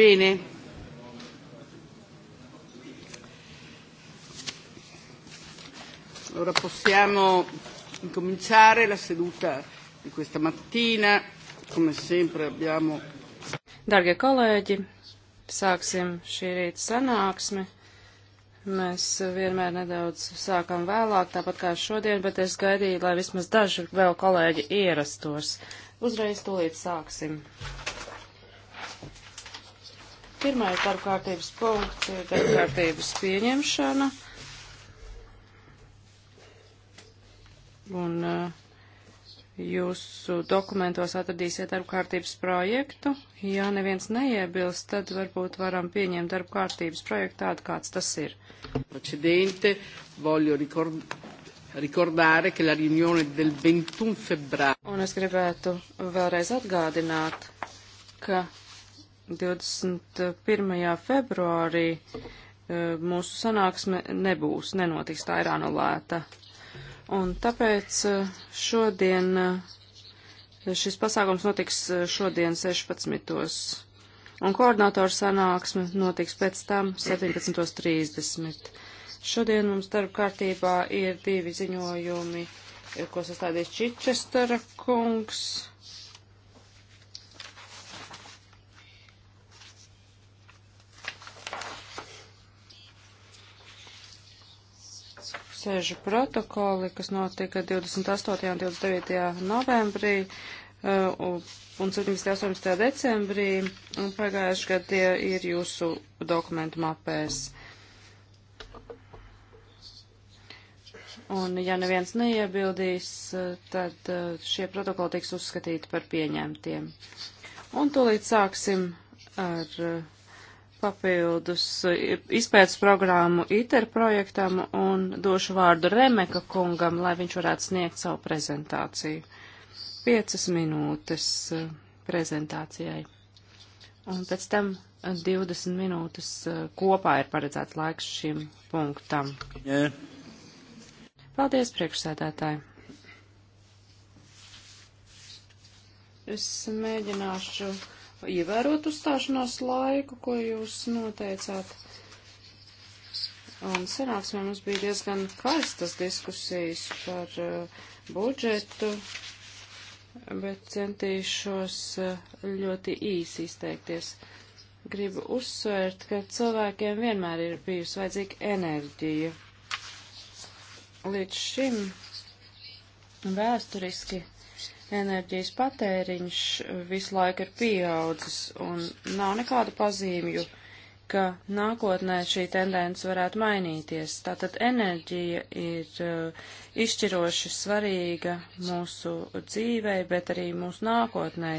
Bene. Allora possiamo incominciare la seduta di questa mattina. Come sempre abbiamo. Dargie kolēģi, sāksim šī rīta sanāksmi. Mēs vienmēr nedaudz sākam vēlāk, tāpat kā šodien, bet es gaidīju, lai vismaz daži vēl kolēģi ierastos. Uzreiz tūlīt sāksim. Pirmais darba kārtības punkts ir darba kārtības pieņemšana. Un eh, jūsu dokumentos atradīsiet darba kārtības projektu. Ja neviens neiebilst, tad varbūt varam pieņemt darba kārtības projektu tādu, kāds tas ir. Precedente, voglio ricordare, ka la riunione del 21 febbraio. Un es gribētu vēlreiz atgādināt, ka 21. februārī eh, mūsu sanāksme nebūs, nenotiks, tā ir anulēta. Un tāpēc eh, šodien eh, šis pasākums notiks šodien 16. Un koordinātoru sanāksme notiks pēc tam 17.30. Šodien mums darba kārtībā ir divi ziņojumi, ko sastādīs Čičestara kungs sēžu protokoli, kas notika 28. un 29. novembrī uh, un 17. 18. decembrī, un pagājuši gadu tie ir jūsu dokumentu mapēs. Un ja neviens neiebildīs, uh, tad uh, šie protokoli tiks uzskatīti par pieņemtiem. Un tūlīt sāksim ar papildus eh, izpētes programmu ITER projektam un došu vārdu Remeka kungam, lai viņš varētu sniegt savu prezentāciju. Piecas minūtes eh, prezentācijai. Un pēc tam 20 eh, minūtes kopā ir paredzēts laiks šim punktam. Jā. Paldies, priekšsēdētāji! Es mēģināšu uh, ievērot uzstāšanās laiku, ko jūs noteicāt. Un sanāksmē mums bija diezgan karstas diskusijas par uh, budžetu, bet centīšos uh, ļoti īsi izteikties. Gribu uzsvērt, ka cilvēkiem vienmēr ir bijusi vajadzīga enerģija. Līdz šim vēsturiski enerģijas patēriņš visu laiku ir pieaudzis un nav nekādu pazīmju, ka nākotnē šī tendence varētu mainīties. Tātad enerģija ir uh, izšķiroši svarīga mūsu dzīvei, bet arī mūsu nākotnē.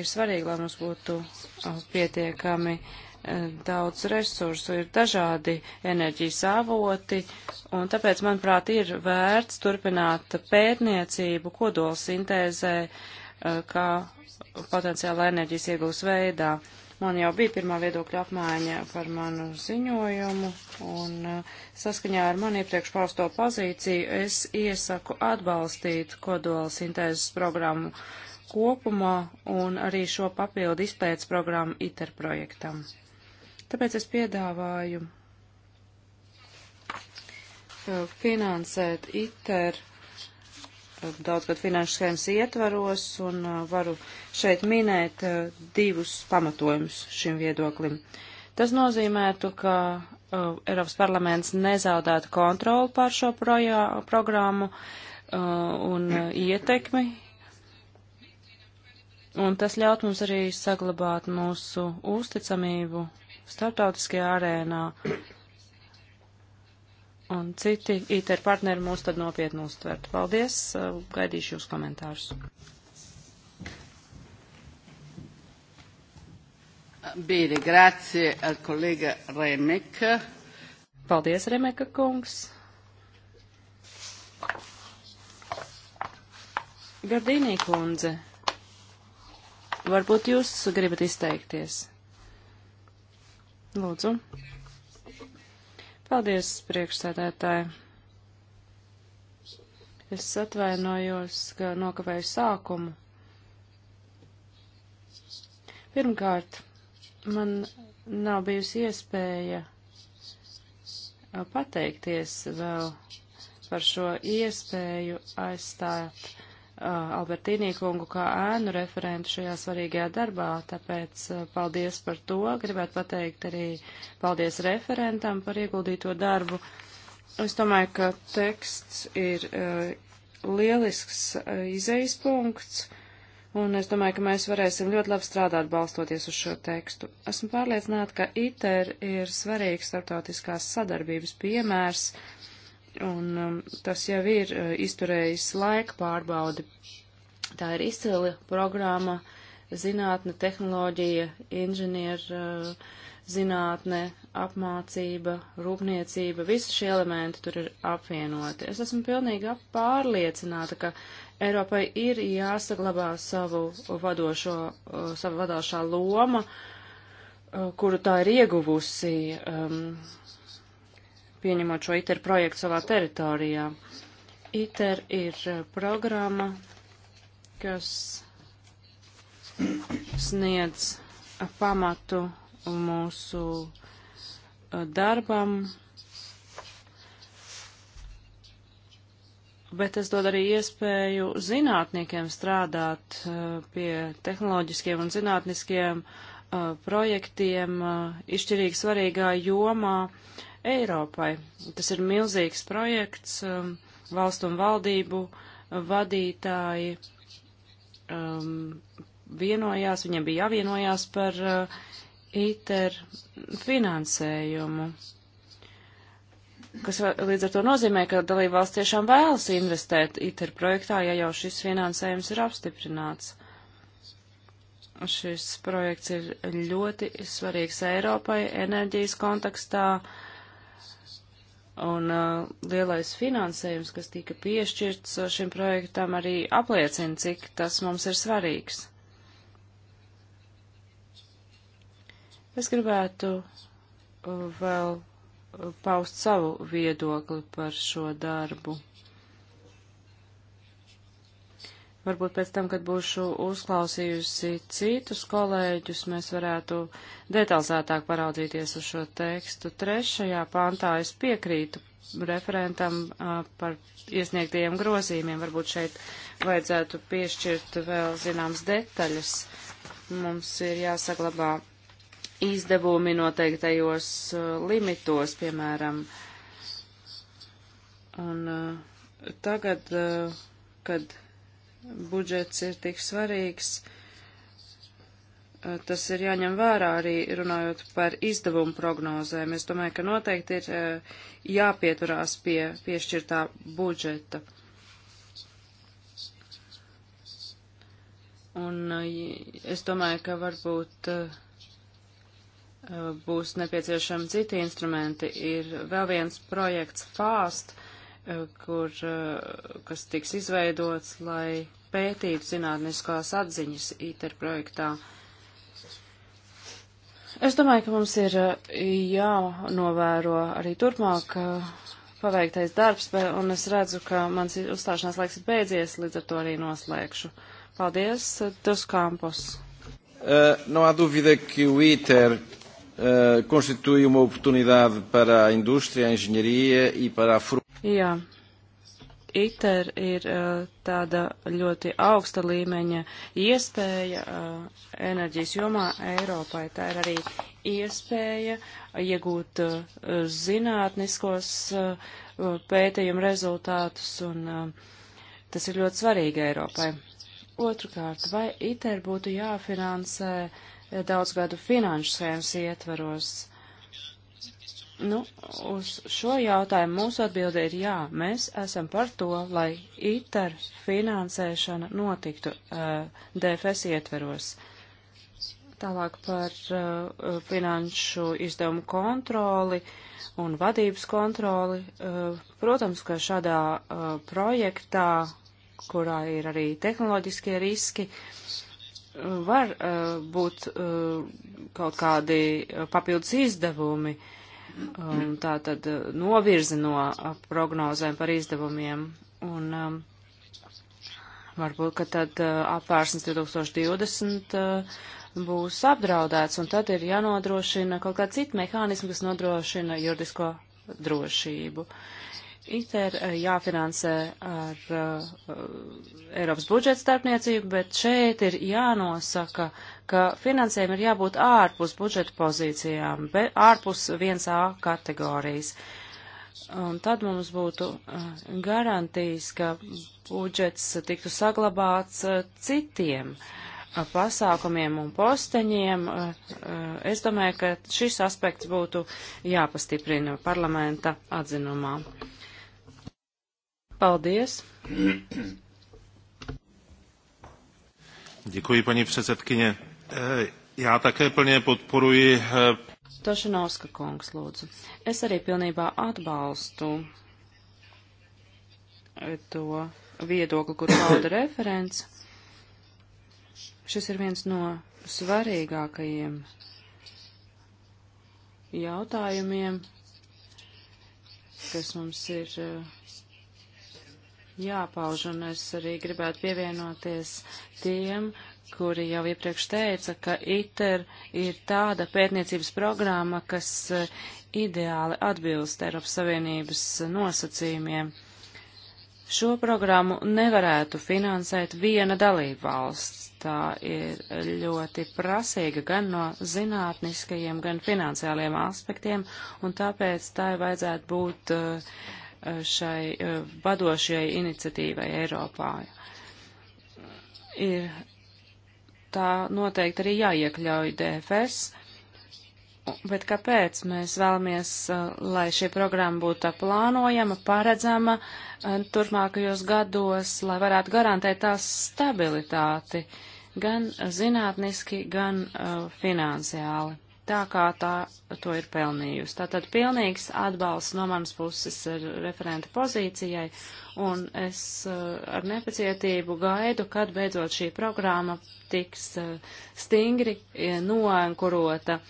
Ir svarīgi, lai mums būtu uh, pietiekami uh, daudz resursu, ir dažādi enerģijas avoti, un tāpēc, manuprāt, ir vērts turpināt pētniecību kodolsintēzē eh, kā potenciāla enerģijas iegūs veidā. Man jau bija pirmā viedokļa apmaiņa par manu ziņojumu, un eh, saskaņā ar man iepriekš pausto pozīciju es iesaku atbalstīt kodola sintēzes programmu kopumā un arī šo papildu izpētes programmu ITER projektam. Tāpēc es piedāvāju uh, finansēt ITER uh, daudzgad finanšu schēmas ietvaros un uh, varu šeit minēt divus pamatojumus šim viedoklim. Tas nozīmētu, ka Eiropas parlaments nezaudētu kontroli pār šo projā, programmu un ietekmi Un tas ļaut mums arī saglabāt mūsu uzticamību starptautiskajā arēnā, un citi ITER partneri mūs tad nopietni uztvert. Paldies, uh, gaidīšu jūs komentārus. Bīri, grācie ar kolēga Remeka. Paldies, Remeka kungs. Gardīnī kundze, varbūt jūs gribat izteikties? Lūdzu. Paldies, priekšsēdētāji. Es atvainojos, ka nokavēju sākumu. Pirmkārt, man nav bijusi iespēja pateikties vēl par šo iespēju aizstāt Uh, Albertīnī kungu kā ēnu referentu šajā svarīgajā darbā, tāpēc uh, paldies par to. Gribētu pateikt arī paldies referentam par ieguldīto darbu. Es domāju, ka teksts ir uh, lielisks izejas punkts. Un es domāju, ka mēs varēsim ļoti labi strādāt balstoties uz šo tekstu. Esmu pārliecināta, ka ITER ir svarīgs starptautiskās sadarbības piemērs, uh, un um, tas jau ir uh, izturējis laika pārbaudi. Tā ir izcila programma, zinātne, tehnoloģija, inženieru uh, zinātne, apmācība, rūpniecība, visi šie elementi tur ir apvienoti. Es esmu pilnīgi pārliecināta, ka Eiropai ir jāsaglabā savu vadošo, uh, savu vadošā loma, uh, kuru tā ir ieguvusi. Um, pieņemot šo ITER projektu savā teritorijā. ITER ir eh, programma, kas sniedz pamatu mūsu eh, darbam, bet tas dod arī iespēju zinātniekiem strādāt eh, pie tehnoloģiskiem un zinātniskiem projektiem izšķirīgi svarīgā jomā, Eiropai. Tas ir milzīgs projekts, um, valstu un valdību vadītāji um, vienojās, viņiem bija jāvienojās par uh, ITER finansējumu, kas līdz ar to nozīmē, ka dalībvalsts tiešām vēlas investēt ITER projektā, ja jau šis finansējums ir apstiprināts. Šis projekts ir ļoti svarīgs Eiropai enerģijas kontekstā. Uh, Un uh, lielais finansējums, kas tika piešķirts uh, šim projektam, arī apliecina, cik tas mums ir svarīgs. Es gribētu uh, vēl uh, paust savu viedokli par šo darbu. Varbūt pēc tam, kad būšu uzklausījusi citus kolēģus, mēs varētu detalizētāk paraudzīties uz šo tekstu. Trešajā pantā es piekrītu referentam a, par iesniegtajiem grozījumiem. Varbūt šeit vajadzētu piešķirt vēl zināmas detaļas. Mums ir jāsaglabā izdevumi noteiktajos a, limitos, piemēram. Un a, tagad, kad budžets ir tik svarīgs, eh, tas ir jāņem vērā arī runājot par izdevumu prognozēm. Es domāju, ka noteikti ir eh, jāpieturās pie piešķirtā budžeta. Un eh, es domāju, ka varbūt būs nepieciešami citi instrumenti. Ir vēl viens projekts FAST, kur, kas tiks izveidots, lai pētītu zinātniskās atziņas ITER projektā. Es domāju, ka mums ir eh, jānovēro arī turpmāk eh, paveiktais darbs, un es redzu, ka mans uzstāšanās laiks ir beidzies, līdz ar to arī noslēgšu. Paldies, Tus Kampus. Uh, eh, não há dúvida que o ITER uh, constitui uma oportunidade para a indústria, a engenharia e para a formação. Jā. ITER ir uh, tāda ļoti augsta līmeņa iespēja uh, enerģijas jomā Eiropai. Tā ir arī iespēja iegūt uh, zinātniskos pētījumu rezultātus, un tas ir ļoti svarīgi Eiropai. Otrakārt, vai ITER būtu jāfinansē daudzgadu finanšu schēmas ietvaros? Nu, uz šo jautājumu mūsu atbilde ir jā. Mēs esam par to, lai ITER finansēšana notiktu uh, DFS ietveros. Tālāk par uh, finanšu izdevumu kontroli un vadības kontroli. Uh, protams, ka šādā uh, projektā, kurā ir arī tehnoloģiskie riski, var uh, būt uh, kaut kādi papildus izdevumi. Uh, um, tā tad uh, novirzi no uh, prognozēm par izdevumiem. Un um, varbūt, ka tad uh, apvērsnes 2020 uh, būs apdraudēts, un tad ir jānodrošina kaut kāda cita mehānisma, kas nodrošina juridisko drošību. Uh, ITER eh, jāfinansē ar uh, Eiropas budžeta starpniecību, bet šeit ir jānosaka, ka finansējumi ir jābūt ārpus budžeta pozīcijām, be, ārpus 1A kategorijas. Un tad mums būtu uh, garantijas, ka budžets tiktu saglabāts uh, citiem pasākumiem un posteņiem. Es domāju, ka šis aspekts būtu jāpastiprina parlamenta atzinumā. Paldies! Děkuji, paní předsedkyně. Eh, Jā, také plnie podporuji. Eh, Tošinovska kungs, lūdzu. Es arī pilnībā atbalstu to viedokli, kur pauda referents. Šis ir viens no svarīgākajiem jautājumiem, kas mums ir uh, jāpauž, un es arī gribētu pievienoties tiem, kuri jau iepriekš teica, ka ITER ir tāda pētniecības programma, kas eh, ideāli atbilst Eiropas Savienības nosacījumiem. Šo programmu nevarētu finansēt viena dalība valsts. Tā ir ļoti prasīga gan no zinātniskajiem, gan finansiāliem aspektiem, un tāpēc tā vajadzētu būt uh, šai e, vadošajai iniciatīvai Eiropā. Ir tā noteikti arī jāiekļauj DFS. Bet kāpēc mēs vēlamies, e, lai šī programma būtu plānojama, paredzama e, turpmākajos gados, lai varētu garantēt tās stabilitāti gan zinātniski, gan uh, finansiāli? tā, kā tā to ir pelnījusi. Tātad pilnīgs atbalsts no manas puses ir referenta pozīcijai, un es eh, ar nepacietību gaidu, kad beidzot šī programma tiks eh, stingri eh, noenkurota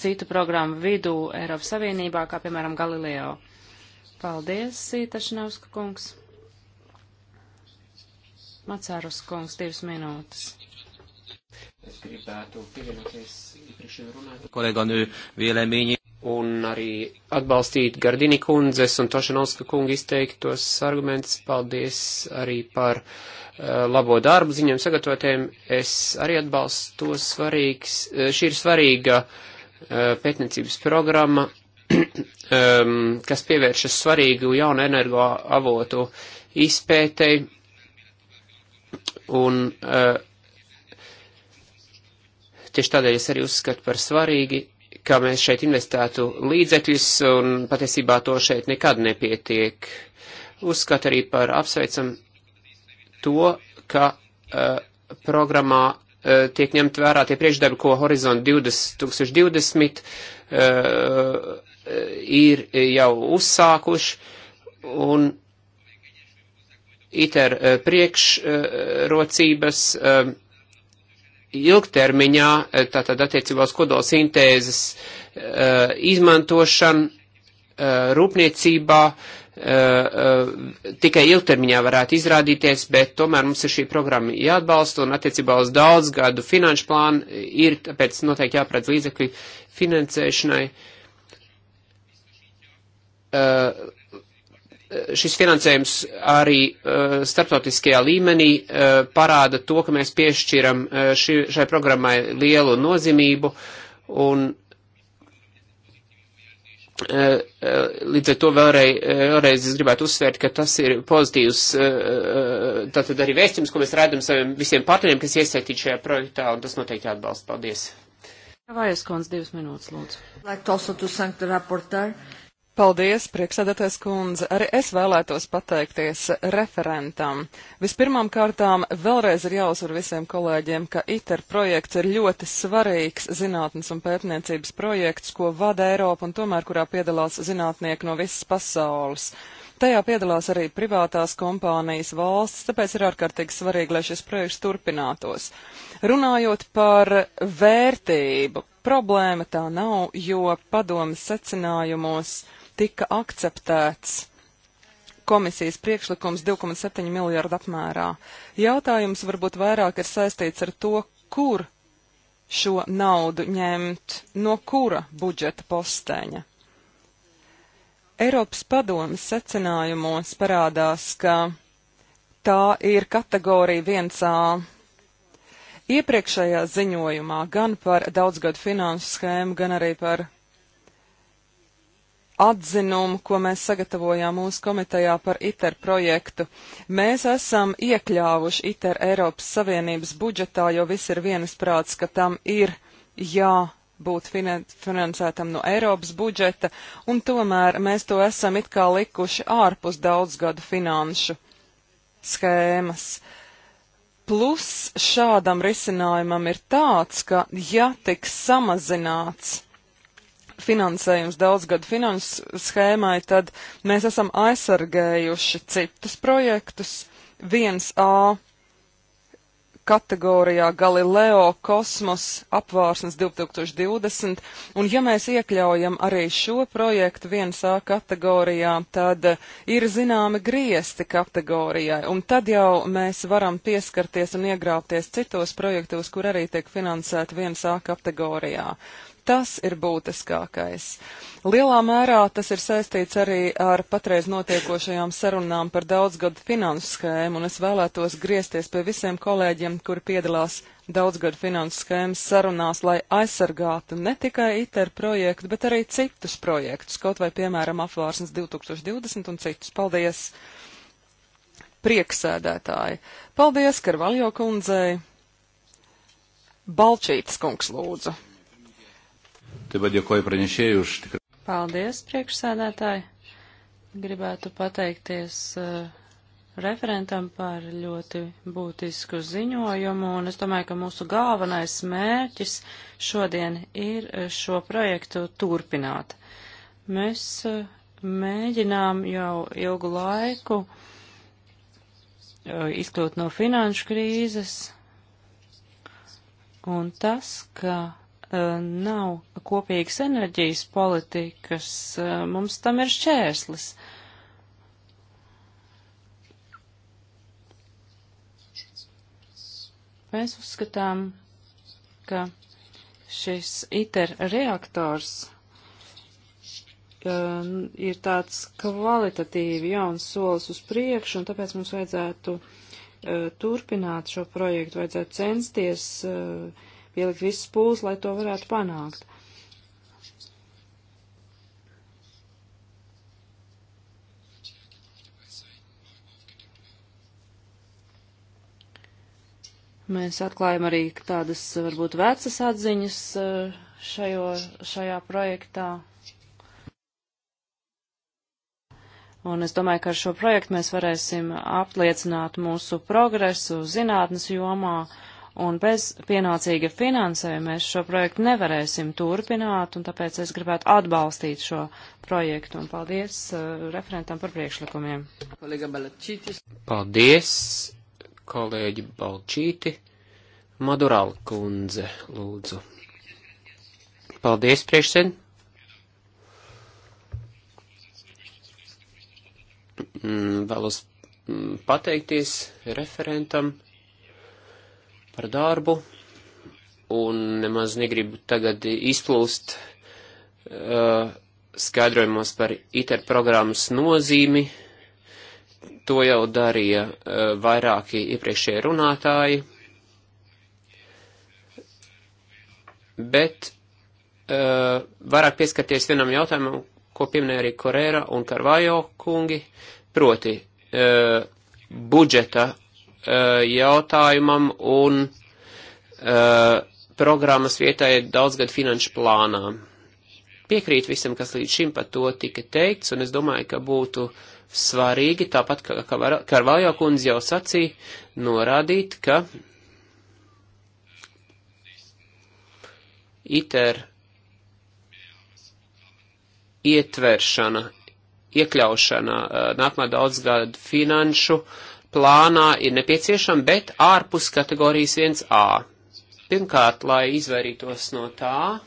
citu programmu vidū Eiropas Savienībā, kā piemēram Galileo. Paldies, Sītašnausku kungs. Macārus kungs, divas minūtes. Es gribētu pievienoties iepriekšējā runātājā. Kolēganő véleményi. Un arī atbalstīt Gardini kundzes un Tošanovska kunga izteiktos argumentus. Paldies arī par uh, labo darbu ziņām sagatavotiem. Es arī atbalstu to svarīgs. Eh, šī ir svarīga uh, pētniecības programma, um, kas pievēršas svarīgu jaunu energo avotu izpētei. Un, uh, Tieši tādēļ es arī uzskatu par svarīgi, ka mēs šeit investētu līdzekļus, un patiesībā to šeit nekad nepietiek. Uzskatu arī par apsveicam to, ka uh, programmā uh, tiek ņemt vērā tie priekšdarbi, ko Horizont 2020 uh, eh, ir jau uzsākuši, un ITER priekšrocības. Uh, ilgtermiņā, eh, tātad attiecībā uz kodolsintēzes eh, izmantošanu eh, rūpniecībā tikai ilgtermiņā varētu izrādīties, bet tomēr mums ir šī programma jāatbalsta un attiecībā uz daudz gadu finanšu plānu ir tāpēc noteikti jāpredz līdzekļi finansēšanai. Uh, šis finansējums arī uh, starptautiskajā līmenī uh, parāda to, ka mēs piešķiram uh, ši, šai programmai lielu nozīmību un Līdz ar to vēlreiz, vēlreiz es gribētu uzsvērt, ka tas ir pozitīvs, tātad arī vēstījums, ko mēs redzam saviem visiem partneriem, kas iesaistīti šajā projektā, un tas noteikti atbalsta. Paldies. Vājas kundze, divas minūtes, lūdzu. Like Paldies, prieksēdētais kundze. Arī es vēlētos pateikties referentam. Vispirmām kārtām vēlreiz ir jāuzsver visiem kolēģiem, ka ITER projekts ir ļoti svarīgs zinātnes un pētniecības projekts, ko vada Eiropa un tomēr kurā piedalās zinātnieki no visas pasaules. Tajā piedalās arī privātās kompānijas valsts, tāpēc ir ārkārtīgi svarīgi, lai šis projekts turpinātos. Runājot par vērtību, problēma tā nav, jo padomas secinājumos tika akceptēts komisijas priekšlikums 2,7 miljārdu apmērā. Jautājums varbūt vairāk ir saistīts ar to, kur šo naudu ņemt, no kura budžeta posteņa. Eiropas padomas secinājumos parādās, ka tā ir kategorija 1A. Iepriekšējā ziņojumā gan par daudzgadu finanšu schēmu, gan arī par atzinumu, ko mēs sagatavojām mūsu komitejā par ITER projektu. Mēs esam iekļāvuši ITER Eiropas Savienības budžetā, jo viss ir vienisprāts, ka tam ir jābūt finansētam no Eiropas budžeta, un tomēr mēs to esam it kā likuši ārpus daudzgadu finanšu schēmas. Plus šādam risinājumam ir tāds, ka ja tiks samazināts finansējums daudzgadu finanses schēmai, tad mēs esam aizsargējuši citus projektus. 1A kategorijā Galileo kosmos apvārsnes 2020, un ja mēs iekļaujam arī šo projektu 1A kategorijā, tad ir zināmi griesti kategorijai, un tad jau mēs varam pieskarties un iegrāpties citos projektos, kur arī tiek finansēta 1A kategorijā. Tas ir būtiskākais. Lielā mērā tas ir saistīts arī ar patreiz notiekošajām sarunām par daudzgadu finansu schēmu, un es vēlētos griezties pie visiem kolēģiem, kuri piedalās daudzgadu finansu schēmas sarunās, lai aizsargātu ne tikai ITER projektu, bet arī citus projektus, kaut vai piemēram apvārsnes 2020 un citus. Paldies! Prieksēdētāji! Paldies, Karvaļo kundzei! Balčītis kungs lūdzu. Te vaļokoju praņešēju už tikrai. Paldies, priekšsēdētāji. Gribētu pateikties uh, referentam par ļoti būtisku ziņojumu, un es domāju, ka mūsu galvenais mērķis šodien ir eh, šo projektu turpināt. Mēs eh, mēģinām jau ilgu laiku izkļūt no finanšu krīzes, un tas, ka Uh, nav kopīgas enerģijas politikas, uh, mums tam ir šķērslis. Mēs uzskatām, ka šis ITER reaktors uh, ir tāds kvalitatīvi jauns solis uz priekšu, un tāpēc mums vajadzētu uh, turpināt šo projektu, vajadzētu censties uh, pielikt visas pūles, lai to varētu panākt. Mēs atklājam arī tādas varbūt vecas atziņas eh, šajo, šajā projektā. Un es domāju, ka ar šo projektu mēs varēsim apliecināt mūsu progresu zinātnes jomā un bez pienācīga finansējuma mēs šo projektu nevarēsim turpināt, un tāpēc es gribētu atbalstīt šo projektu, un paldies uh, referentam par priekšlikumiem. Paldies, kolēģi Balčīti. Madurāla kundze, lūdzu. Paldies, priekšsēd. Mm, vēlos mm, pateikties referentam par darbu un nemaz negribu tagad izplūst uh, skaidrojumos par ITER programmas nozīmi. To jau darīja uh, vairāki iepriekšējie runātāji. Bet uh, vairāk pieskarties vienam jautājumam, ko pieminēja arī Korēra un Karvajo kungi, proti uh, budžeta Eh, jautājumam un eh, programmas vietai daudzgad finanšu plānā. Piekrīt visam, kas līdz šim par to tika teikts, un es domāju, ka būtu svarīgi, tāpat kā Karvaljo kundze jau sacīja, norādīt, ka ITER ietveršana, iekļaušana eh, nākamā daudzgada finanšu uh, plānā ir nepieciešama, bet ārpus kategorijas 1A. Pirmkārt, lai izvairītos no tā,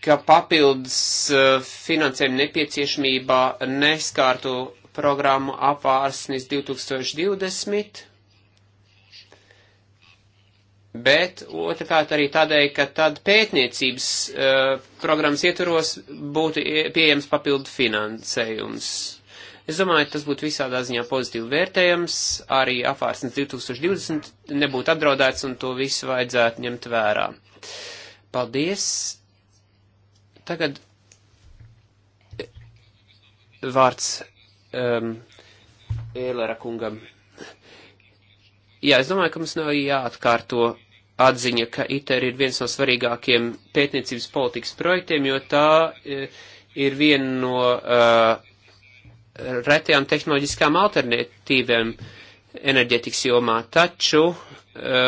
ka papildus eh, finansējuma nepieciešamībā neskārtu programmu apvārsnis 2020, bet otrkārt arī tādēļ, ka tad pētniecības uh, programmas ietvaros būtu pieejams papildu finansējums. Es domāju, tas būtu visādā ziņā pozitīvi vērtējams, arī apvārsnes 2020 nebūtu apdraudēts un to visu vajadzētu ņemt vērā. Paldies! Tagad eh, vārds um, Ēlera kungam. Jā, es domāju, ka mums nav jāatkārto atziņa, ka ITER ir viens no svarīgākiem pētniecības politikas projektiem, jo tā eh, ir viena no uh, retajām tehnoloģiskām alternatīvēm enerģetikas jomā, taču e,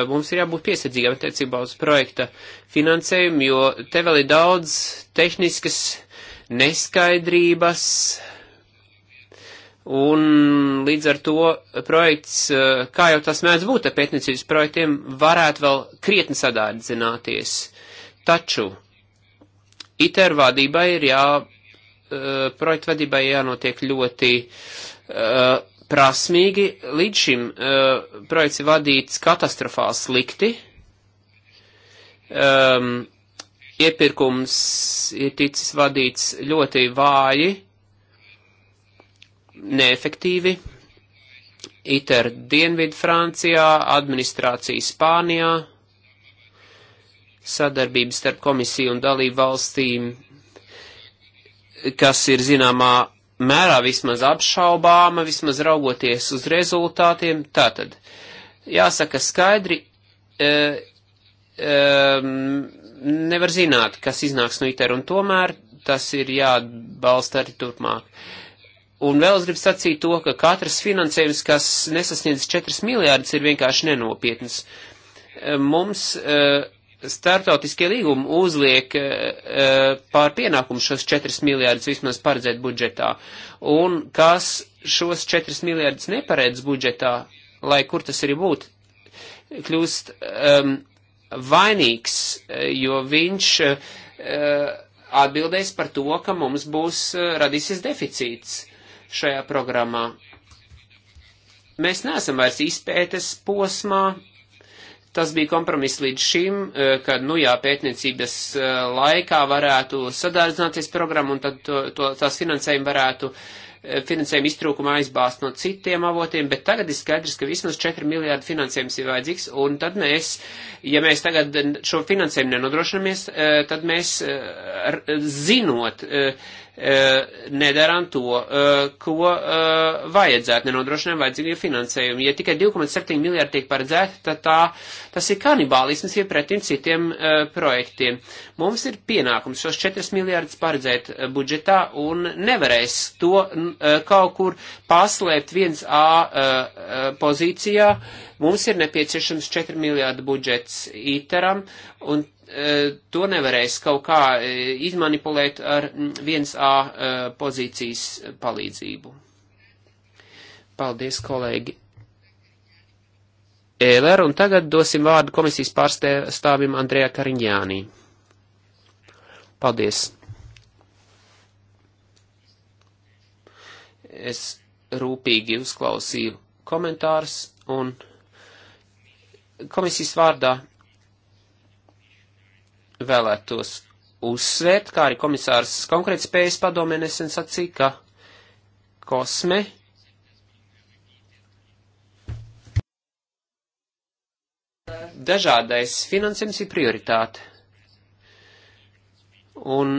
mums ir jābūt piesardzīgiem attiecībā uz projekta finansējumu, jo te vēl ir daudz tehniskas neskaidrības, un līdz ar to projekts, e, kā jau tas mēdz būt ar pētniecības projektiem, varētu vēl krietni sadārdzināties. Taču ITER vadībai ir jā Eh, projektu vadībai jānotiek ļoti uh, prasmīgi. Līdz šim uh, projekts ir vadīts katastrofāli slikti. Um, iepirkums ir ticis vadīts ļoti vāji, neefektīvi. ITER Dienvidu Francijā, administrācija Spānijā, sadarbības starp komisiju un dalību valstīm kas ir zināmā mērā vismaz apšaubāma, vismaz raugoties uz rezultātiem. Tātad, jāsaka skaidri, e, e, nevar zināt, kas iznāks no ITER, un tomēr tas ir jāatbalsta arī turpmāk. Un vēl es gribu sacīt to, ka katrs finansējums, kas nesasniedz 4 miljārdus, ir vienkārši nenopietns. E, mums e, starptautiskie līgumi uzliek eh, eh, pār pienākumu šos 4 miljārdus vismaz paredzēt budžetā, un kas šos 4 miljārdus neparedz budžetā, lai kur tas arī būtu, kļūst um, vainīgs, eh, jo viņš uh, atbildēs par to, ka mums būs uh, radīsies deficīts šajā programmā. Mēs neesam vairs izpētes posmā, Tas bija kompromiss līdz šim, eh, kad, nu jā, pētniecības eh, laikā varētu sadārdzināties programmu un tad to, to, tās finansējumu varētu eh, finansējumu iztrūkumu aizbāzt no citiem avotiem, bet tagad ir skaidrs, ka vismaz 4 miljārdi finansējums ir vajadzīgs, un tad mēs, ja mēs tagad šo finansējumu nenodrošinamies, tad mēs zinot, nedarām to, ko vajadzētu, nenodrošinām vajadzīgu finansējumu. Ja tikai 2,7 miljārdi tiek paredzēti, tad tā, tas ir kanibālisms iepretim citiem projektiem. Mums ir pienākums šos 4 miljārdus paredzēt budžetā un nevarēs to kaut kur paslēpt 1A pozīcijā. Mums ir nepieciešams 4 miljārdu budžets ITERam un E, to nevarēs kaut kā e, izmanipulēt ar 1A e, pozīcijas palīdzību. Paldies, kolēģi! Ēler, un tagad dosim vārdu komisijas pārstāvim Andrejā Kariņānī. Paldies! Es rūpīgi uzklausīju komentārus un komisijas vārdā vēlētos uzsvērt, kā arī komisārs konkrēti spējas padomē nesen sacīja, ka kosme dažādais finansējums ir prioritāte. Un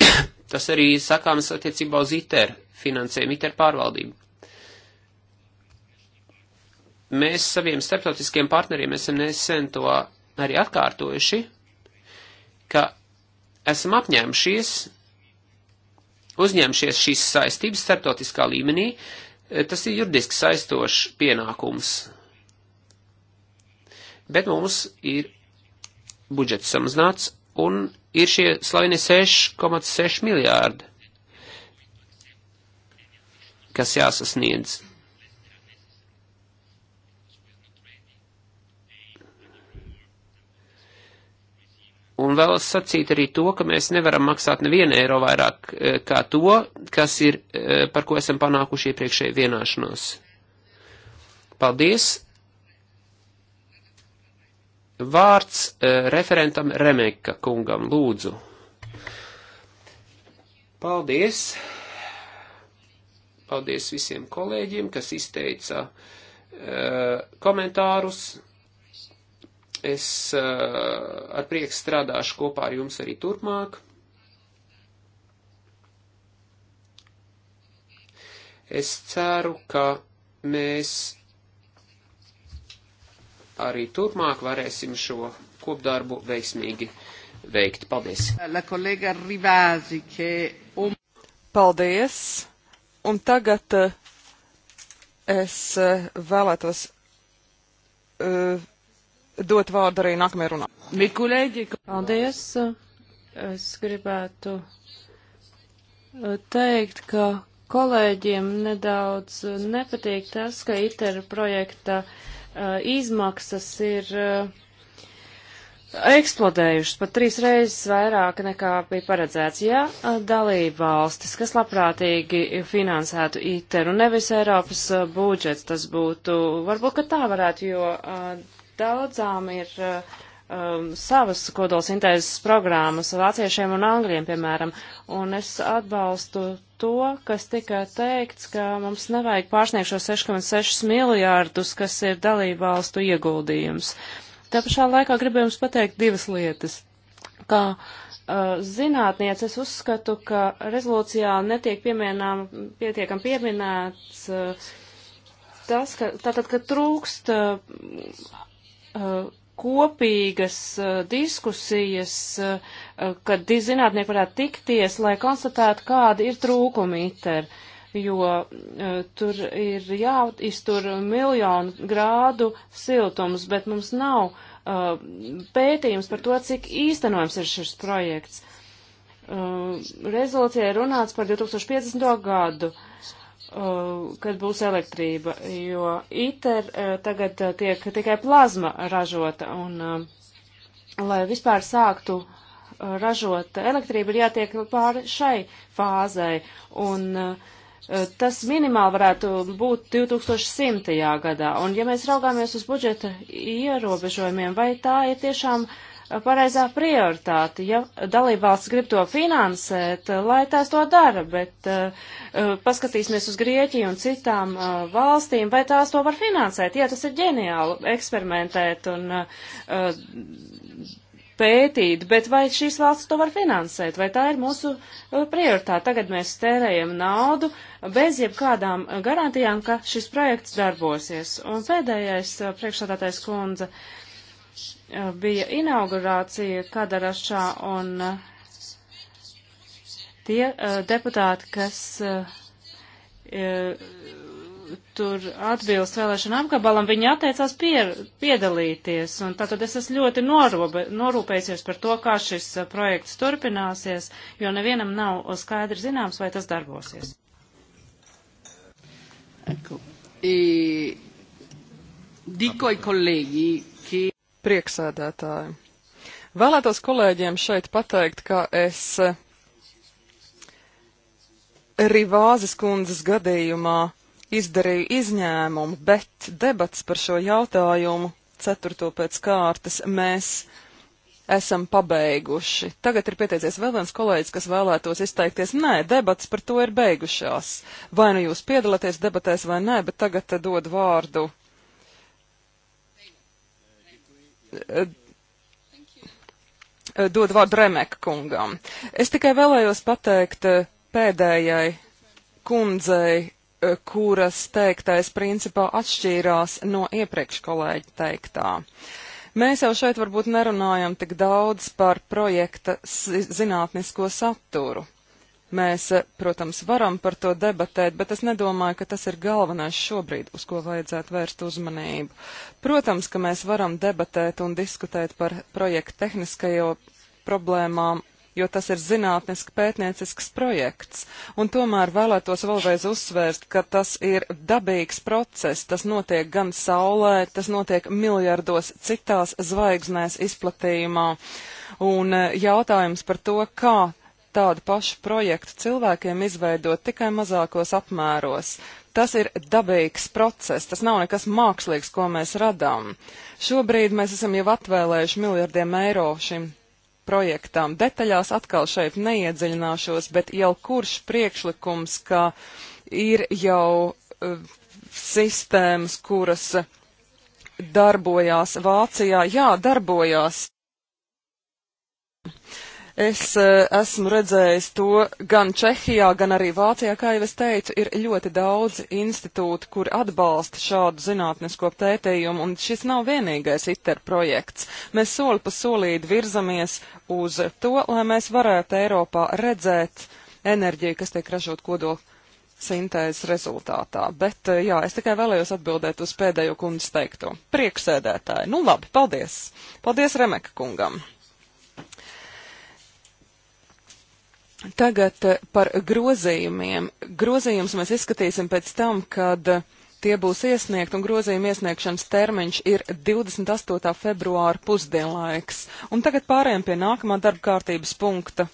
tas arī sakāms attiecībā uz ITER finansējumu, ITER pārvaldību. Mēs saviem starptautiskiem partneriem esam nesen to arī atkārtojuši, ka esam apņēmušies, uzņēmušies šīs saistības starptautiskā līmenī, e, tas ir juridiski saistošs pienākums. Bet mums ir budžets samazināts un ir šie slaveni 6,6 miljārdi, kas jāsasniedz Un vēlos sacīt arī to, ka mēs nevaram maksāt nevienu eiro vairāk eh, kā to, kas ir, eh, par ko esam panākuši iepriekšēju vienāšanos. Paldies! Vārds eh, referentam Remeka kungam, lūdzu. Paldies! Paldies visiem kolēģiem, kas izteica uh, komentārus es eh, ar prieku strādāšu kopā ar jums arī turpmāk. Es ceru, ka mēs arī turpmāk varēsim šo kopdarbu veiksmīgi veikt. Paldies! Paldies! Un tagad eh, es eh, vēlētos uh, dot vārdu arī nākamajai runā. Mikulēģi. Paldies. Es gribētu eh, teikt, ka kolēģiem nedaudz nepatīk tas, ka ITER projekta uh, izmaksas ir uh, eksplodējušas pat trīs reizes vairāk nekā bija paredzēts, ja dalība valstis, kas labprātīgi finansētu ITER un nevis Eiropas budžets, tas būtu, varbūt, ka tā varētu, jo Daudzām ir eh, um, savas kodolsintēzes programmas, vāciešiem un angļiem, piemēram, un es atbalstu to, kas tika teikts, ka mums nevajag pārsniegt šo 6,6 miljārdus, kas ir dalībvalstu ieguldījums. Tā pašā laikā gribu jums pateikt divas lietas. Kā uh, zinātniece es uzskatu, ka rezolūcijā netiek pieminām, pietiekam pieminēts uh, tas, ka tātad, ka trūkst uh, Uh, kopīgas uh, diskusijas, uh, kad zinātnieki varētu tikties, lai konstatētu, kādi ir trūkumi ITER, jo tur ir jāiztur miljonu grādu siltums, bet mums nav pētījums par to, cik īstenojams ir šis projekts. Rezolūcijā ir runāts par 2050. gadu. Uh, Uh, kad būs elektrība, jo ITER uh, tagad uh, tiek tikai plazma ražota, un lai vispār sāktu ražot elektrību, ir jātiek pāri šai fāzai, un tas minimāli varētu būt 2100. gadā, un ja mēs raugāmies uz budžeta ierobežojumiem, vai tā ir tiešām uh, pareizā prioritāte. Ja dalībvalsts grib to finansēt, eh, lai tās to dara, bet uh, paskatīsimies uz Grieķiju un citām uh, valstīm, vai tās to var finansēt. Jā, tas ir ģeniāli eksperimentēt un uh, pētīt, bet vai šīs valsts to var finansēt, vai tā ir mūsu prioritāte. Tagad mēs tērējam naudu bez jebkādām garantijām, ka šis projekts darbosies. Un pēdējais priekšsādātais kundze. Uh, Eh, bija inaugurācija Kadarašā un eh, tie eh, deputāti, kas tur atbilst vēlēšana apgabalam, viņi atteicās pier, piedalīties. Un tātad es esmu ļoti norūpe, norūpējusies par to, kā šis projekts turpināsies, jo nevienam nav skaidri zināms, vai tas darbosies. Ecco. E... Dico ai colleghi prieksēdētāju. Vēlētos kolēģiem šeit pateikt, ka es eh, Rivāzes kundzes gadījumā izdarīju izņēmumu, bet debats par šo jautājumu ceturto pēc kārtas mēs esam pabeiguši. Tagad ir pieteicies vēl viens kolēģis, kas vēlētos izteikties. Nē, debats par to ir beigušās. Vai nu jūs piedalāties debatēs vai nē, bet tagad dod vārdu dod vārdu Remeka kungam. Es tikai vēlējos pateikt eh, pēdējai kundzei, eh, kuras teiktais principā atšķīrās no iepriekš kolēģi teiktā. Mēs jau šeit varbūt nerunājam tik daudz par projekta zinātnisko saturu. Mēs, eh, protams, varam par to debatēt, bet es nedomāju, ka tas ir galvenais šobrīd, uz ko vajadzētu vērst uzmanību. Protams, ka mēs varam debatēt un diskutēt par projektu tehniskajo problēmām, jo tas ir zinātniski pētniecisks projekts, un tomēr vēlētos vēlreiz uzsvērst, ka tas ir dabīgs process, tas notiek gan saulē, tas notiek miljardos citās zvaigznēs izplatījumā, un eh, jautājums par to, kā tādu pašu projektu cilvēkiem izveidot tikai mazākos apmēros. Tas ir dabīgs process, tas nav nekas mākslīgs, ko mēs radām. Šobrīd mēs esam jau atvēlējuši miljardiem eiro šim projektām. Detaļās atkal šeit neiedziļināšos, bet jau kurš priekšlikums, ka ir jau uh, sistēmas, kuras darbojās Vācijā, jā, darbojās. Es eh, esmu redzējis to gan Čehijā, gan arī Vācijā, kā jau es teicu, ir ļoti daudz institūtu, kur atbalsta šādu zinātnisko pētījumu, un šis nav vienīgais ITER projekts. Mēs soli pa solīdi virzamies uz to, lai mēs varētu Eiropā redzēt enerģiju, kas tiek ražot kodol sintēzes rezultātā. Bet, eh, jā, es tikai vēlējos atbildēt uz pēdējo kundas teikto. Priekšsēdētāji. Nu labi, paldies. Paldies Remeka kungam. Tagad eh, par grozījumiem. Grozījums mēs izskatīsim pēc tam, kad eh, tie būs iesniegt, un grozījuma iesniegšanas termiņš ir 28. februāra pusdienlaiks. Un tagad pārējām pie nākamā darba kārtības punkta.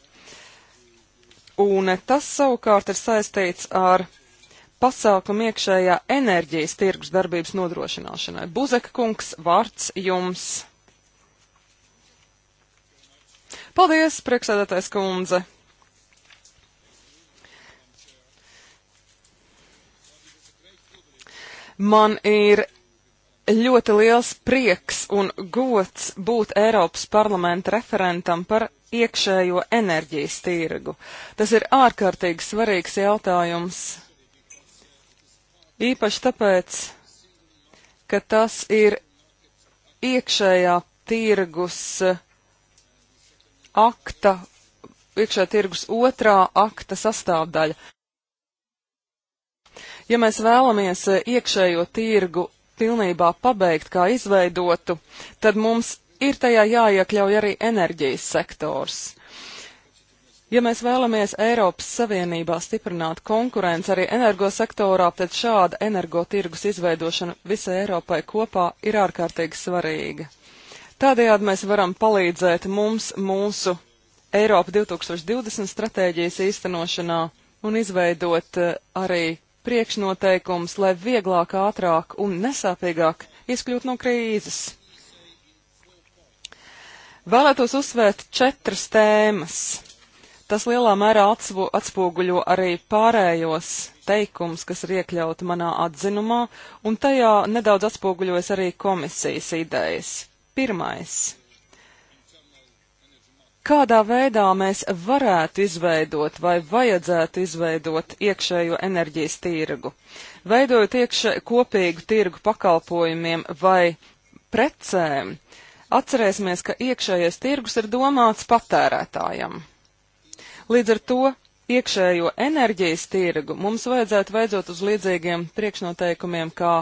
Un eh, tas savukārt ir saistīts ar pasākumu iekšējā enerģijas tirgus darbības nodrošināšanai. Buzeka kungs, vārds jums. Paldies, priekšsēdētājs kundze! Man ir ļoti liels prieks un gods būt Eiropas parlamenta referentam par iekšējo enerģijas tirgu. Tas ir ārkārtīgi svarīgs jautājums. Īpaši tāpēc, ka tas ir iekšējā tirgus akta, iekšējā tirgus otrā akta sastāvdaļa. Ja mēs vēlamies eh, iekšējo tirgu pilnībā pabeigt kā izveidotu, tad mums ir tajā jāiekļauj arī enerģijas sektors. Ja mēs vēlamies Eiropas Savienībā stiprināt konkurenci arī energosektorā, tad šāda energotirgus izveidošana visai Eiropai kopā ir ārkārtīgi svarīga. Tādējādi mēs varam palīdzēt mums mūsu Eiropa 2020 stratēģijas īstenošanā un izveidot eh, arī priekšnoteikums, lai vieglāk, ātrāk un nesāpīgāk izkļūt no krīzes. Vēlētos uzsvērt četras tēmas. Tas lielā mērā atspoguļo arī pārējos teikums, kas ir iekļauti manā atzinumā, un tajā nedaudz atspoguļojas arī komisijas idejas. Pirmais kādā veidā mēs varētu izveidot vai vajadzētu izveidot iekšējo enerģijas tirgu. Veidojot iekšē kopīgu tirgu pakalpojumiem vai precēm, atcerēsimies, ka iekšējais tirgus ir domāts patērētājam. Līdz ar to iekšējo enerģijas tirgu mums vajadzētu veidot uz līdzīgiem priekšnoteikumiem kā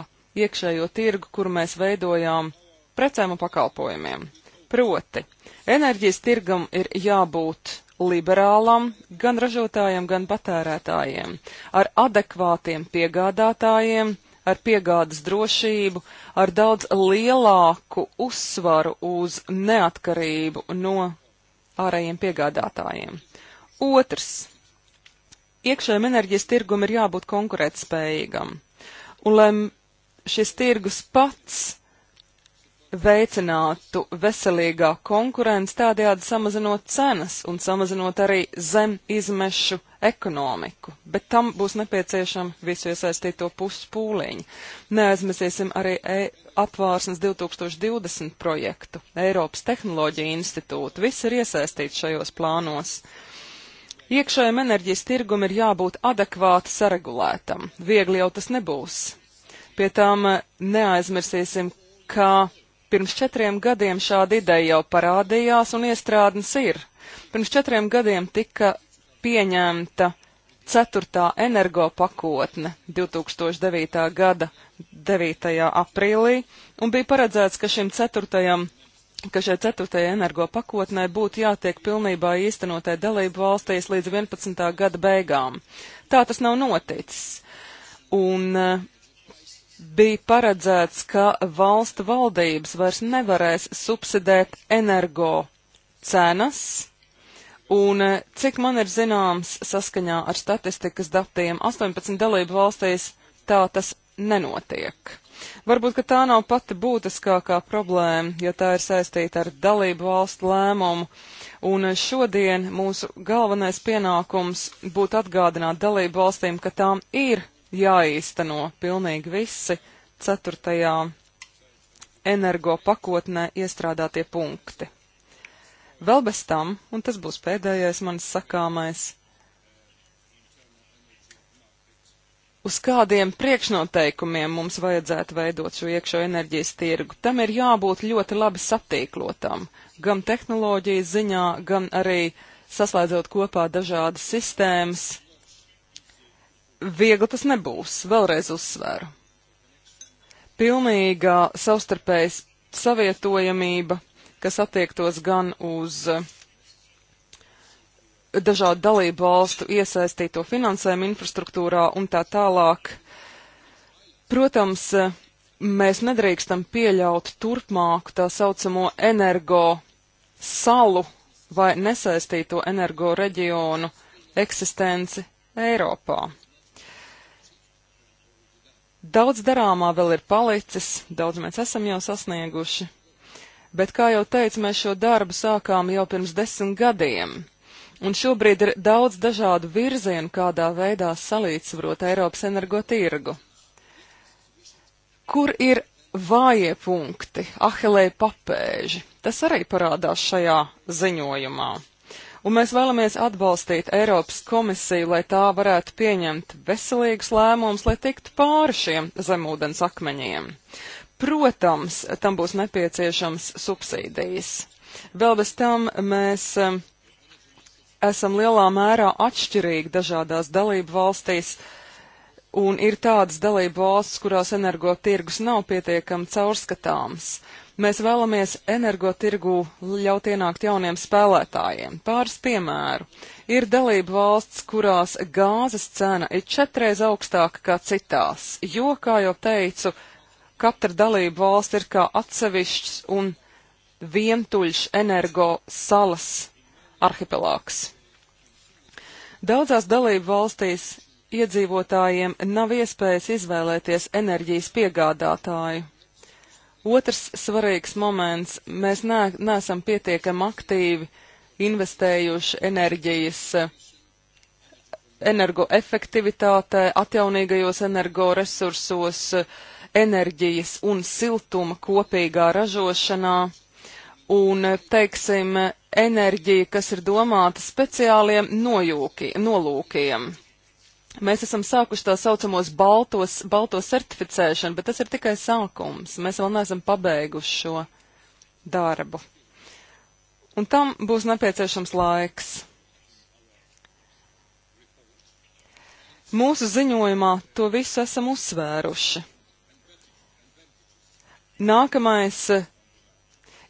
iekšējo tirgu, kuru mēs veidojām precēm un pakalpojumiem. Proti, enerģijas tirgam ir jābūt liberālam gan ražotājiem, gan patērētājiem, ar adekvātiem piegādātājiem, ar piegādes drošību, ar daudz lielāku uzsvaru uz neatkarību no ārējiem piegādātājiem. Otrs. Iekšējiem enerģijas tirgum ir jābūt konkurētspējīgam. Un lai šis tirgus pats veicinātu veselīgā konkurence, tādējādi samazinot cenas un samazinot arī zem izmešu ekonomiku, bet tam būs nepieciešama visu iesaistīto puses pūliņi. Neaizmirsīsim arī e apvārsnes 2020 projektu, Eiropas tehnoloģija institūtu, viss ir iesaistīts šajos plānos. Iekšējiem enerģijas tirgum ir jābūt adekvāti saregulētam, viegli jau tas nebūs. Pie tām e, neaizmirsīsim, ka Pirms četriem gadiem šāda ideja jau parādījās un iestrādnes ir. Pirms četriem gadiem tika pieņemta ceturtā energopakotne 2009. gada 9. aprīlī un bija paredzēts, ka šim ceturtajam ka šai ceturtajai energopakotnē būtu jātiek pilnībā īstenotai dalību valstīs līdz 11. gada beigām. Tā tas nav noticis. Un uh, bija paredzēts, ka valstu valdības vairs nevarēs subsidēt energo cenas, un eh, cik man ir zināms, saskaņā ar statistikas datiem 18 dalību valstīs tā tas nenotiek. Varbūt, ka tā nav pati būtiskākā problēma, jo tā ir saistīta ar dalību valstu lēmumu, un eh, šodien mūsu galvenais pienākums būtu atgādināt dalību valstīm, ka tām ir jāīsteno pilnīgi visi ceturtajā energo pakotnē iestrādātie punkti. Vēl bez tam, un tas būs pēdējais manis sakāmais, uz kādiem priekšnoteikumiem mums vajadzētu veidot šo iekšo enerģijas tirgu. Tam ir jābūt ļoti labi satīklotam, gan tehnoloģijas ziņā, gan arī saslēdzot kopā dažādas sistēmas, viegli tas nebūs, vēlreiz uzsveru. Pilnīgā savstarpējas savietojamība, kas attiektos gan uz eh, dažādu dalību valstu iesaistīto finansējumu infrastruktūrā un tā tālāk. Protams, eh, mēs nedrīkstam pieļaut turpmāku tā saucamo energo salu vai nesaistīto energo reģionu eksistenci Eiropā. Daudz darāmā vēl ir palicis, daudz mēs esam jau sasnieguši, bet, kā jau teicu, mēs šo darbu sākām jau pirms desmit gadiem. Un šobrīd ir daudz dažādu virzienu, kādā veidā salīdzvarot Eiropas energotirgu. Kur ir vājie punkti, ahelēja papēži? Tas arī parādās šajā ziņojumā un mēs vēlamies atbalstīt Eiropas komisiju, lai tā varētu pieņemt veselīgus lēmumus, lai tiktu pāri šiem zemūdens akmeņiem. Protams, tam būs nepieciešams subsīdijas. Vēl bez tam mēs um, esam lielā mērā atšķirīgi dažādās dalību valstīs, un ir tādas dalību valsts, kurās energo tirgus nav pietiekami caurskatāms. Uh, Mēs vēlamies energotirgu ļaut ienākt jauniem spēlētājiem. Pāris piemēru. Ir dalība valsts, kurās gāzes cena ir četreiz augstāka kā citās, jo, kā jau teicu, katra dalība valsts ir kā atsevišķs un vientuļš energo salas arhipelāgs. Daudzās dalību valstīs iedzīvotājiem nav iespējas izvēlēties enerģijas piegādātāju. Otrs svarīgs moments - mēs ne, neesam pietiekami aktīvi investējuši enerģijas eh, energoefektivitātē, atjaunīgajos energoresursos, enerģijas un siltuma kopīgā ražošanā un, eh, teiksim, enerģija, kas ir domāta speciāliem nojūki, nolūkiem. Mēs esam sākuši tā saucamos baltos, balto certificēšanu, bet tas ir tikai sākums. Mēs vēl neesam pabeiguši šo darbu. Un tam būs nepieciešams laiks. Mūsu ziņojumā to visu esam uzsvēruši. Nākamais eh,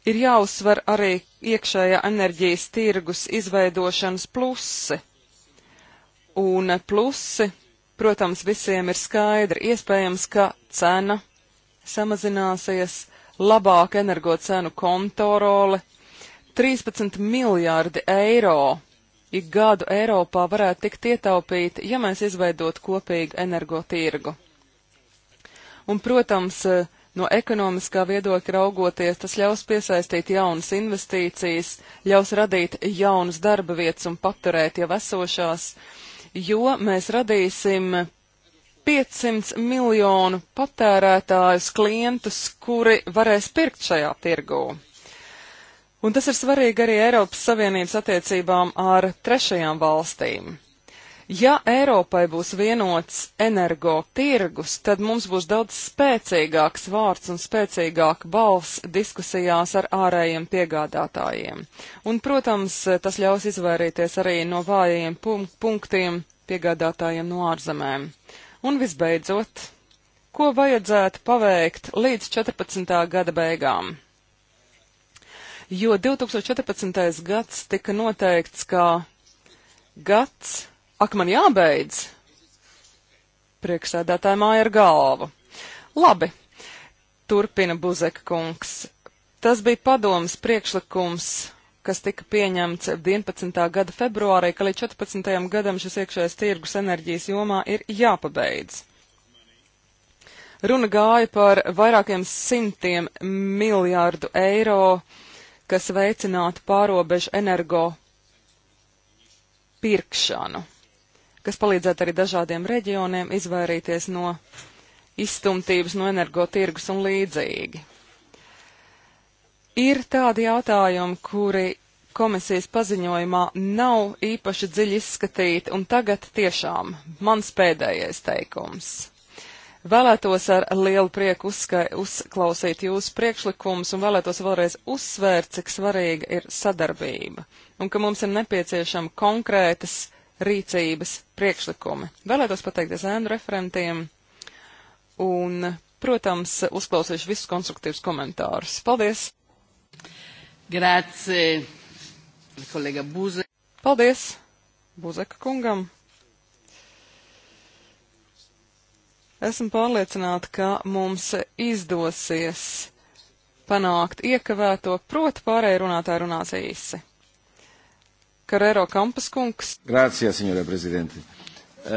ir jāuzsver arī iekšējā enerģijas tirgus izveidošanas plusi. Un plusi, protams, visiem ir skaidri. Iespējams, ka cena samazināsies, labāka energocenu kontorole, 13 miljārdi eiro ik gadu Eiropā varētu tikt ietaupīti, ja mēs izveidot kopīgu energotirgu. Un, protams, no ekonomiskā viedokļa raugoties, tas ļaus piesaistīt jaunas investīcijas, ļaus radīt jaunas darba vietas un paturēt jau esošās. Uh, jo mēs radīsim 500 miljonu patērētājus, klientus, kuri varēs pirkt šajā tirgū. Un tas ir svarīgi arī Eiropas Savienības attiecībām ar trešajām valstīm. Ja Eiropai būs vienots energo tirgus, tad mums būs daudz spēcīgāks vārds un spēcīgāka balss diskusijās ar ārējiem piegādātājiem. Un, protams, tas ļaus izvairīties arī no vājiem punktiem piegādātājiem no ārzemēm. Un visbeidzot, ko vajadzētu paveikt līdz 14. gada beigām? Jo 2014. gads tika noteikts kā gads, Ak, man jābeidz! Priekšsēdētāja māja ar galvu. Labi, turpina Buzeka kungs. Tas bija padomas priekšlikums, kas tika pieņemts 11. gada februārī, ka līdz 14. gadam šis iekšējais tirgus enerģijas jomā ir jāpabeidz. Runa gāja par vairākiem simtiem miljārdu eiro, kas veicinātu pārobežu energo pirkšanu kas palīdzētu arī dažādiem reģioniem izvairīties no izstumtības no energotirgus un līdzīgi. Ir tādi jautājumi, kuri komisijas paziņojumā nav īpaši dziļi izskatīti, un tagad tiešām mans pēdējais teikums. Vēlētos ar lielu prieku uzskai, uzklausīt jūsu priekšlikumus un vēlētos vēlreiz uzsvērt, cik svarīga ir sadarbība un ka mums ir nepieciešama konkrētas rīcības priekšlikumi. Vēlētos pateikties ēnu referentiem un, protams, uzklausīšu visus konstruktīvus komentārus. Paldies! Grāci, kolēga Buze. Paldies Buzeka kungam. Esmu pārliecināta, ka mums izdosies panākt iekavēto, proti pārējai runātāji runās īsi. Karēro Kampas kungs. Grācijā, senjora prezidenti. Uh,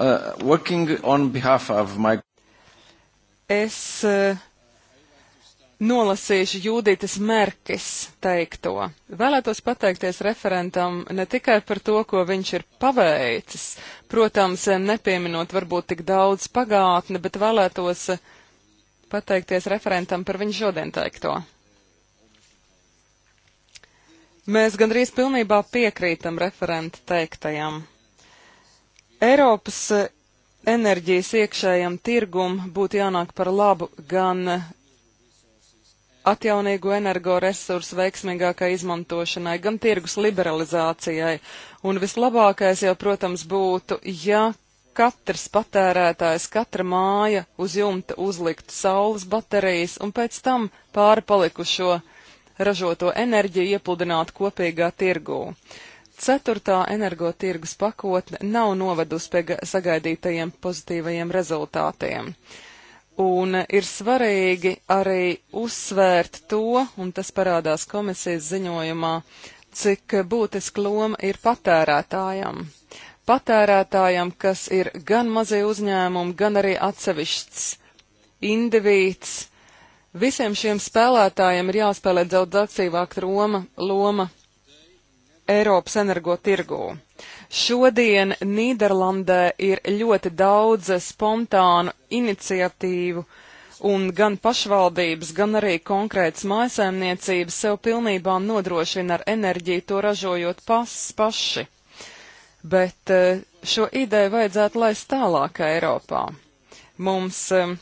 uh, working on behalf of my. Es uh, nolasīšu Jūdītas Merkis teikto. Vēlētos pateikties referentam ne tikai par to, ko viņš ir paveicis, protams, nepieminot varbūt tik daudz pagātne, bet vēlētos pateikties referentam par viņu šodien teikto. Mēs gandrīz pilnībā piekrītam referenta teiktajam. Eiropas eh, enerģijas iekšējam tirgum būtu jānāk par labu gan atjaunīgu energoresursu veiksmīgākai izmantošanai, gan tirgus liberalizācijai. Un vislabākais jau, protams, būtu, ja katrs patērētājs, katra māja uz jumta uzliktu saules baterijas un pēc tam pārpalikušo ražoto enerģiju iepludināt kopīgā tirgū. Ceturtā energotirgus pakotne nav novedusi pie sagaidītajiem pozitīvajiem rezultātiem. Un ir svarīgi arī uzsvērt to, un tas parādās komisijas ziņojumā, cik būtiska loma ir patērētājam. Patērētājam, kas ir gan mazie uzņēmumi, gan arī atsevišķs indivīds, Visiem šiem spēlētājiem ir jāspēlē daudz aktīvāk Roma, loma Eiropas energo tirgū. Šodien Nīderlandē ir ļoti daudz spontānu iniciatīvu, un gan pašvaldības, gan arī konkrētas mājasēmniecības sev pilnībā nodrošina ar enerģiju, to ražojot pas, paši. Bet eh, šo ideju vajadzētu laist tālāk Eiropā. Mums eh,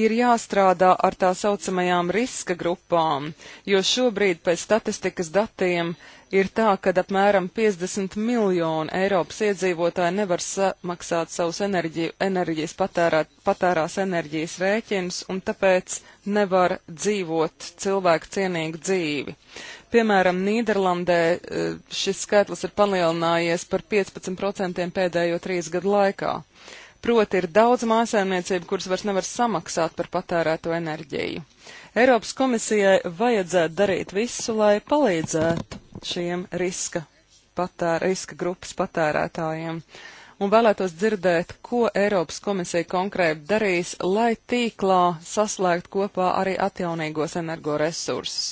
ir jāstrādā ar tā saucamajām riska grupām, jo šobrīd pēc statistikas datiem ir tā, ka apmēram 50 miljoni Eiropas iedzīvotāji nevar samaksāt savus enerģiju, enerģijas patērāt, patērās enerģijas rēķinus un tāpēc nevar dzīvot cilvēku cienīgu dzīvi. Piemēram, Nīderlandē eh, šis skaitlis ir palielinājies par 15% pēdējo trīs gadu laikā. Uh, Proti ir daudz mājasēmniecību, kuras vairs nevar samaksāt par patērēto enerģiju. Eiropas komisijai vajadzētu darīt visu, lai palīdzētu šiem riska, patēr, riska grupas patērētājiem. Un vēlētos dzirdēt, ko Eiropas komisija konkrēti darīs, lai tīklā saslēgt kopā arī atjaunīgos energoresursus.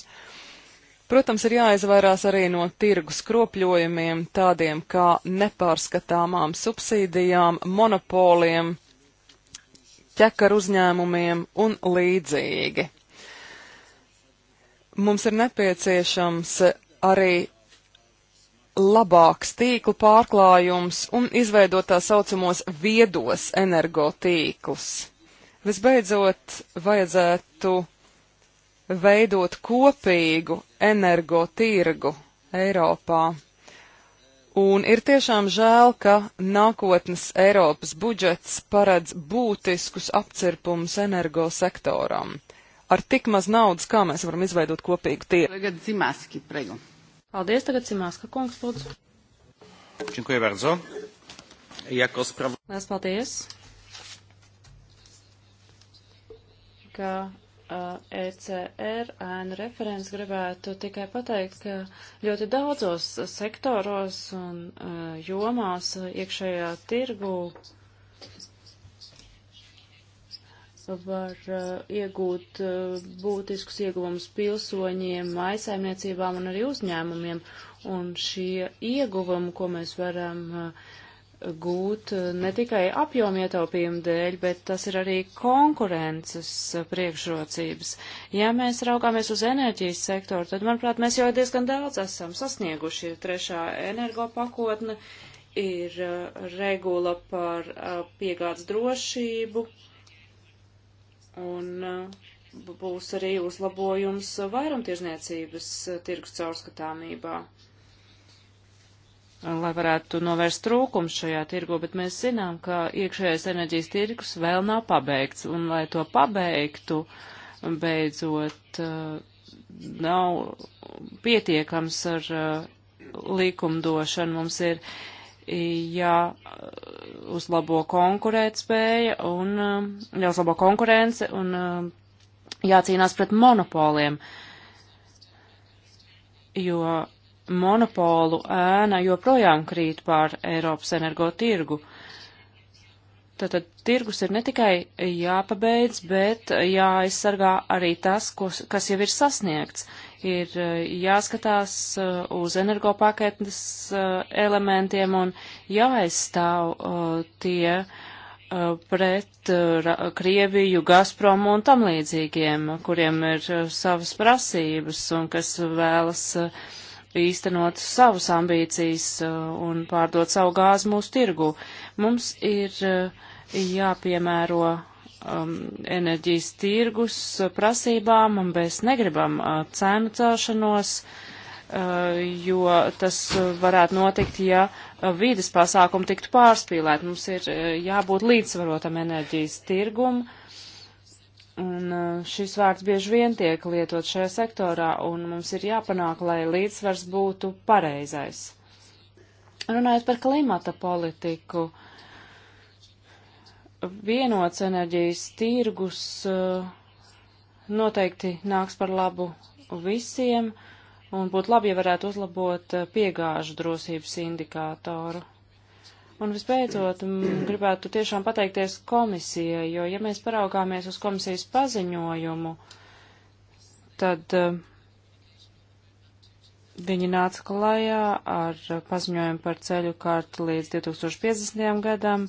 Protams, ir jāizvairās arī no tirgus kropļojumiem, tādiem kā nepārskatāmām subsīdijām, monopoliem, ķekaru uzņēmumiem un līdzīgi. Mums ir nepieciešams arī labāks tīklu pārklājums un izveidot tā saucamos viedos energotīklus. Visbeidzot, vajadzētu veidot kopīgu energotirgu Eiropā. Un ir tiešām žēl, ka nākotnes Eiropas budžets paredz būtiskus apcirpumus energosektoram. Ar tik maz naudas, kā mēs varam izveidot kopīgu tirgu? Tagad Zimāski, pregu. Paldies, tagad Zimāska kungs, lūdzu. Dziękuję bardzo. Jako spraw... Paldies. Ka ECR ēnu referents gribētu tikai pateikt, ka ļoti daudzos sektoros un uh, jomās iekšējā tirgu var uh, iegūt uh, būtiskus ieguvumus pilsoņiem, maisaimniecībām un arī uzņēmumiem. Un šie ieguvumi, ko mēs varam uh, gūt eh, ne tikai apjomu ietaupījumu dēļ, bet tas ir arī konkurences eh, priekšrocības. Ja mēs raugāmies uz enerģijas sektoru, tad, manuprāt, mēs jau diezgan daudz esam sasnieguši. Ir trešā energopakotne, ir eh, regula par piegādes drošību un būs arī uzlabojums vairumtirdzniecības tirgus caurskatāmībā lai varētu novērst trūkumu šajā tirgu, bet mēs zinām, ka iekšējais enerģijas tirgus vēl nav pabeigts, un lai to pabeigtu, beidzot, uh, nav pietiekams ar uh, likumdošanu. Mums ir uh, jāuzlabo konkurētspēja un jāuzlabo konkurence un jācīnās pret monopoliem, jo monopolu ēna joprojām krīt pār Eiropas energo tirgu. Tātad tirgus ir ne tikai jāpabeidz, bet jāaizsargā arī tas, kas, kas jau ir sasniegts. Ir eh, jāskatās eh, uz energopaketnes eh, elementiem un jāaizstāv tie pret Krieviju, Gazpromu un tam līdzīgiem, kuriem ir savas prasības un kas vēlas uh, īstenot savas ambīcijas uh, un pārdot savu gāzi mūsu tirgu. Mums ir uh, jāpiemēro um, enerģijas tirgus prasībām, un mēs negribam uh, cēnu celšanos, jo tas varētu notikt, ja vīdes pasākumi tiktu pārspīlēti. Mums ir jābūt līdzsvarotam enerģijas tirgumam Un uh, šis vārds bieži vien tiek lietot šajā sektorā, un mums ir jāpanāk, lai līdzsvars būtu pareizais. Runājot par klimata politiku, vienots enerģijas tirgus uh, noteikti nāks par labu visiem, un būtu labi, ja varētu uzlabot uh, piegāžu drosības indikātoru. Un visbeidzot, gribētu tiešām pateikties komisijai, jo, ja mēs paraugāmies uz komisijas paziņojumu, tad eh, viņi nāca klajā ar paziņojumu par ceļu kārtu līdz 2050. gadam,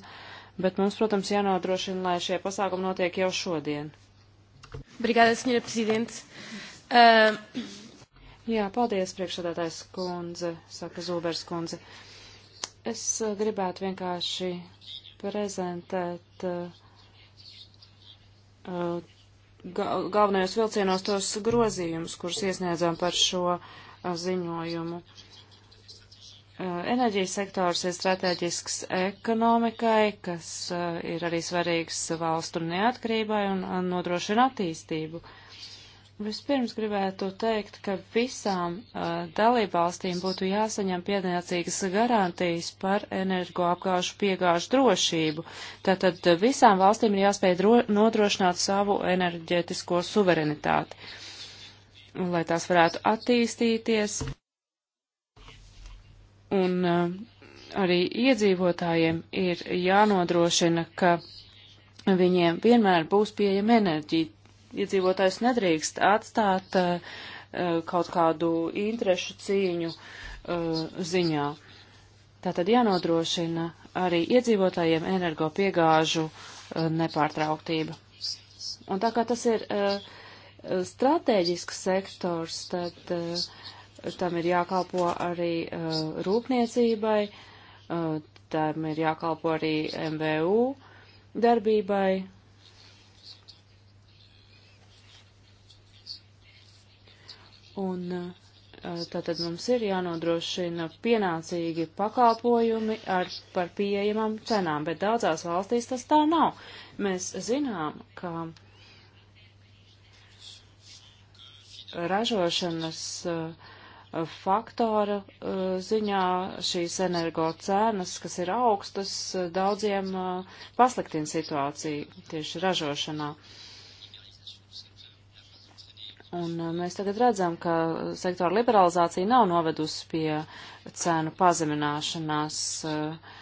bet mums, protams, jānodrošina, lai šie pasākumi notiek jau šodien. Brigāde, senjora prezidents. Uh... Jā, paldies, priekšsādātājs kundze, saka Zūbers kundze. Uh, Es eh, gribētu vienkārši prezentēt uh, galvenajos vilcienos tos grozījumus, kurus iesniedzām par šo ziņojumu. Enerģijas sektors ir strateģisks ekonomikai, kas ir arī svarīgs valstu neatkarībai un nodrošina attīstību. Uh, Vispirms gribētu teikt, ka visām uh, dalībvalstīm būtu jāsaņem pienācīgas garantijas par energoapgāžu piegāžu drošību. Tātad visām valstīm ir jāspēj nodrošināt savu enerģetisko suverenitāti, lai tās varētu attīstīties. Un uh, arī iedzīvotājiem ir jānodrošina, ka viņiem vienmēr būs pieejama enerģija iedzīvotājs nedrīkst atstāt uh, kaut kādu interešu cīņu uh, ziņā. Tātad jānodrošina arī iedzīvotājiem energo piegāžu uh, nepārtrauktība. Un tā kā tas ir uh, stratēģisks sektors, tad uh, tam ir jākalpo arī uh, rūpniecībai, uh, tam ir jākalpo arī MVU darbībai, Un eh, tātad mums ir jānodrošina pienācīgi pakalpojumi ar, par pieejamām cenām, bet daudzās valstīs tas tā nav. Mēs zinām, ka ražošanas eh, faktora eh, ziņā šīs energo cenas, kas ir augstas, daudziem pasliktina situāciju tieši ražošanā. Uh, Un uh, mēs tagad redzam, ka sektora liberalizācija nav novedusi pie cēnu pazemināšanās uh,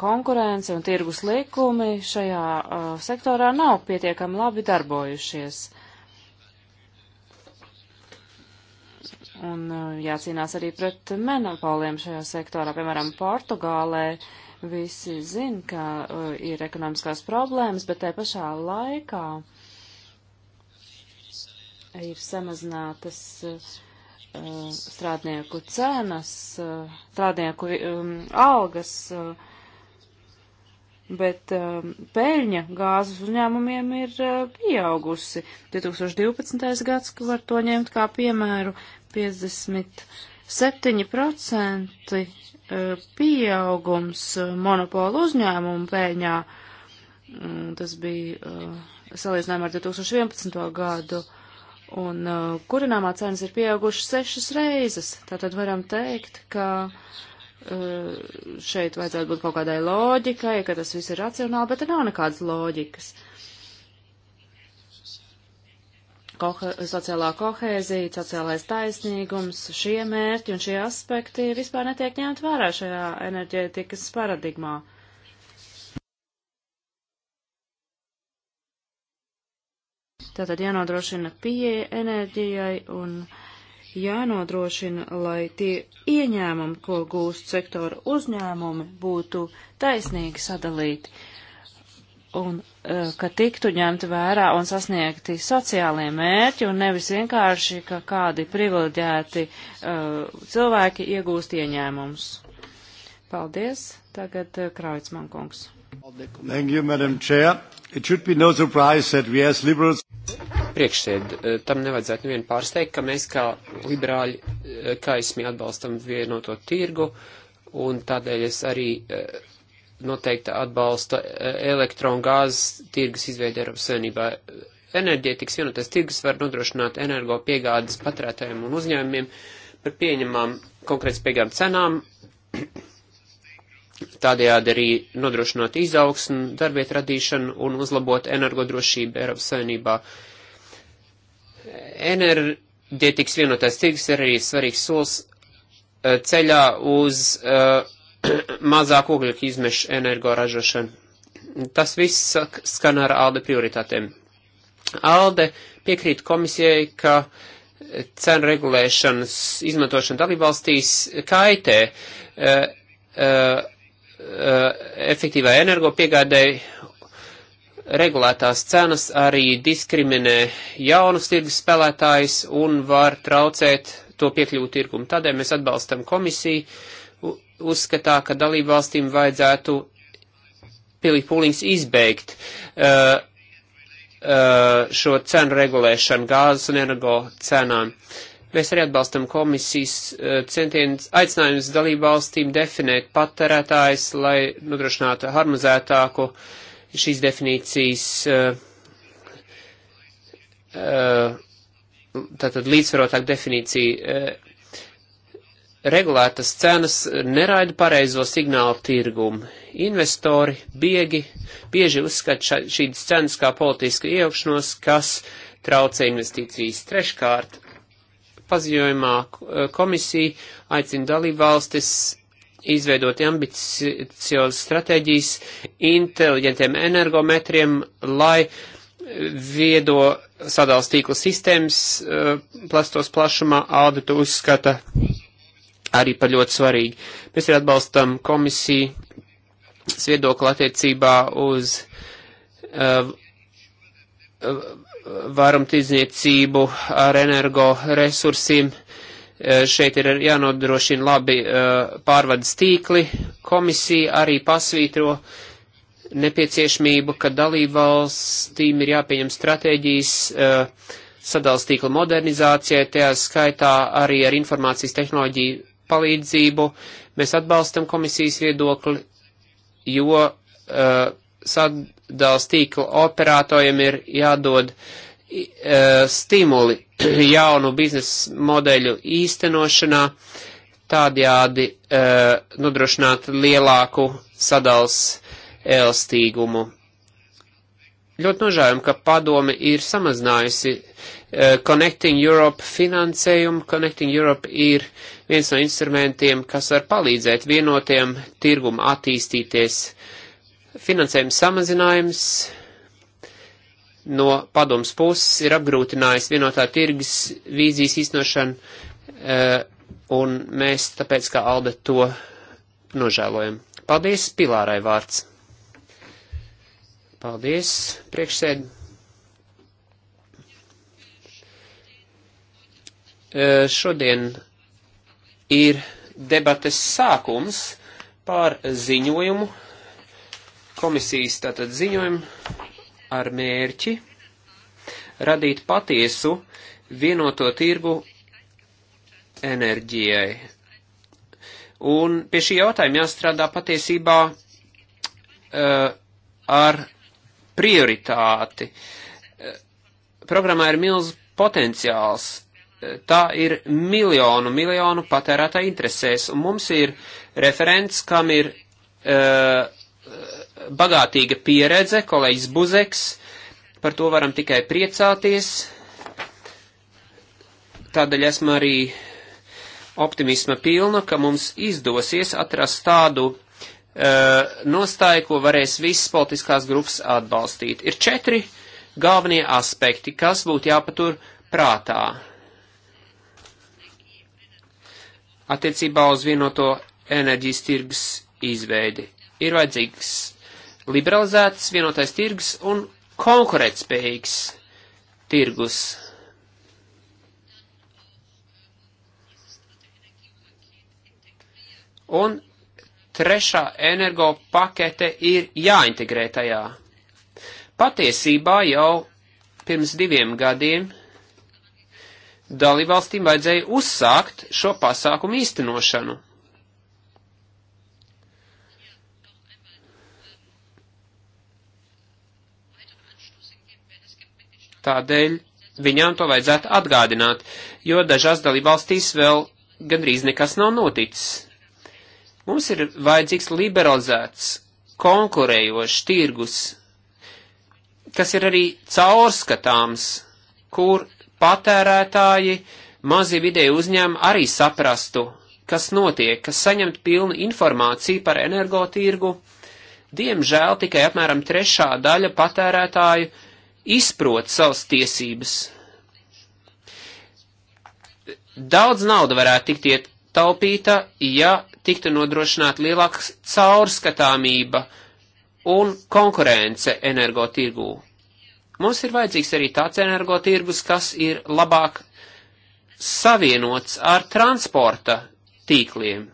konkurence un tirgus likumi šajā uh, sektorā nav pietiekami labi darbojušies. Un jācīnās arī pret menopoliem šajā sektorā, piemēram, Portugālē. Visi zin, ka ir ekonomiskās problēmas, bet te pašā laikā. Uh, ir samazinātas eh, strādnieku cenas, eh, strādnieku um, algas, eh, bet peļņa gāzes uzņēmumiem ir pieaugusi. 2012. gads, ka var to ņemt kā piemēru, 57% pieaugums monopolu uzņēmumu peļņā. Mm, tas bija salīdzinājumā ar 2011. gadu un uh, kurināmā cenas ir pieaugušas sešas reizes. Tātad varam teikt, ka uh, šeit vajadzētu būt kaut kādai loģikai, ka tas viss ir racionāli, bet te nav nekādas loģikas. Kohe, sociālā kohēzija, sociālais taisnīgums, šie mērķi un šie aspekti vispār netiek ņemt vērā šajā enerģētikas paradigmā. Uh, Tātad jānodrošina pieeja enerģijai un jānodrošina, lai tie ieņēmumi, ko gūst sektora uzņēmumi, būtu taisnīgi sadalīti un eh, ka tiktu ņemti vērā un sasniegti sociālie mērķi un nevis vienkārši, ka kādi privileģēti uh, cilvēki iegūst ieņēmumus. Paldies. Tagad uh, eh, Kraujts Mankungs. Thank you, Madam Chair. It should be no surprise that we as liberals priekšsēd, eh, tam nevajadzētu nevienu pārsteigt, ka mēs kā liberāļi eh, kaismi atbalstam vienoto tirgu, un tādēļ es arī eh, noteikti atbalsta elektronu gāzes tirgus izveidu Eiropas Savienībā. Enerģētikas vienotais tirgus var nodrošināt energo piegādes patrētājiem un uzņēmumiem par pieņemām konkrētas piegādes cenām tādējādi arī nodrošināt izaugsmu, darbiet radīšanu un uzlabot energodrošību Eiropas Savienībā. Enerģētikas vienotais tirgus ir arī svarīgs solis eh, ceļā uz uh, mazāk ogļu izmešu energoražošanu. Tas viss skan ar ALDE prioritātēm. ALDE piekrīt komisijai, ka cenu regulēšanas izmantošana dalībvalstīs kaitē uh, uh, Uh, efektīvai energopiegādēji regulētās cenas arī diskriminē jaunus tirgus spēlētājus un var traucēt to piekļuvu tirgumu. Tādēļ mēs atbalstam komisiju uzskatā, ka dalību valstīm vajadzētu pilīt pūliņus izbeigt uh, uh, šo cenu regulēšanu gāzes un energo cenām. Uh, Mēs arī atbalstam komisijas eh, centienus aicinājumus dalību valstīm definēt patērētājs, lai nodrošinātu harmonizētāku šīs definīcijas eh, eh, tātad līdzsvarotāk definīciju. Regulētas cenas neraida pareizo signālu tirgumu. Investori biegi, bieži uzskata šīs cenas kā politiska iejaukšanos, kas traucē investīcijas. Treškārt, paziņojumā eh, komisija aicina dalībvalstis izveidot ambiciozas stratēģijas inteliģentiem energometriem, lai viedo sadals tīkla sistēmas eh, plastos plašumā auditu uzskata arī par ļoti svarīgi. Mēs arī atbalstam komisiju sviedokli attiecībā uz uh, uh, vārumtīzniecību ar energoresursiem. E, šeit ir jānodrošina labi e, pārvades tīkli. Komisija arī pasvītro nepieciešamību, ka dalībvalstīm ir jāpieņem stratēģijas e, sadalstīkla modernizācijai, tajā skaitā arī ar informācijas tehnoloģiju palīdzību. Mēs atbalstam komisijas viedokli, jo uh, sadals tīkla operatoriem ir jādod uh, stimuli jaunu biznesa modeļu īstenošanā, tādējādi uh, e, nodrošināt lielāku sadals elastīgumu. Ļoti nožēlam, ka padome ir samazinājusi uh, Connecting Europe finansējumu. Connecting Europe ir viens no instrumentiem, kas var palīdzēt vienotiem tirgumu attīstīties uh, Finansējums samazinājums no padoms puses ir apgrūtinājis vienotā tirgus vīzijas īstenošanu, e, un mēs tāpēc kā Alde to nožēlojam. Paldies, Pilārai vārds. Paldies, priekšsēd. E, šodien ir debates sākums pār ziņojumu komisijas tātad ziņojumu ar mērķi radīt patiesu vienoto tirgu enerģijai. Un pie šī jautājuma jāstrādā patiesībā uh, ar prioritāti. Uh, programmā ir milz potenciāls. Uh, tā ir miljonu, miljonu patērētā interesēs, un mums ir referents, kam ir uh, bagātīga pieredze, kolēģis Buzeks, par to varam tikai priecāties. Tādēļ esmu arī optimisma pilna, ka mums izdosies atrast tādu uh, nostāju, ko varēs visas politiskās grupas atbalstīt. Ir četri galvenie aspekti, kas būtu jāpatur prātā attiecībā uz vienoto enerģijas tirgus izveidi. Ir vajadzīgs liberalizēts vienotais tirgus un konkurētspējīgs tirgus. Un trešā energo pakete ir jāintegrē tajā. Patiesībā jau pirms diviem gadiem dalībvalstīm vajadzēja uzsākt šo pasākumu īstenošanu. Tādēļ viņām to vajadzētu atgādināt, jo dažās dalībvalstīs vēl gandrīz nekas nav noticis. Mums ir vajadzīgs liberalizēts, konkurējošs tirgus, kas ir arī caurskatāms, kur patērētāji, mazi vidēji uzņēmumi arī saprastu, kas notiek, kas saņemt pilnu informāciju par energotirgu. Diemžēl tikai apmēram trešā daļa patērētāju izprot savas tiesības. Daudz nauda varētu tikt ietaupīta, ja tiktu nodrošināta lielāka caurskatāmība un konkurence energotirgū. Mums ir vajadzīgs arī tāds energotirgus, kas ir labāk savienots ar transporta tīkliem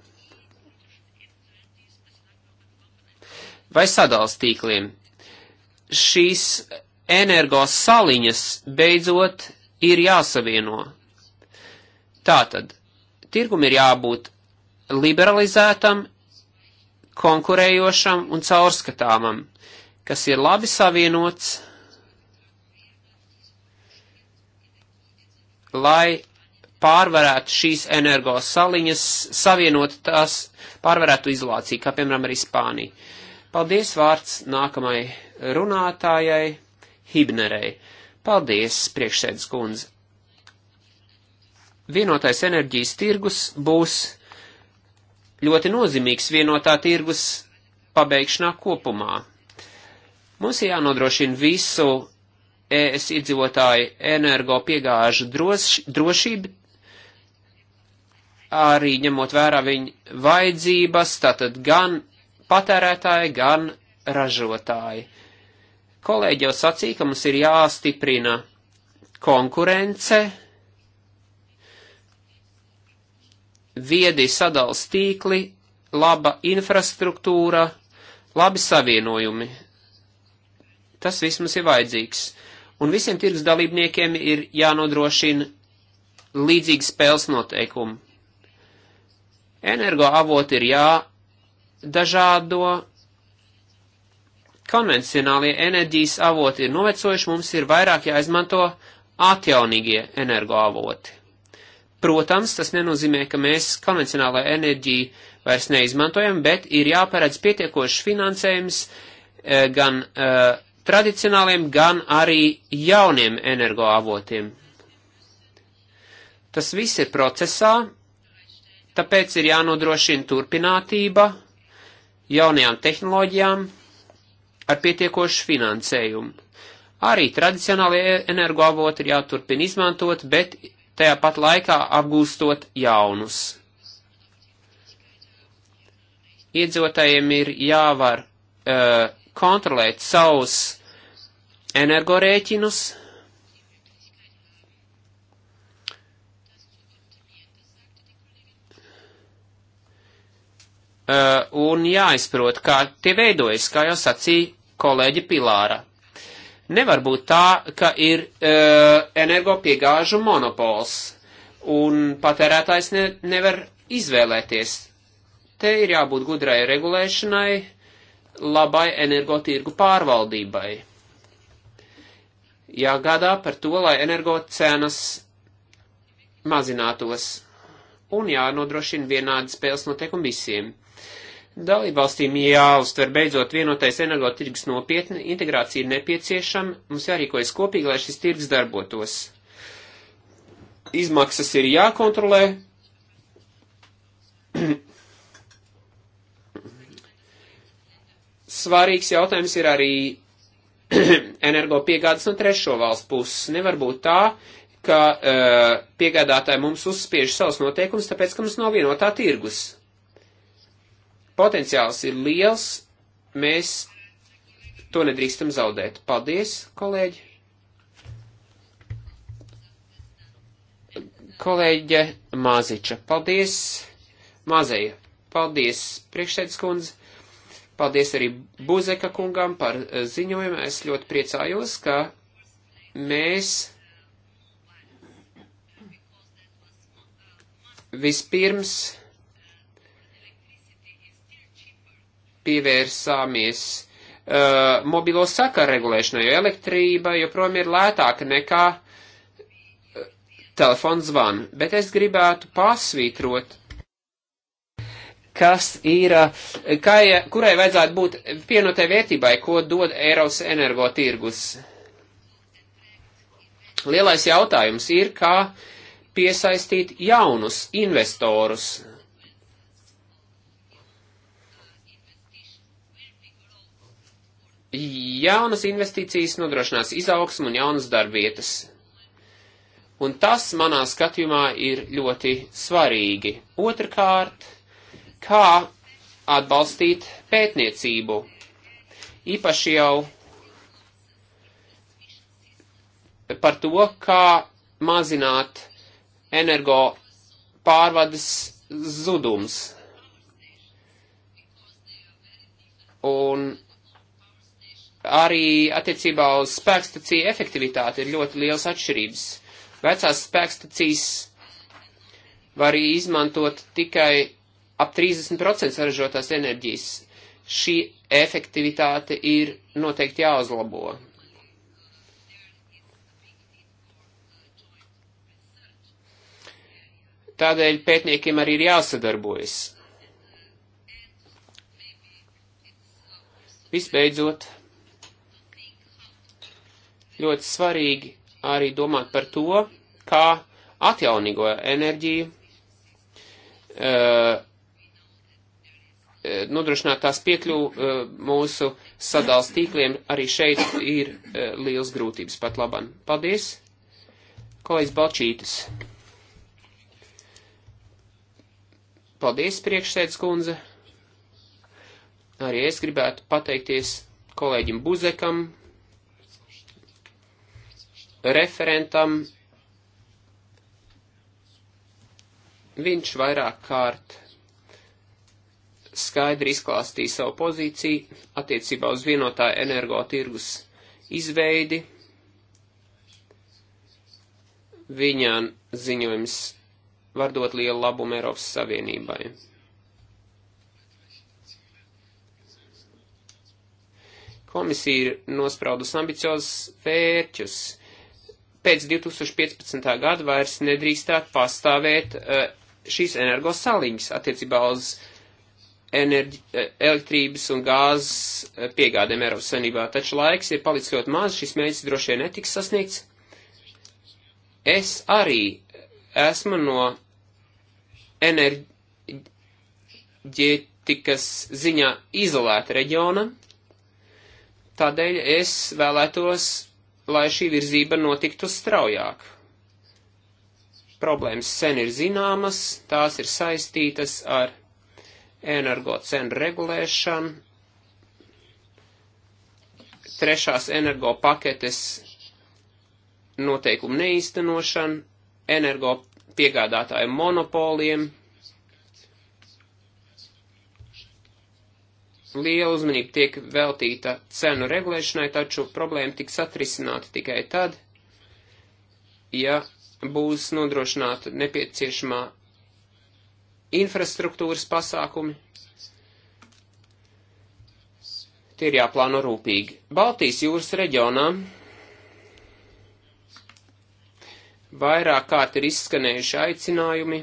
vai sadals tīkliem. Šīs energos saliņas beidzot ir jāsavieno. Tātad, tirgum ir jābūt liberalizētam, konkurējošam un caurskatāmam, kas ir labi savienots, lai pārvarētu šīs energos saliņas, savienot tās, pārvarētu izolāciju, kā piemēram ar Spāniju. Paldies vārds nākamai runātājai. Hibnerei. Paldies, priekšsēdus kundze. Vienotais enerģijas tirgus būs ļoti nozīmīgs vienotā tirgus pabeigšanā kopumā. Mums ir jānodrošina visu ES iedzīvotāju energo piegāžu droš, drošību, arī ņemot vērā viņu vajadzības, tātad gan patērētāji, gan ražotāji. Kolēģi jau sacīja, ka mums ir jāstiprina konkurence, viedi sadals tīkli, laba infrastruktūra, labi savienojumi. Tas viss mums ir vajadzīgs. Un visiem tirgus dalībniekiem ir jānodrošina līdzīgi spēles noteikumi. Energoavoti ir jādažādo, konvencionālie enerģijas avoti ir novecojuši, mums ir vairāk jāizmanto atjaunīgie energoavoti. Protams, tas nenozīmē, ka mēs konvencionālo enerģiju vairs neizmantojam, bet ir jāparedz pietiekošs finansējums eh, gan uh, tradicionāliem, gan arī jauniem energoavotiem. Tas viss ir procesā, tāpēc ir jānodrošina turpinātība jaunajām tehnoloģijām, ar pietiekošu finansējumu. Arī tradicionālie energoavoti ir jāturpina izmantot, bet tajā pat laikā apgūstot jaunus. Iedzīvotājiem ir jāvar uh, kontrolēt savus energorēķinus, Uh, un jāizprot, kā tie veidojas, kā jau sacīja kolēģi Pilāra. Nevar būt tā, ka ir uh, energopiegāžu monopols, un patērētājs ne, nevar izvēlēties. Te ir jābūt gudrai regulēšanai, labai energotirgu pārvaldībai. Jāgādā par to, lai energocenas mazinātos, un jānodrošina vienādi spēles noteikumi visiem. Dalībvalstīm jāuztver beidzot vienotais energotirgs nopietni, integrācija ir nepieciešama, mums jārīkojas kopīgi, lai šis tirgs darbotos. Izmaksas ir jākontrolē. Svarīgs jautājums ir arī energopiegādes no trešo valstu puses. Nevar būt tā, ka uh, piegādātāji mums uzspiež savus noteikumus, tāpēc, ka mums nav vienotā tirgus Potenciāls ir liels, mēs to nedrīkstam zaudēt. Paldies, kolēģi! Kolēģe Māziča, paldies! Mazēja, paldies, priekšsēdus kundze! Paldies arī Buzeka kungam par eh, ziņojumu. Es ļoti priecājos, ka mēs vispirms pievērsāmies uh, mobilo sakaru regulēšanai, jo elektrība joprojām ir lētāka nekā uh, telefons zvan. Bet es gribētu pasvītrot, kas ir, uh, kā, kurai vajadzētu būt pienotai vērtībai, ko dod Eiropas energo tirgus. Lielais jautājums ir, kā piesaistīt jaunus investorus Jaunas investīcijas nodrošinās izaugsmu un jaunas darbvietas. Un tas, manā skatījumā, ir ļoti svarīgi. Otrakārt, kā atbalstīt pētniecību. Īpaši jau par to, kā mazināt energo pārvades zudums. Un arī attiecībā uz spēkstaciju efektivitāti ir ļoti liels atšķirības. Vecās spēkstacijas var izmantot tikai ap 30% saražotās enerģijas. Šī efektivitāte ir noteikti jāuzlabo. Tādēļ pētniekiem arī ir jāsadarbojas. Visbeidzot, Ļoti svarīgi arī domāt par to, kā atjaunīgo enerģiju uh, nodrošināt tās piekļuvu uh, mūsu sadals tīkliem. Arī šeit ir uh, liels grūtības pat laban. Paldies! Kolēģis Balčītis. Paldies, priekšsēdz kundze. Arī es gribētu pateikties kolēģim Buzekam referentam. Viņš vairāk kārt skaidri izklāstīja savu pozīciju attiecībā uz vienotā energotirgus izveidi. Viņa ziņojums var dot lielu labumu Eiropas Savienībai. Komisija ir nospraudus ambiciozus vērķus pēc 2015. gada vairs nedrīkstētu pastāvēt eh, šīs energos saliņas attiecībā uz enerģi, eh, elektrības un gāzes eh, piegādēm Eiropas Savienībā, taču laiks ir palicis ļoti maz, šis mērķis droši vien netiks sasniegts. Es arī esmu no enerģētikas ziņā izolēta reģiona, tādēļ es vēlētos lai šī virzība notiktu straujāk. Problēmas sen ir zināmas, tās ir saistītas ar energocenu regulēšanu, trešās energo paketes noteikumu neīstenošanu, energo piegādātāju monopoliem, liela uzmanība tiek veltīta cenu regulēšanai, taču problēma tiks atrisināta tikai tad, ja būs nodrošināta nepieciešamā infrastruktūras pasākumi. Tie ir jāplāno rūpīgi. Baltijas jūras reģionā vairāk kārt ir izskanējuši aicinājumi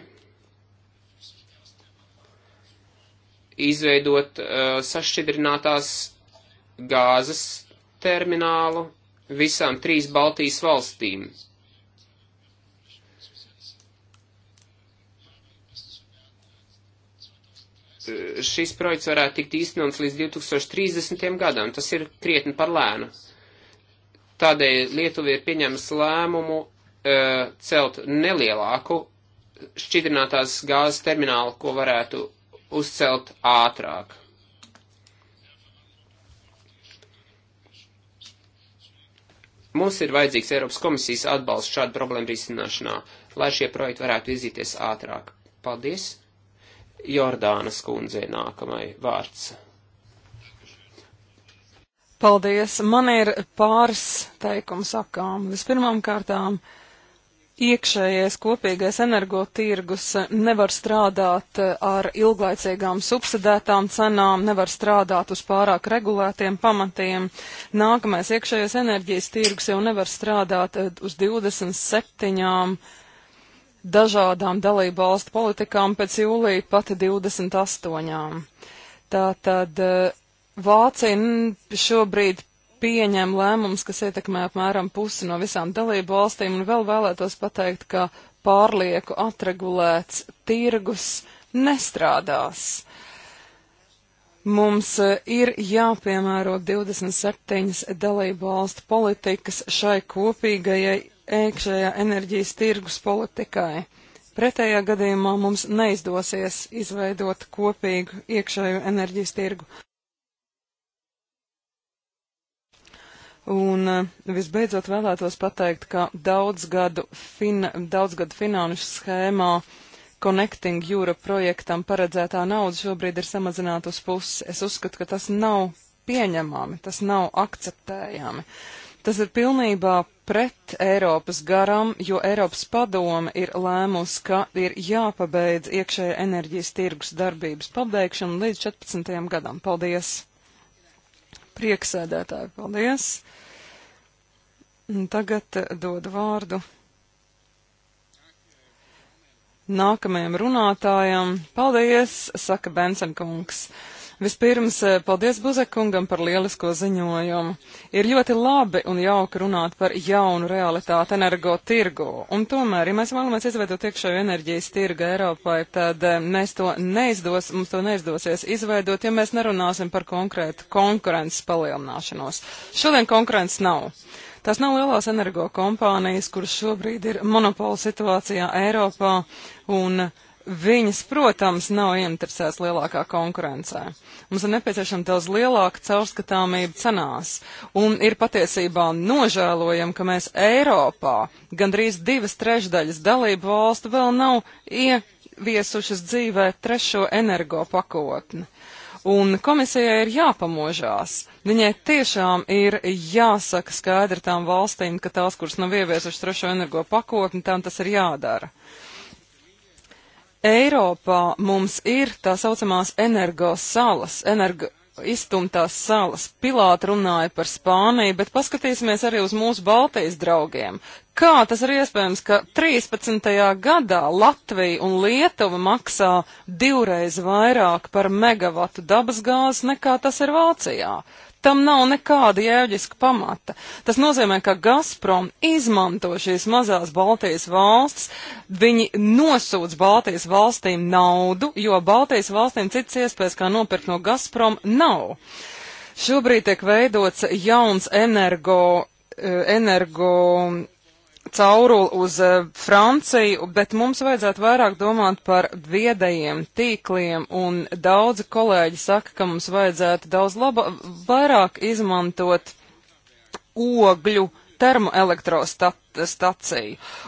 izveidot uh, sašķidrinātās gāzes terminālu visām trīs Baltijas valstīm. Uh, šis projekts varētu tikt īstenots līdz 2030. gadam, tas ir krietni par lēnu. Tādēļ Lietuva ir pieņēmusi lēmumu uh, celt nelielāku šķidrinātās gāzes terminālu, ko varētu uzcelt ātrāk. Mums ir vajadzīgs Eiropas komisijas atbalsts šādu problēmu risināšanā, lai šie projekti varētu izzīties ātrāk. Paldies! Jordānas kundzei nākamai vārds. Paldies! Man ir pāris teikums sakām. Vispirmām kārtām iekšējais kopīgais energotirgus nevar strādāt eh, ar ilglaicīgām subsidētām cenām, nevar strādāt uz pārāk regulētiem pamatiem. Nākamais iekšējais enerģijas tirgus jau nevar strādāt eh, uz 27 dažādām dalību valstu politikām pēc jūlija pat 28. Tātad eh, Vācija šobrīd pieņem lēmums, kas ietekmē apmēram pusi no visām dalību valstīm, un vēl vēlētos pateikt, ka pārlieku atregulēts tirgus nestrādās. Mums e, ir jāpiemēro 27 dalību valstu politikas šai kopīgajai iekšējā enerģijas tirgus politikai. Pretējā gadījumā mums neizdosies izveidot kopīgu iekšējo enerģijas tirgu. Un eh, visbeidzot vēlētos pateikt, ka daudzgadu, fin, daudzgadu finanšu schēmā Connecting Europe projektam paredzētā nauda šobrīd ir samazināta uz pusi. Es uzskatu, ka tas nav pieņemami, tas nav akceptējami. Tas ir pilnībā pret Eiropas garam, jo Eiropas padome ir lēmusi, ka ir jāpabeidz iekšējā enerģijas tirgus darbības pabeigšana līdz 14. gadam. Paldies! Prieksēdētāji, paldies! Tagad dodu vārdu nākamajam runātājam. Paldies, saka Bensenkungs. Vispirms, eh, paldies Buzekungam par lielisko ziņojumu. Ir ļoti labi un jauki runāt par jaunu realitāti energo tirgu. Un tomēr, ja mēs vēlamies izveidot iekšējo enerģijas tirgu Eiropai, tad eh, mēs to neizdos, mums to neizdosies izveidot, ja mēs nerunāsim par konkrētu konkurences palielināšanos. Šodien konkurences nav. Tās nav lielās energo kompānijas, kuras šobrīd ir monopola situācijā Eiropā, un viņas, protams, nav ieinteresētas lielākā konkurencē. Mums ir nepieciešama daudz lielāka caurskatāmība cenās, un ir patiesībā nožēlojam, ka mēs Eiropā gandrīz divas trešdaļas dalību valstu vēl nav ieviesušas dzīvē trešo energo pakotni. Un komisijai ir jāpamožās. Viņai tiešām ir jāsaka skaidri tām valstīm, ka tās, kuras nav ieviesušas trešo energo pakotni, tām tas ir jādara. Eiropā mums ir tā saucamās energo salas, energo iztumtās salas. Pilāta runāja par Spāniju, bet paskatīsimies arī uz mūsu Baltijas draugiem. Kā tas ir iespējams, ka 13. gadā Latvija un Lietuva maksā divreiz vairāk par megavatu dabasgāzes nekā tas ir Vācijā? Tam nav nekāda jēģiska pamata. Tas nozīmē, ka Gazprom izmanto šīs mazās Baltijas valstis, viņi nosūdz Baltijas valstīm naudu, jo Baltijas valstīm citas iespējas, kā nopirkt no Gazprom, nav. Šobrīd tiek veidots jauns energo, eh, energo cauruli uz eh, Franciju, bet mums vajadzētu vairāk domāt par viedajiem tīkliem, un daudzi kolēģi saka, ka mums vajadzētu daudz laba, vairāk izmantot ogļu termoelektrostaciju.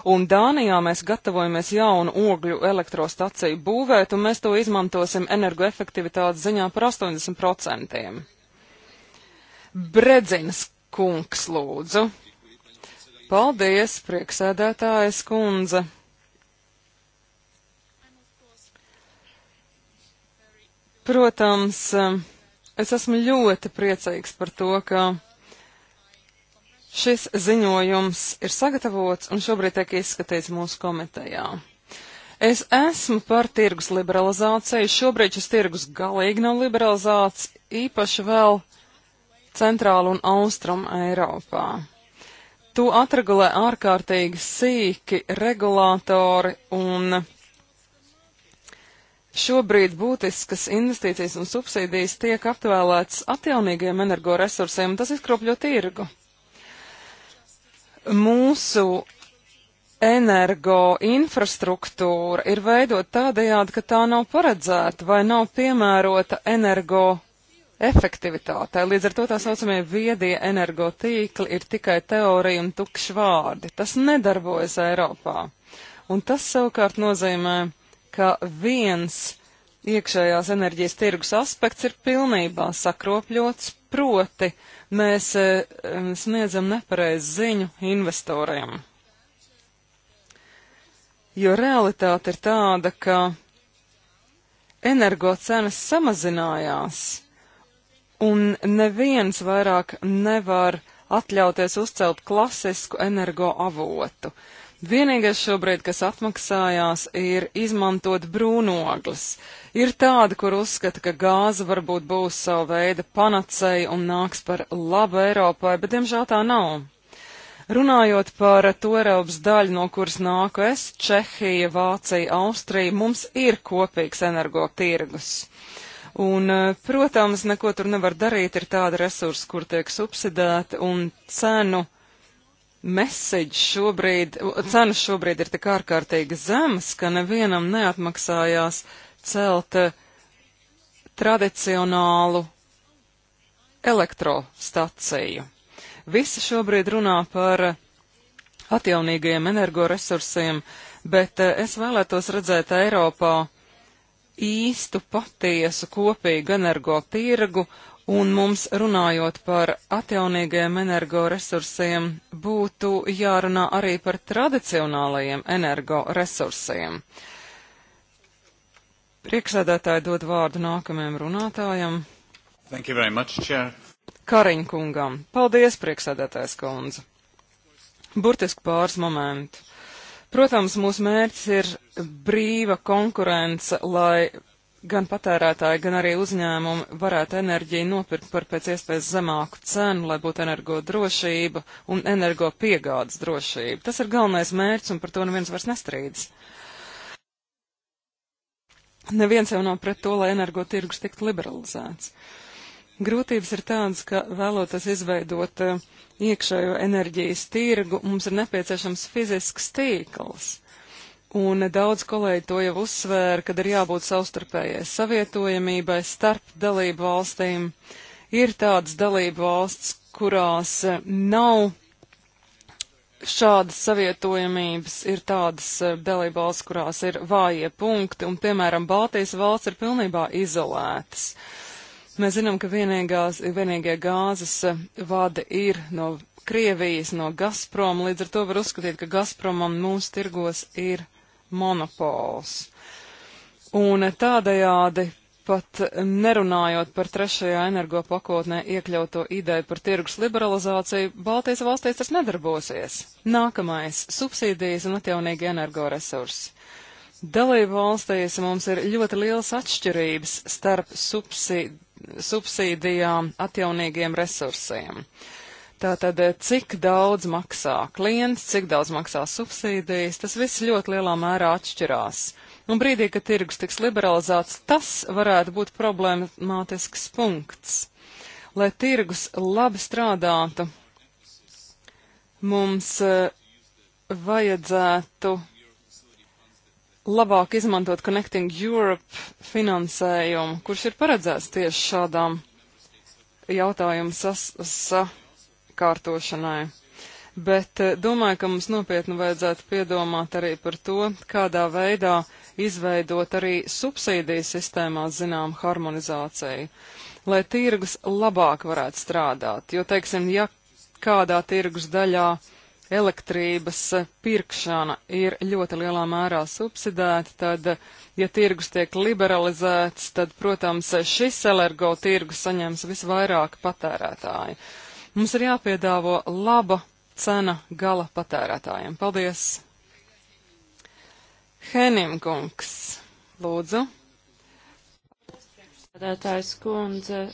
Un Dānijā mēs gatavojamies jaunu ogļu elektrostaciju būvēt, un mēs to izmantosim energoefektivitātes ziņā par 80%. Bredzinas kungs lūdzu. Paldies, prieksēdētājas kundze! Protams, es esmu ļoti priecīgs par to, ka šis ziņojums ir sagatavots un šobrīd tiek izskatīts mūsu komitejā. Es esmu par tirgus liberalizāciju. Šobrīd šis tirgus galīgi nav liberalizēts, īpaši vēl centrāla un austruma Eiropā to atregulē ārkārtīgi sīki regulātori un šobrīd būtiskas investīcijas un subsīdijas tiek aptvēlētas atjaunīgiem energoresursiem, un tas izkropļo tirgu. Mūsu energo infrastruktūra ir veidot tādējādi, ka tā nav paredzēta vai nav piemērota energo efektivitātei. Līdz ar to tā saucamie viedie energotīkli ir tikai teorija un tukši vārdi. Tas nedarbojas Eiropā. Un tas savukārt nozīmē, ka viens iekšējās enerģijas tirgus aspekts ir pilnībā sakropļots, proti mēs e, sniedzam nepareizu ziņu investoriem. Jo realitāte ir tāda, ka energo cenas samazinājās, un neviens vairāk nevar atļauties uzcelt klasisku energoavotu. Vienīgais šobrīd, kas atmaksājās, ir izmantot brūnoglis. Ir tāda, kur uzskata, ka gāze varbūt būs sava veida panacei un nāks par labu Eiropai, bet diemžēl tā nav. Runājot par to Eiropas daļu, no kuras nāku es, Čehija, Vācija, Austrija, mums ir kopīgs energotirgus. Un, eh, protams, neko tur nevar darīt, ir tāda resursa, kur tiek subsidēta, un cenu message šobrīd, cenas šobrīd ir tik ārkārtīgi zemas, ka nevienam neatmaksājās celt eh, tradicionālu elektrostaciju. Visi šobrīd runā par eh, atjaunīgajiem energoresursiem, bet es vēlētos redzēt Eiropā īstu patiesu kopīgu energo tirgu, un mums runājot par atjaunīgajiem energoresursiem, būtu jārunā arī par tradicionālajiem energoresursiem. Priekšsēdētāji dod vārdu nākamajam runātājam. Thank you very much, Chair. Kariņkungam. Paldies, priekšsēdētājs kundze. Burtiski pāris momentu. Protams, mūsu mērķis ir brīva konkurence, lai gan patērētāji, gan arī uzņēmumi varētu enerģiju nopirkt par pēc iespējas zemāku cenu, lai būtu energo drošība un energo piegādes drošība. Tas ir galvenais mērķis, un par to neviens vairs nestrīdas. Neviens jau nav pret to, lai energo tirgus tiktu liberalizēts. Uh, Grūtības ir tādas, ka vēloties izveidot eh, iekšējo enerģijas tirgu, mums ir nepieciešams fizisks tīkls. Un daudz kolēģi to jau uzsvēra, kad ir jābūt savstarpējai savietojamībai starp dalību valstīm. Ir tādas dalību valsts, kurās eh, nav šādas savietojamības, ir tādas eh, dalību valsts, kurās ir vājie punkti, un, piemēram, Baltijas valsts ir pilnībā izolētas. Uh, Mēs zinām, ka vienīgās, vienīgie gāzes eh, vadi ir no Krievijas, no Gazprom, līdz ar to var uzskatīt, ka Gazpromam mūsu tirgos ir monopols. Un tādējādi pat nerunājot par trešajā energopakotnē iekļauto ideju par tirgus liberalizāciju, Baltijas valstīs tas nedarbosies. Nākamais - subsīdijas un atjaunīgi energoresursi. Dalību valstīs mums ir ļoti liels atšķirības starp subsīd subsīdijām atjaunīgiem resursiem. Tātad, eh, cik daudz maksā klients, cik daudz maksā subsīdijas, tas viss ļoti lielā mērā atšķirās. Un brīdī, kad tirgus tiks liberalizēts, tas varētu būt problemātisks punkts. Lai tirgus labi strādātu, mums eh, vajadzētu labāk izmantot Connecting Europe finansējumu, kurš ir paredzēts tieši šādām jautājumu sakārtošanai. Bet eh, domāju, ka mums nopietni vajadzētu piedomāt arī par to, kādā veidā izveidot arī subsīdiju sistēmā zinām harmonizāciju, lai tirgus labāk varētu strādāt. Jo, teiksim, ja kādā tirgus daļā uh, elektrības pirkšana ir ļoti lielā mērā subsidēta, tad, ja tirgus tiek liberalizēts, tad, protams, šis elergo tirgus saņems visvairāk patērētāji. Mums ir jāpiedāvo laba cena gala patērētājiem. Paldies! Henimkungs, lūdzu. Patērētājs kundze,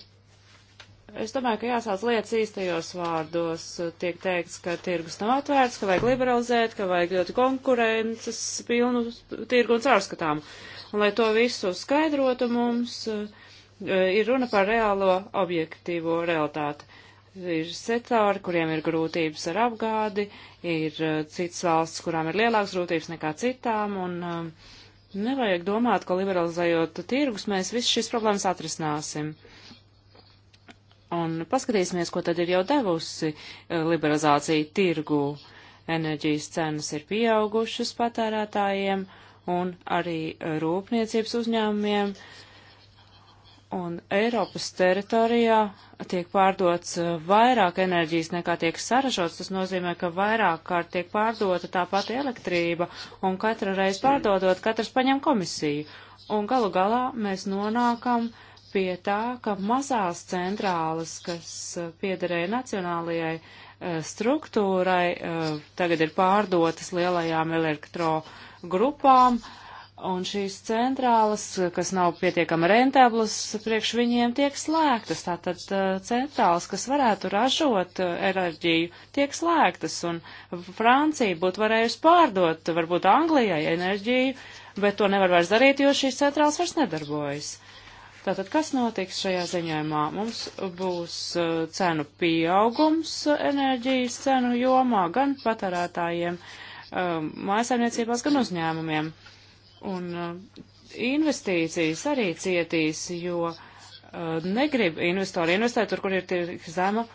Es domāju, ka jāsāc lietas īstajos vārdos. Tiek teikts, ka tirgus nav atvērts, ka vajag liberalizēt, ka vajag ļoti konkurences pilnu tirgu un caurskatām. Un lai to visu skaidrotu mums, e, ir runa par reālo objektīvo realitāti ir sektori, kuriem ir grūtības ar apgādi, ir e, citas valsts, kurām ir lielākas grūtības nekā citām, un e, nevajag domāt, ka liberalizējot tirgus, mēs visu šīs problēmas atrisināsim. Un paskatīsimies, ko tad ir jau devusi e, liberalizācija tirgu. Enerģijas cenas ir pieaugušas patērētājiem un arī rūpniecības uzņēmumiem. Un Eiropas teritorijā tiek pārdots e, vairāk enerģijas nekā tiek saražots. Tas nozīmē, ka vairāk kārt tiek pārdota tā pati elektrība, un katru reizi pārdodot, katrs paņem komisiju. Un galu galā mēs nonākam uh, pie tā, ka mazās centrālas, kas uh, piederēja nacionālajai uh, struktūrai, uh, tagad ir pārdotas lielajām elektro grupām, un šīs centrālas, kas nav pietiekami rentablas, priekš viņiem tiek slēgtas. Tātad centrālas, kas varētu ražot enerģiju, tiek slēgtas, un Francija būtu varējusi pārdot varbūt Anglijai enerģiju, bet to nevar vairs darīt, jo šīs centrālas vairs nedarbojas. Tātad, kas notiks šajā ziņojumā? Mums būs uh, cenu pieaugums enerģijas cenu jomā gan patērētājiem, um, mājasaimniecībās, gan uzņēmumiem. Un uh, investīcijas arī cietīs, jo uh, negrib investori investēt tur, kur ir tik zema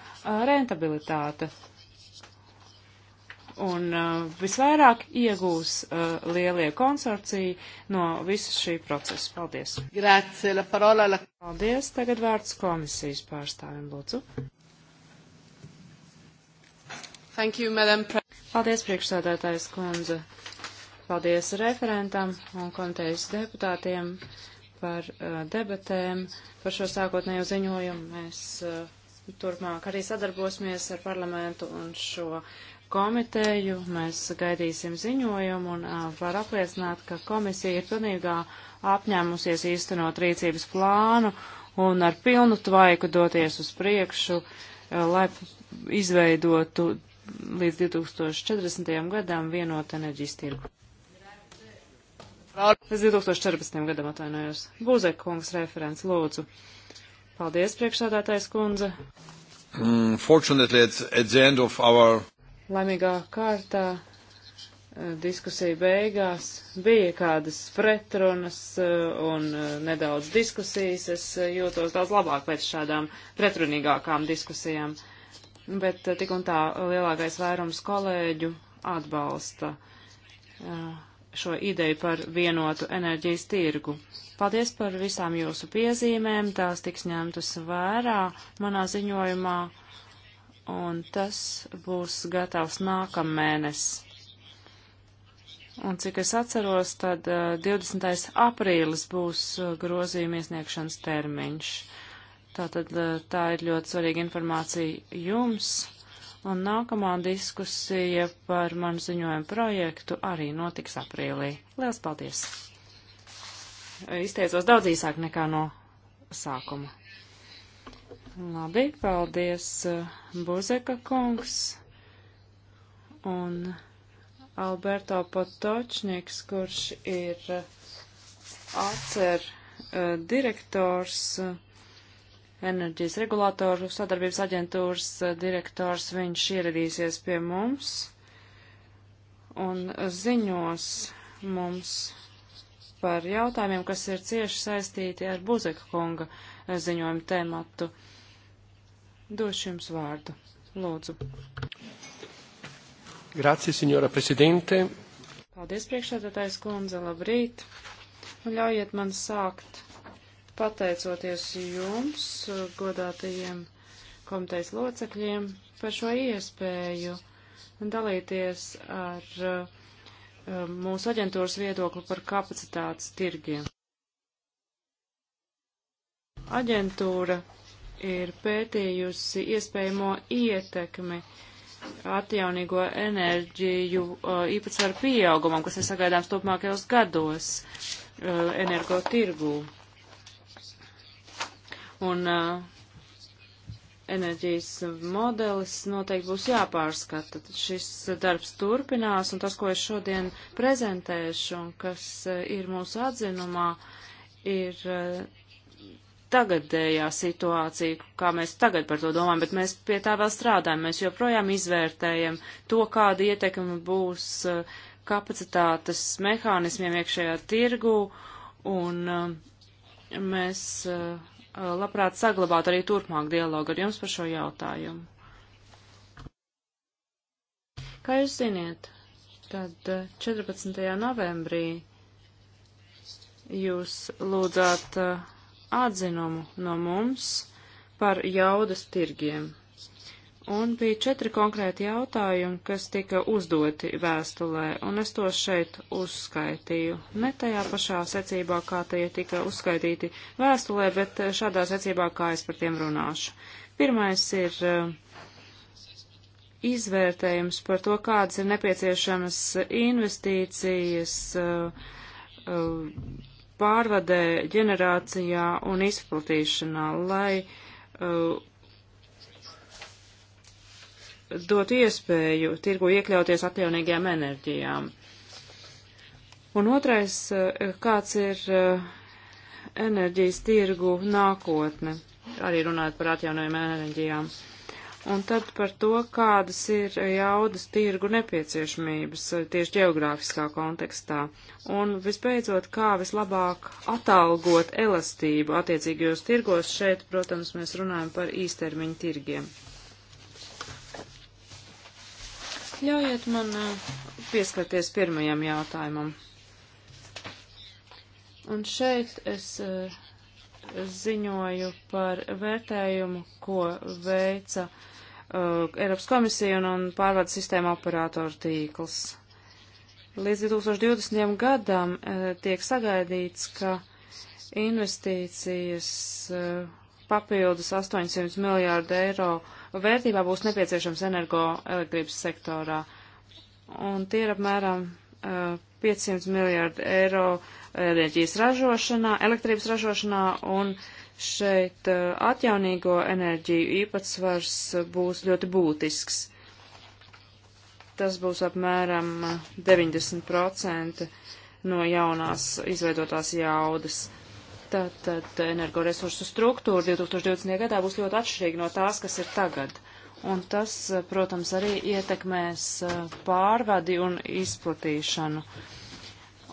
rentabilitāte. Un uh, visvairāk iegūs uh, lielie konsorcija no visas šī procesa. Paldies. Grācie, la parola, la... Paldies. Tagad vārds komisijas pārstāvim, lūdzu. Thank you, madam. Paldies, priekšsādātājs kundze. Paldies referentam un komitejas deputātiem par uh, debatēm, par šo sākotnējo ziņojumu. Mēs uh, turpmāk arī sadarbosimies ar parlamentu un šo komiteju, mēs gaidīsim ziņojumu un uh, var apliecināt, ka komisija ir pilnīgā apņēmusies īstenot rīcības plānu un ar pilnu tvaiku doties uz priekšu, uh, lai izveidotu līdz 2040. gadam vienotu enerģijas tirgu. Līdz 2014. gadam atvainojos. Būzek kungs referents, lūdzu. Paldies, priekšsādātais kundze. Mm, fortunately, at, at the end of our Laimīgā kārtā eh, diskusija beigās bija kādas pretrunas eh, un eh, nedaudz diskusijas. Es jūtos daudz labāk pēc šādām pretrunīgākām diskusijām. Bet tik un tā lielākais vairums kolēģu atbalsta šo ideju par vienotu enerģijas tirgu. Paldies par visām jūsu piezīmēm, tās tiks ņemtas vērā manā ziņojumā un tas būs gatavs nākamēnes. Un cik es atceros, tad 20. Uh, aprīlis būs uh, grozījuma iesniegšanas termiņš. Tātad uh, tā ir ļoti svarīga informācija jums. Un nākamā diskusija par manu ziņojumu projektu arī notiks aprīlī. Lielas paldies! Izteicos daudz īsāk nekā no sākuma. Labi, paldies, eh, Buzeka kungs un Alberto Potočņiks, kurš ir eh, atcer eh, direktors, enerģijas regulātoru sadarbības aģentūras direktors, viņš ieradīsies pie mums un ziņos mums par jautājumiem, kas ir cieši saistīti ar Buzeka kunga ziņojumu tēmatu. Došu jums vārdu. Lūdzu. Grazie, signora prezidente. Paldies, priekšsēdētājs kundze, labrīt. Un nu, ļaujiet man sākt pateicoties jums, godātajiem komitejas locekļiem, par šo iespēju dalīties ar uh, mūsu aģentūras viedokli par kapacitātes tirgiem. Aģentūra ir pētījusi iespējamo ietekmi atjaunīgo enerģiju uh, īpatsvaru pieaugumam, kas ir sagaidāms turpmākajos gados uh, energo tirgū. Un uh, enerģijas modelis noteikti būs jāpārskata. Šis darbs turpinās, un tas, ko es šodien prezentēšu, un kas ir mūsu atzinumā, ir tagadējā situācija, kā mēs tagad par to domājam, bet mēs pie tā vēl strādājam. Mēs joprojām izvērtējam to, kāda ietekme būs eh, kapacitātes mehānismiem iekšējā tirgu, un eh, mēs eh, labprāt saglabātu arī turpmāk dialogu ar jums par šo jautājumu. Kā jūs ziniet, tad 14. novembrī jūs lūdzāt uh, atzinumu no mums par jaudas tirgiem. Un bija četri konkrēti jautājumi, kas tika uzdoti vēstulē, un es tos šeit uzskaitīju. Ne tajā pašā secībā, kā tie tika uzskaitīti vēstulē, bet eh, šādā secībā, kā es par tiem runāšu. Pirmais ir eh, izvērtējums par to, kādas ir nepieciešamas investīcijas. Uh, uh, pārvadē, ģenerācijā un izplatīšanā, lai uh, dot iespēju tirgu iekļauties atjaunīgajām enerģijām. Un otrais, uh, kāds ir uh, enerģijas tirgu nākotne, arī runājot par atjaunojumiem enerģijām. Uh, Un tad par to, kādas ir jaudas tirgu nepieciešamības eh, tieši geogrāfiskā kontekstā. Un visbeidzot, kā vislabāk atalgot elastību attiecīgajos tirgos. Šeit, protams, mēs runājam par īstermiņu tirgiem. Ļaujiet man eh, pieskarties pirmajam jautājumam. Un šeit es eh, ziņoju par vērtējumu, ko veica uh, uh, Eiropas komisija un, un pārvaldes sistēma operātoru tīkls. Līdz 2020. gadam uh, tiek sagaidīts, ka investīcijas uh, papildus 800 miljārdu eiro vērtībā būs nepieciešams energoelektrības sektorā. Un tie ir apmēram uh, 500 miljārdu eiro enerģijas ražošanā, elektrības ražošanā un uh, Šeit eh, atjaunīgo enerģiju īpatsvars eh, būs ļoti būtisks. Tas būs apmēram 90% eh, no jaunās izveidotās jaudas. Tātad energoresursu struktūra 2020. gadā būs ļoti atšķirīga no tās, kas ir tagad. Un tas, protams, arī ietekmēs pārvadi un izplatīšanu. Uh,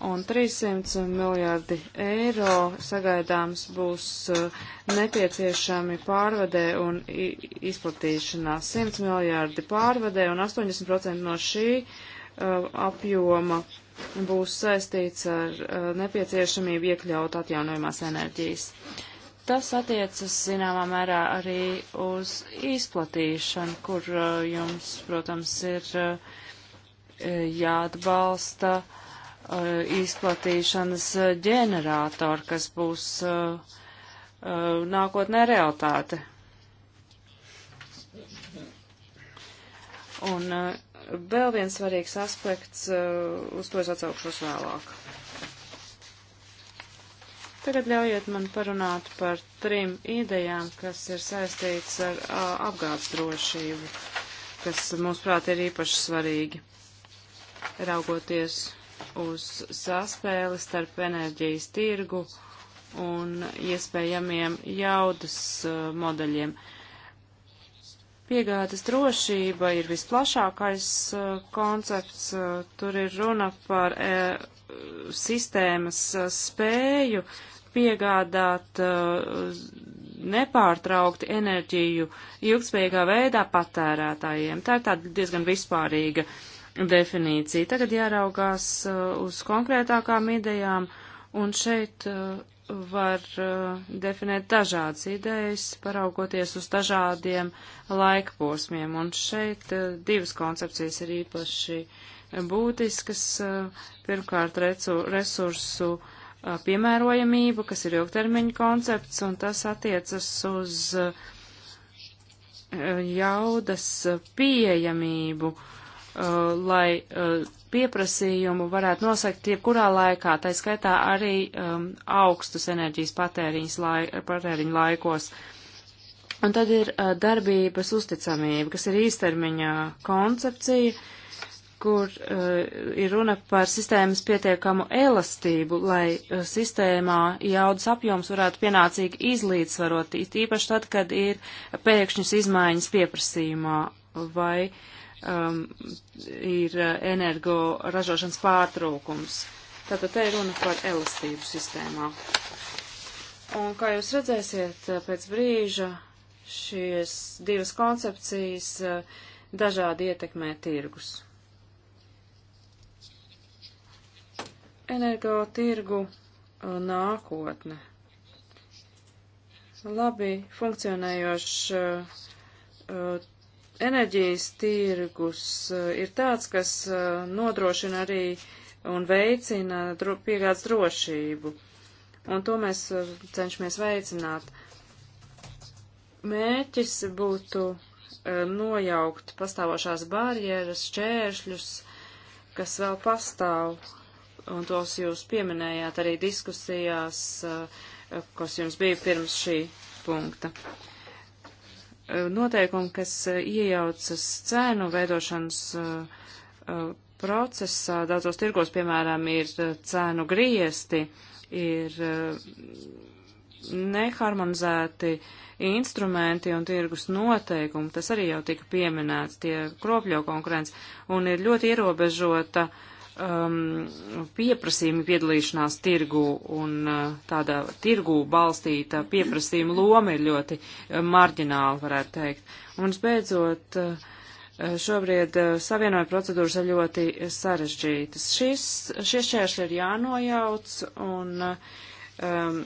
un 300 miljārdi eiro sagaidāms būs eh, nepieciešami pārvadē un izplatīšanā. 100 miljārdi pārvadē un 80% no šī uh, apjoma būs saistīts ar uh, nepieciešamību iekļaut atjaunojumās enerģijas. Tas attiecas zināmā mērā arī uz izplatīšanu, kur uh, jums, protams, ir jāatbalsta uh, Uh, izplatīšanas ģenerātori, kas būs uh, uh, nākotnē realitāte. Un vēl viens svarīgs aspekts, uz to es atsaukšos vēlāk. Tagad ļaujiet man parunāt par trim idejām, kas ir saistīts ar apgādes drošību, kas, mūsuprāt, ir īpaši svarīgi, raugoties uz saspēli starp enerģijas tirgu un iespējamiem jaudas uh, modeļiem. Piegādes drošība ir visplašākais uh, koncepts. Uh, tur ir runa par e, sistēmas spēju piegādāt nepārtraukti enerģiju ilgspējīgā veidā patērētājiem. Tā ir tāda diezgan vispārīga uh, definīciju. Tagad jāraugās uh, uz konkrētākām idejām, un šeit uh, var uh, definēt dažādas idejas, paraugoties uz dažādiem laikposmiem. Un šeit divas koncepcijas ir īpaši būtiskas. Pirmkārt, resursu piemērojamība, kas ir ilgtermiņa koncepts, un tas attiecas uz jaudas pieejamību. Uh, Uh, lai uh, pieprasījumu varētu nosakt jebkurā laikā, tā skaitā arī um, augstus enerģijas lai, patēriņu laikos. Un tad ir uh, darbības uzticamība, kas ir īstermiņā koncepcija, kur uh, ir runa par sistēmas pietiekamu elastību, lai uh, sistēmā jaudas apjoms varētu pienācīgi izlīdzvarot, īpaši tad, kad ir pēkšņas izmaiņas pieprasījumā vai uh, um, ir uh, energo ražošanas pārtrūkums. Tātad te ir runa par elastību sistēmā. Un kā jūs redzēsiet, uh, pēc brīža šīs divas koncepcijas uh, dažādi ietekmē tirgus. Energo tirgu nākotne. Labi funkcionējošs enerģijas tirgus eh, ir tāds, kas eh, nodrošina arī un veicina dro piegādes drošību. Un to mēs eh, cenšamies veicināt. Mērķis būtu nojaukt pastāvošās barjeras, šķēršļus, kas vēl pastāv, un tos jūs pieminējāt arī diskusijās, kas jums bija pirms šī punkta. Uh, noteikumi, kas eh, iejaucas cēnu veidošanas eh, eh, procesā. Daudzos tirgos, piemēram, ir cēnu griesti, ir neharmonizēti instrumenti un tirgus noteikumi. Tas arī jau tika pieminēts, tie kropļo konkurence. Un ir ļoti ierobežota uh, um, pieprasījuma piedalīšanās tirgu un uh, tādā tirgu balstīta pieprasījuma loma ir ļoti uh, marģināla, varētu teikt. Un, beidzot, uh, uh, šobrīd uh, savienojuma procedūras ir ļoti sarežģītas. Šis, šie šķēršļi ir jānojauc un uh, um,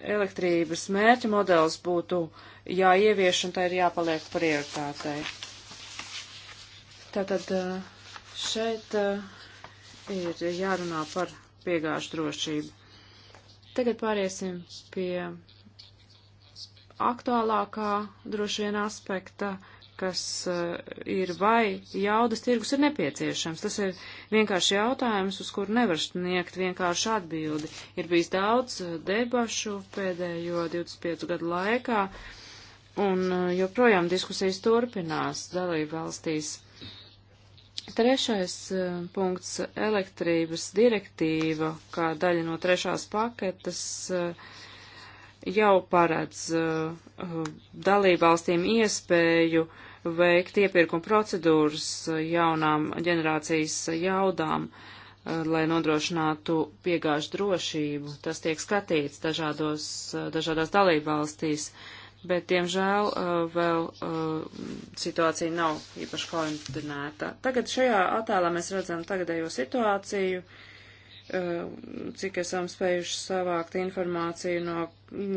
elektrības mērķa modelis būtu jāievieš un tā ir jāpaliek prioritātei. Tātad uh, šeit. Uh, ir jārunā par piegāžu drošību. Tagad pāriesim pie aktuālākā droši vien aspekta, kas eh, ir vai jaudas tirgus ir nepieciešams. Tas ir vienkārši jautājums, uz kuru nevar sniegt vienkārši atbildi. Ir bijis daudz eh, debašu pēdējo 25 gadu laikā, un eh, joprojām diskusijas turpinās dalību valstīs. Trešais eh, punkts - elektrības direktīva, kā daļa no trešās paketes, eh, jau paredz eh, dalībvalstīm iespēju veikt iepirkuma procedūras jaunām ģenerācijas jaudām, lai nodrošinātu piegāžu drošību. Tas tiek skatīts dažādos, dažādās dalībvalstīs. valstīs bet, diemžēl, uh, vēl uh, situācija nav īpaši koordinēta. Tagad šajā attēlā mēs redzam tagadējo situāciju, uh, cik esam spējuši savākt informāciju no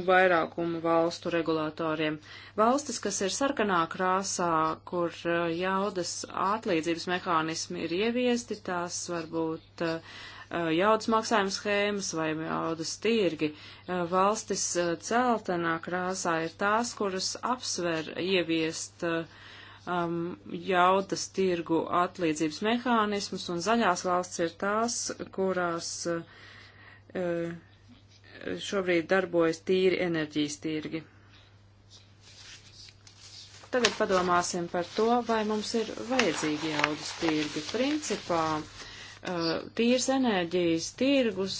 vairākumu valstu regulātoriem. Valstis, kas ir sarkanā krāsā, kur jaudas atlīdzības mehānismi ir ieviesti, tās varbūt uh, Uh, jaudas maksājuma schēmas vai jaudas tirgi. Uh, valstis uh, celtenā krāsā ir tās, kuras apsver ieviest um, jaudas tirgu atlīdzības mehānismus, un zaļās valsts ir tās, kurās uh, šobrīd darbojas tīri enerģijas tirgi tagad padomāsim par to, vai mums ir vajadzīgi jaudas tirgi. Principā Uh, tīras enerģijas tirgus,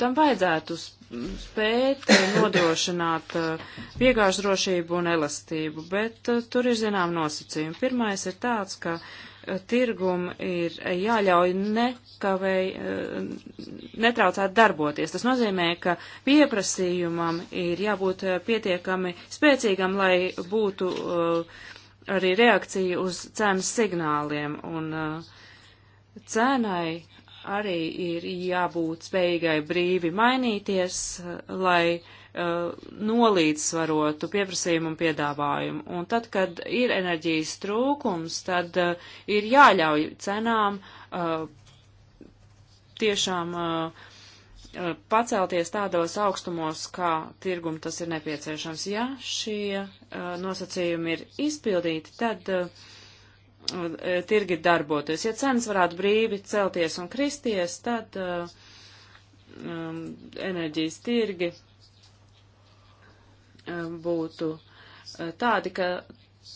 tam vajadzētu spēt uh, nodrošināt uh, piegāžu drošību un elastību, bet tur ir zinām nosacījumi. Pirmais ir tāds, ka tirgum ir jāļauj nekavēji netraucēt darboties. Tas nozīmē, ka pieprasījumam ir jābūt pietiekami spēcīgam, lai būtu arī reakcija uz cenas signāliem. Un, uh, cenai arī ir jābūt spējīgai brīvi mainīties, lai uh, nolīdzsvarotu pieprasījumu un piedāvājumu. Un tad, kad ir enerģijas trūkums, tad uh, ir jāļauj cenām uh, tiešām pacelties tādos augstumos, kā tirgum tas ir nepieciešams. Ja šie nosacījumi ir izpildīti, tad uh, E, tirgi darbotos. Ja cenas varētu brīvi celties un kristies, tad uh, um, enerģijas tirgi uh, būtu uh, tādi, ka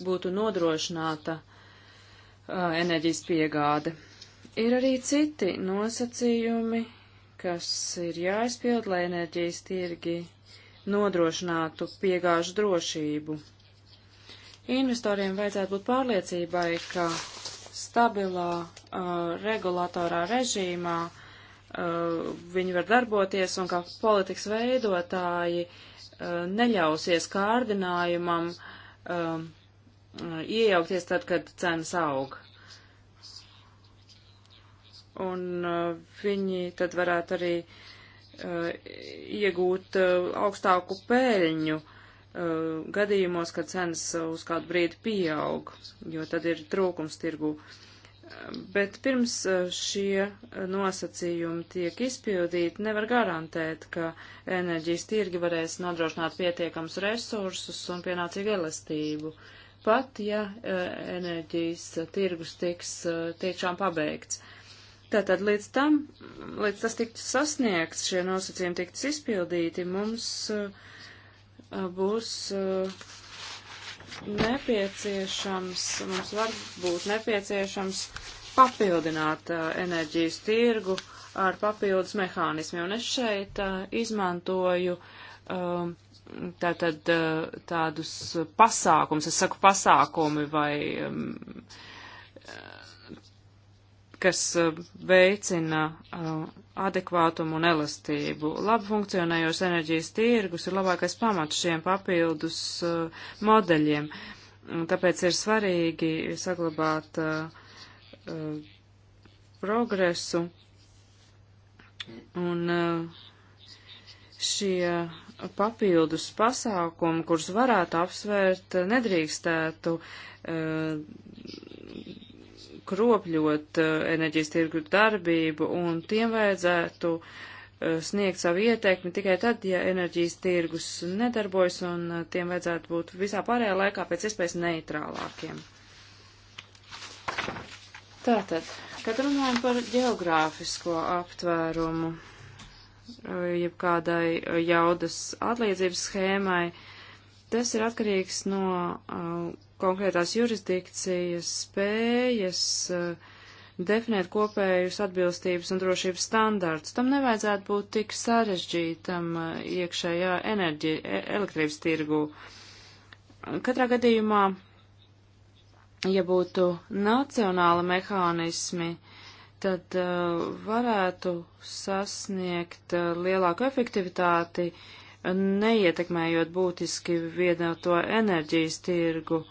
būtu nodrošināta uh, enerģijas piegāde. Ir arī citi nosacījumi, kas ir jāizpild, lai enerģijas tirgi nodrošinātu piegāžu drošību. Investoriem vajadzētu būt pārliecībai, ka stabilā uh, regulatorā režīmā uh, viņi var darboties un ka politikas veidotāji uh, neļausies kārdinājumam uh, iejaukties tad, kad cenas aug. Un uh, viņi tad varētu arī uh, iegūt uh, augstāku pēļņu, uh, gadījumos, kad cenas uz kādu brīdi pieaug, jo tad ir trūkums tirgū. Uh, bet pirms uh, šie nosacījumi tiek izpildīti, nevar garantēt, ka enerģijas tirgi varēs nodrošināt pietiekams resursus un pienācīgu elastību. Pat, ja uh, enerģijas tirgus tiks tiešām pabeigts. Tātad līdz tam, līdz tas tiktu sasniegts, šie nosacījumi tiktu izpildīti, mums uh, būs eh, nepieciešams, mums var būt nepieciešams papildināt eh, enerģijas tirgu ar papildus mehānismiem. Un es šeit eh, izmantoju tātad tādus pasākums, es saku pasākumi vai kas veicina adekvātumu un elastību. Labi funkcionējošs enerģijas tirgus ir labākais pamats šiem papildus uh, modeļiem. Un tāpēc ir svarīgi saglabāt uh, uh, progresu. Un uh, šie papildus pasākumi, kurus varētu apsvērt, nedrīkstētu uh, kropļot eh, enerģijas tirgu darbību, un tiem vajadzētu eh, sniegt savu ieteikumu tikai tad, ja enerģijas tirgus nedarbojas, un eh, tiem vajadzētu būt visā pārējā laikā pēc iespējas neitrālākiem. Tātad, kad runājam par geogrāfisko aptvērumu, jeb kādai jaudas atlīdzības schēmai, tas ir atkarīgs no uh, konkrētās jurisdikcijas spējas eh, definēt kopējus atbilstības un drošības standārtus. Tam nevajadzētu būt tik sarežģītam eh, iekšējā enerģija, e, elektrības tirgu. Katrā gadījumā, ja būtu nacionāli mehānismi, tad uh, varētu sasniegt uh, lielāku efektivitāti, neietekmējot būtiski vienoto enerģijas tirgu.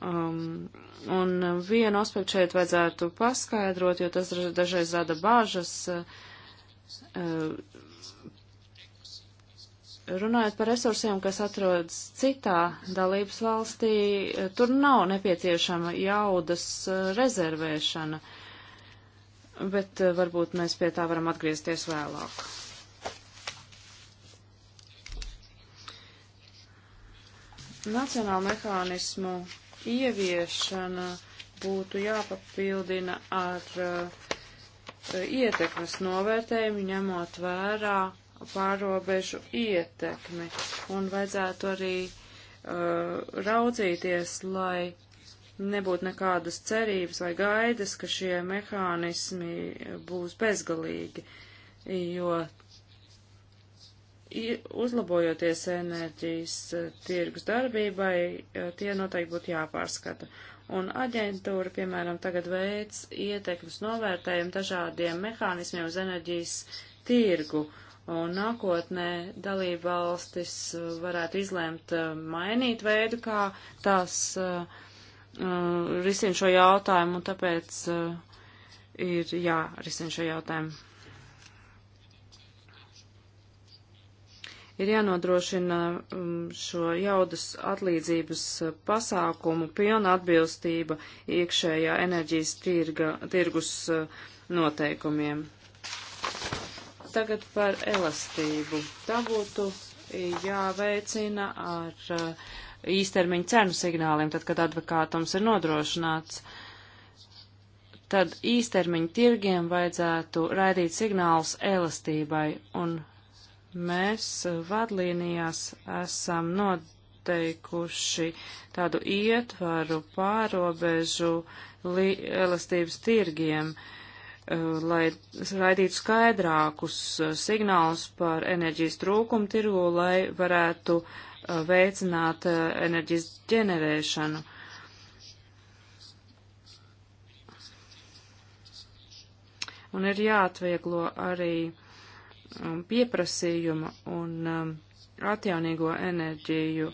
Um, un vienu aspektu šeit vajadzētu paskaidrot, jo tas dažreiz rada bāžas. Uh, uh, runājot par resursiem, kas atrodas citā dalības valstī, uh, tur nav nepieciešama jaudas uh, rezervēšana, bet varbūt mēs pie tā varam atgriezties vēlāk. Nacionālu mehānismu ieviešana būtu jāpapildina ar uh, ietekmes novērtējumu, ņemot vērā pārobežu ietekmi. Un vajadzētu arī uh, raudzīties, lai nebūtu nekādas cerības vai gaidas, ka šie mehānismi eh, būs bezgalīgi, jo uzlabojoties enerģijas eh, tirgus darbībai, eh, tie noteikti būtu jāpārskata. Un aģentūra, piemēram, tagad veids ietekmes novērtējumu dažādiem mehānismiem uz enerģijas tirgu. Un nākotnē dalība valstis eh, varētu izlēmt mainīt veidu, kā tās uh, risina šo jautājumu, un tāpēc uh, ir jārisina šo jautājumu. Ir jānodrošina um, šo jaudas atlīdzības uh, pasākumu pilna atbilstība iekšējā enerģijas tirga, tirgus uh, noteikumiem. Tagad par elastību. Tā būtu jāveicina ar uh, īstermiņa cenu signāliem, tad, kad advokātums ir nodrošināts. Tad īstermiņa tirgiem vajadzētu raidīt signālus elastībai, un Mēs eh, vadlīnijās esam noteikuši tādu ietvaru pārobežu elastības tirgiem, eh, lai raidītu skaidrākus eh, signālus par enerģijas trūkumu tirgu, lai varētu veicināt enerģijas ģenerēšanu. Un ir jāatvieglo arī Um, pieprasījuma un um, atjaunīgo enerģiju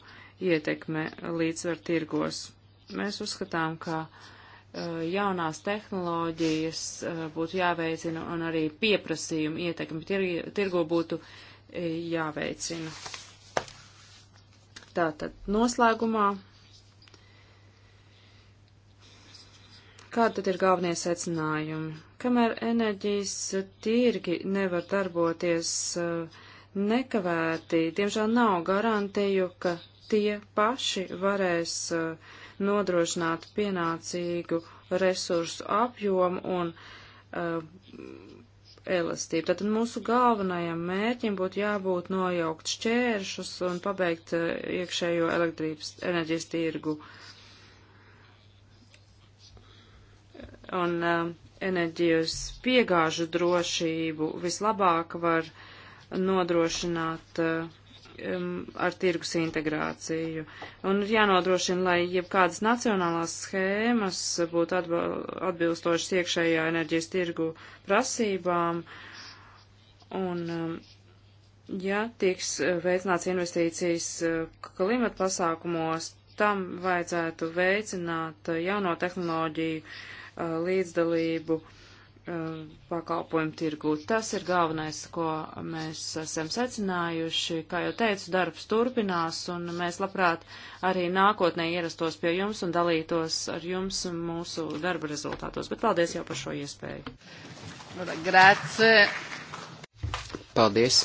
ietekme līdzsver tirgos. Mēs uzskatām, ka uh, jaunās tehnoloģijas uh, būtu jāveicina un arī pieprasījuma ietekme tir tirgo būtu uh, jāveicina. Tātad noslēgumā Kādi tad ir galvenie secinājumi? Kamēr enerģijas tirgi nevar darboties eh, nekavēti, diemžēl nav garantēju, ka tie paši varēs eh, nodrošināt pienācīgu resursu apjomu un uh, elastību. Tātad mūsu galvenajam mērķim būtu jābūt nojaukt šķēršus un pabeigt iekšējo elektrības enerģijas tirgu uh, un uh, enerģijas piegāžu drošību vislabāk var nodrošināt uh, um, ar tirgus integrāciju. Un ir jānodrošina, lai jebkādas nacionālās schēmas būtu atbilstošas iekšējā enerģijas tirgu prasībām. Un, um, ja tiks uh, veicināts investīcijas uh, klimata pasākumos, tam vajadzētu veicināt uh, jauno tehnoloģiju uh, Uh, līdzdalību uh, pakalpojumu tirgu. Tas ir galvenais, ko mēs esam secinājuši. Kā jau teicu, darbs turpinās, un mēs labprāt arī nākotnē ierastos pie jums un dalītos ar jums mūsu darba rezultātos. Bet paldies jau par šo iespēju. Grāce. Paldies.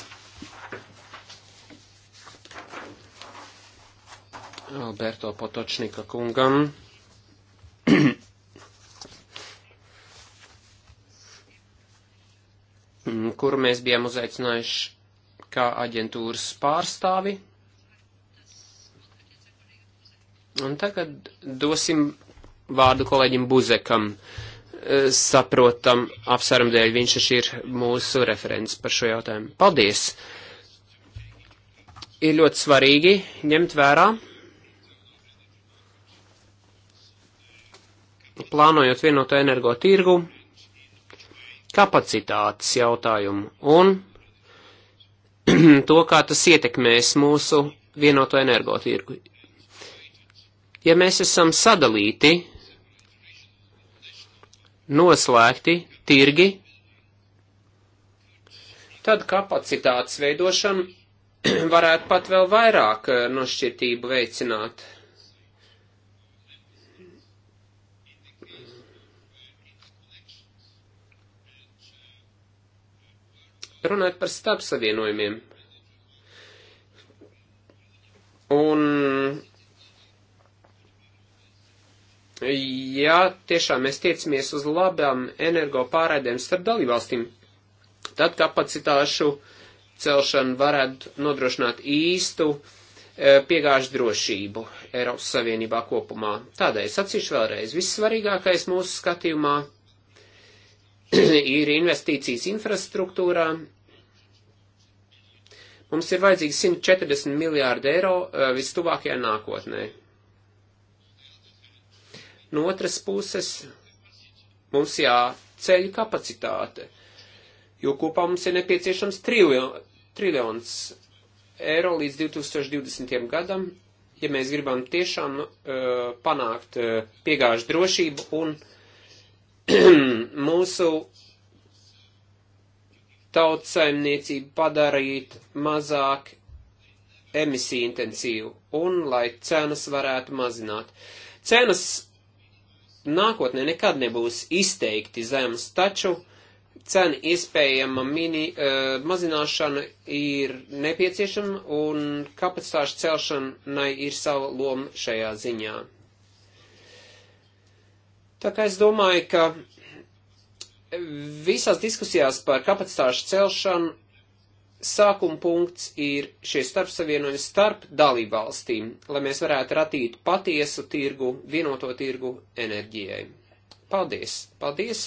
Alberto Potočnika kungam. kuru mēs bijām uzaicinājuši kā aģentūras pārstāvi. Un tagad dosim vārdu kolēģim Buzekam. E, saprotam, apsveram dēļ, viņš taču ir mūsu referents par šo jautājumu. Paldies! Ir ļoti svarīgi ņemt vērā, plānojot vienoto energo tirgu, kapacitātes jautājumu un to, kā tas ietekmēs mūsu vienoto energotirgu. Ja mēs esam sadalīti, noslēgti tirgi, tad kapacitātes veidošana varētu pat vēl vairāk eh, nošķirtību veicināt. Runājot par starpsavienojumiem. Un ja tiešām mēs tiecamies uz labām energo pārēdēm starp dalībvalstīm, tad kapacitāšu celšana varētu nodrošināt īstu e, piegāžu drošību Eiropas Savienībā kopumā. Tādēļ sacīšu vēlreiz, vissvarīgākais mūsu skatījumā ir investīcijas infrastruktūrā. Mums ir vajadzīgi 140 miljārdi eiro eh, vistuvākajā nākotnē. No otras puses, mums jāceļ kapacitāte, jo kopā mums ir nepieciešams triljons eiro līdz 2020. gadam, ja mēs gribam tiešām uh, panākt uh, piegāžu drošību un uh, mūsu tautsaimniecību padarīt mazāk emisiju intensīvu un lai cenas varētu mazināt. Cenas nākotnē nekad nebūs izteikti zemes, taču cena iespējama mini, uh, mazināšana ir nepieciešama un kapacitāšu celšanai ir sava loma šajā ziņā. Tā kā es domāju, ka visās diskusijās par kapacitāšu celšanu sākuma punkts ir šie starpsavienojumi starp dalībvalstīm, lai mēs varētu ratīt patiesu tirgu, vienoto tirgu enerģijai. Paldies! Paldies!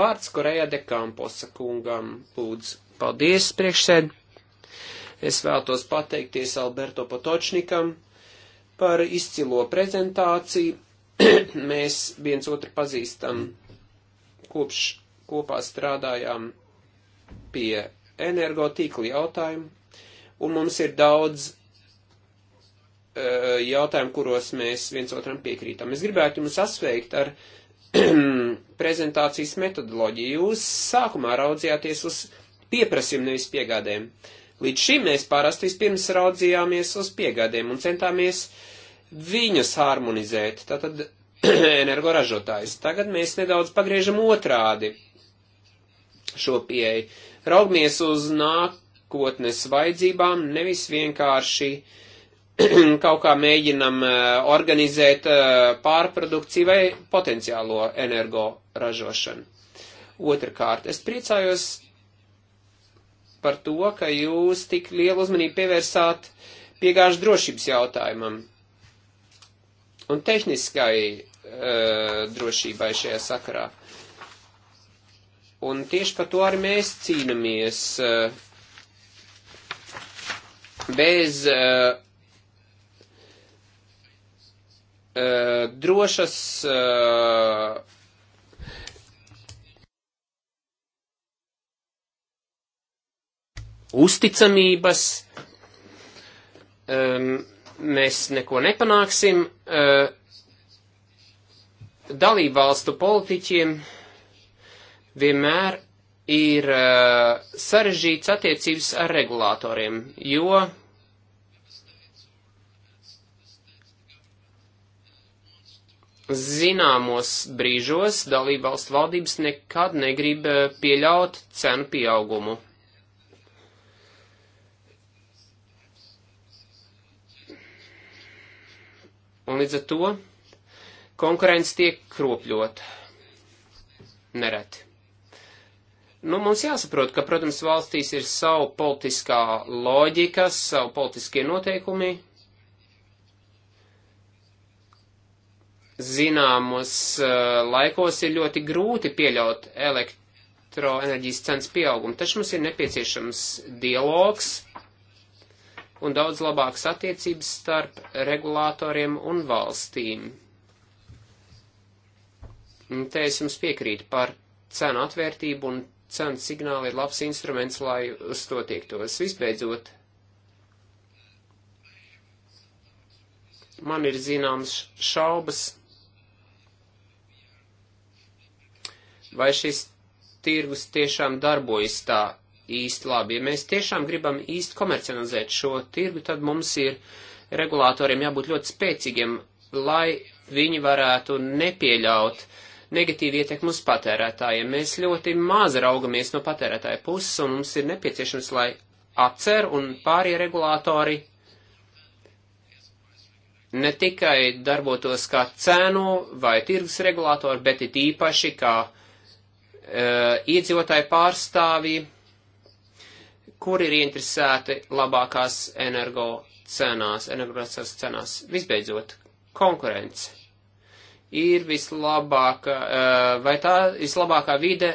Vārds Koreja de Kamposa kungam lūdzu. Paldies, priekšsēd! Es vēlos pateikties Alberto Potočnikam par izcilo prezentāciju mēs viens otru pazīstam kopš kopā strādājām pie energotīkla jautājumu, un mums ir daudz uh, jautājumu, kuros mēs viens otram piekrītam. Es gribētu jums asveikt ar prezentācijas metodoloģiju. Jūs sākumā raudzījāties uz pieprasījumu, nevis piegādēm. Līdz šim mēs parasti vispirms raudzījāmies uz piegādēm un centāmies uh, viņus harmonizēt, tātad energoražotājus. Tagad mēs nedaudz pagriežam otrādi šo pieeju. Raugamies uz nākotnes vajadzībām, nevis vienkārši kaut kā mēģinam eh, organizēt eh, pārprodukciju vai potenciālo energoražošanu. Otrakārt, es priecājos par to, ka jūs tik lielu uzmanību pievērsāt piegāžu drošības jautājumam un tehniskai uh, drošībai šajā sakarā. Un tieši par to arī mēs cīnamies. Uh, e, bez uh, uh, drošas uh, uzticamības um, mēs neko nepanāksim. Eh, dalībvalstu politiķiem vienmēr ir eh, sarežģīts attiecības ar regulātoriem, jo zināmos brīžos dalībvalstu valdības nekad negrib eh, pieļaut cenu pieaugumu. Un līdz ar to konkurence tiek kropļot nereti. Nu, mums jāsaprot, ka, protams, valstīs ir savu politiskā loģika, savu politiskie noteikumi, zināmos uh, laikos ir ļoti grūti pieļaut elektroenerģijas cenas pieaugumu, taču mums ir nepieciešams dialogs un daudz labākas attiecības starp regulātoriem un valstīm. Te es jums piekrītu par cenu atvērtību un cenu signāli ir labs instruments, lai uz to tiektos. Visbeidzot, man ir zināms šaubas, vai šis tirgus tiešām darbojas tā īsti labi. Ja mēs tiešām gribam īsti komercializēt šo tirgu, tad mums ir regulātoriem jābūt ļoti spēcīgiem, lai viņi varētu nepieļaut negatīvu ietekmu uz patērētājiem. Mēs ļoti maz raugamies no patērētāja puses, un mums ir nepieciešams, lai atcer un pārie regulātori ne tikai darbotos kā cēnu vai tirgus regulātori, bet it īpaši kā uh, iedzīvotāju pārstāvji, kuri ir interesēti labākās energo cenās, energoresursu cenās. Visbeidzot, konkurence ir vislabākā, eh, vai tā vislabākā vide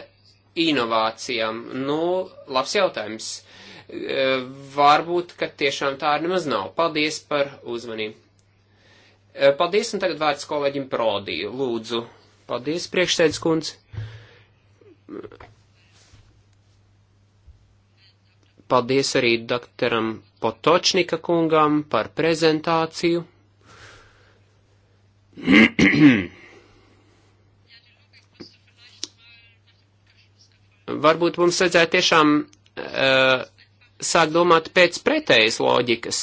inovācijām? Nu, labs jautājums. Eh, varbūt, ka tiešām tā arī nemaz nav. Paldies par uzmanību. Eh, paldies, un tagad vārds kolēģim Prodī. Lūdzu. Paldies, priekšsēdz kundze. Paldies arī doktoram Potočnika kungam par prezentāciju. Varbūt mums vajadzētu tiešām uh, sākt domāt pēc pretējas loģikas.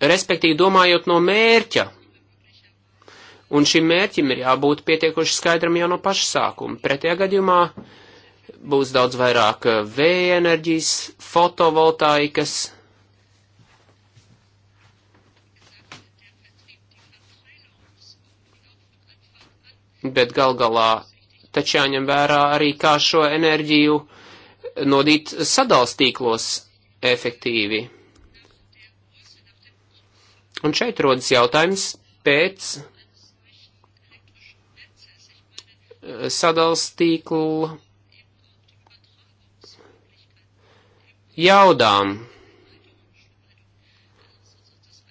Respektīvi domājot no mērķa, Un šim mērķim ir jābūt pietiekuši skaidram jau no paša sākuma. Pretējā gadījumā būs daudz vairāk eh, vēja enerģijas, fotovoltaikas. Bet gal galā taču jāņem vērā arī, kā šo enerģiju nodīt sadalstīklos efektīvi. Un šeit rodas jautājums pēc sadals tīklu jaudām.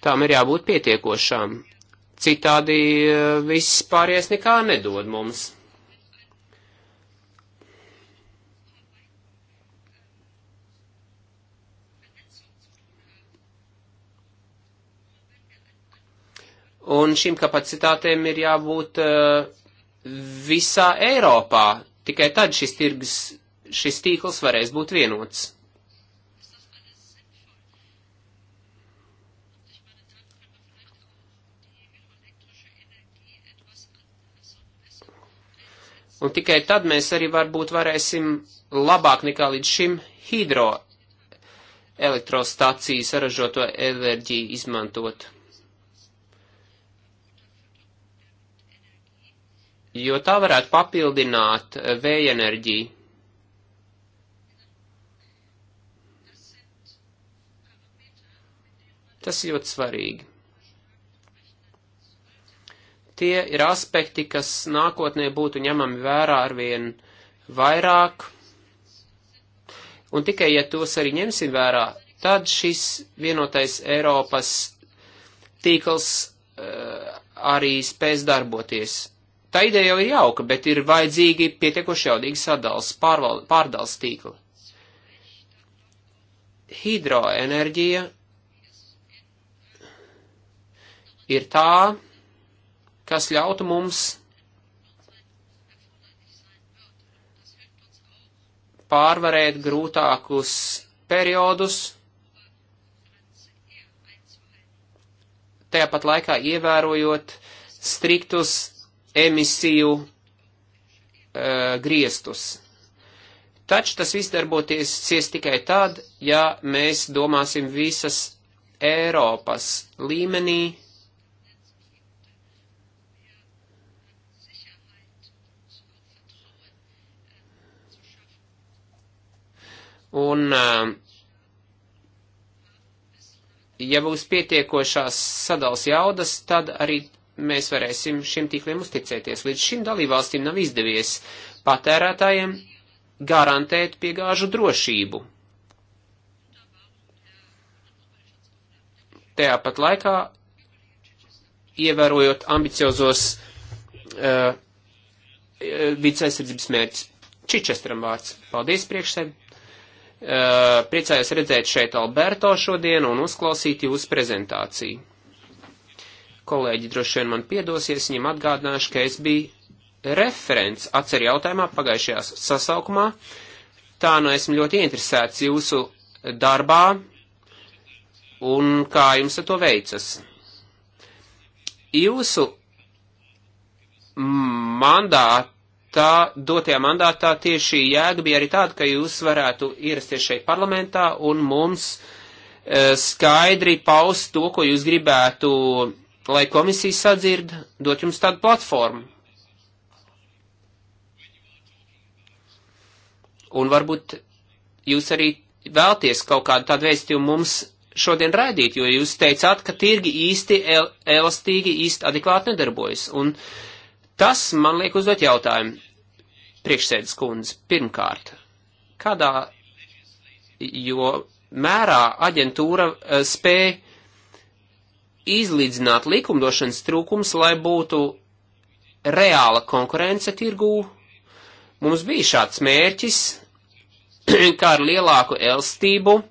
Tām ir jābūt pietiekošām. Citādi eh, viss pāries nekā nedod mums. Un šīm kapacitātēm ir jābūt uh, visā Eiropā. Tikai tad šis tirgs, šis tīkls varēs būt vienots. Un tikai tad mēs arī varbūt varēsim labāk nekā līdz šim hidroelektrostacijas saražoto enerģiju izmantot. jo tā varētu papildināt eh, vēja enerģiju. Tas ļoti svarīgi. Tie ir aspekti, kas nākotnē būtu ņemami vērā arvien vairāk, un tikai, ja tos arī ņemsim vērā, tad šis vienotais Eiropas tīkls uh, arī spēs darboties. Tā ideja jau ir jauka, bet ir vajadzīgi pietiekoši jaudīgi sadals, pārval, pārdals tīkli. Hidroenerģija ir tā, kas ļautu mums pārvarēt grūtākus periodus, tajāpat laikā ievērojot striktus emisiju uh, griestus. Taču tas viss darboties tikai tad, ja mēs domāsim visas Eiropas līmenī Un, eh, ja būs pietiekošās sadals jaudas, tad arī mēs varēsim šiem tīkliem uzticēties. Līdz šim dalībvalstīm nav izdevies patērētājiem garantēt piegāžu drošību. Tajā pat laikā, ievērojot ambiciozos uh, uh, vidas aizsardzības mērķus. Čičestram vārds. Paldies priekšsēd. Uh, priecājos redzēt šeit Alberto šodien un uzklausīt jūsu prezentāciju. Kolēģi droši vien man piedosies, viņam atgādināšu, ka es biju referents atcer jautājumā pagājušajā sasaukumā. Tā nu esmu ļoti interesēts jūsu darbā un kā jums ar to veicas. Jūsu mandātā, dotajā mandātā tieši jēga bija arī tāda, ka jūs varētu ierasties šeit parlamentā un mums uh, skaidri paust to, ko jūs gribētu lai komisija sadzird, dot jums tādu platformu. Un varbūt jūs arī vēlties kaut kādu tādu vēstījumu mums šodien raidīt, jo jūs teicāt, ka tirgi īsti el elastīgi, īsti adekvāti nedarbojas. Un tas man liek uzdot jautājumu priekšsēdes kundze pirmkārt. Kādā jo mērā aģentūra eh, spēja izlīdzināt likumdošanas trūkums, lai būtu reāla konkurence tirgū. Mums bija šāds mērķis, kā ar lielāku elstību eh,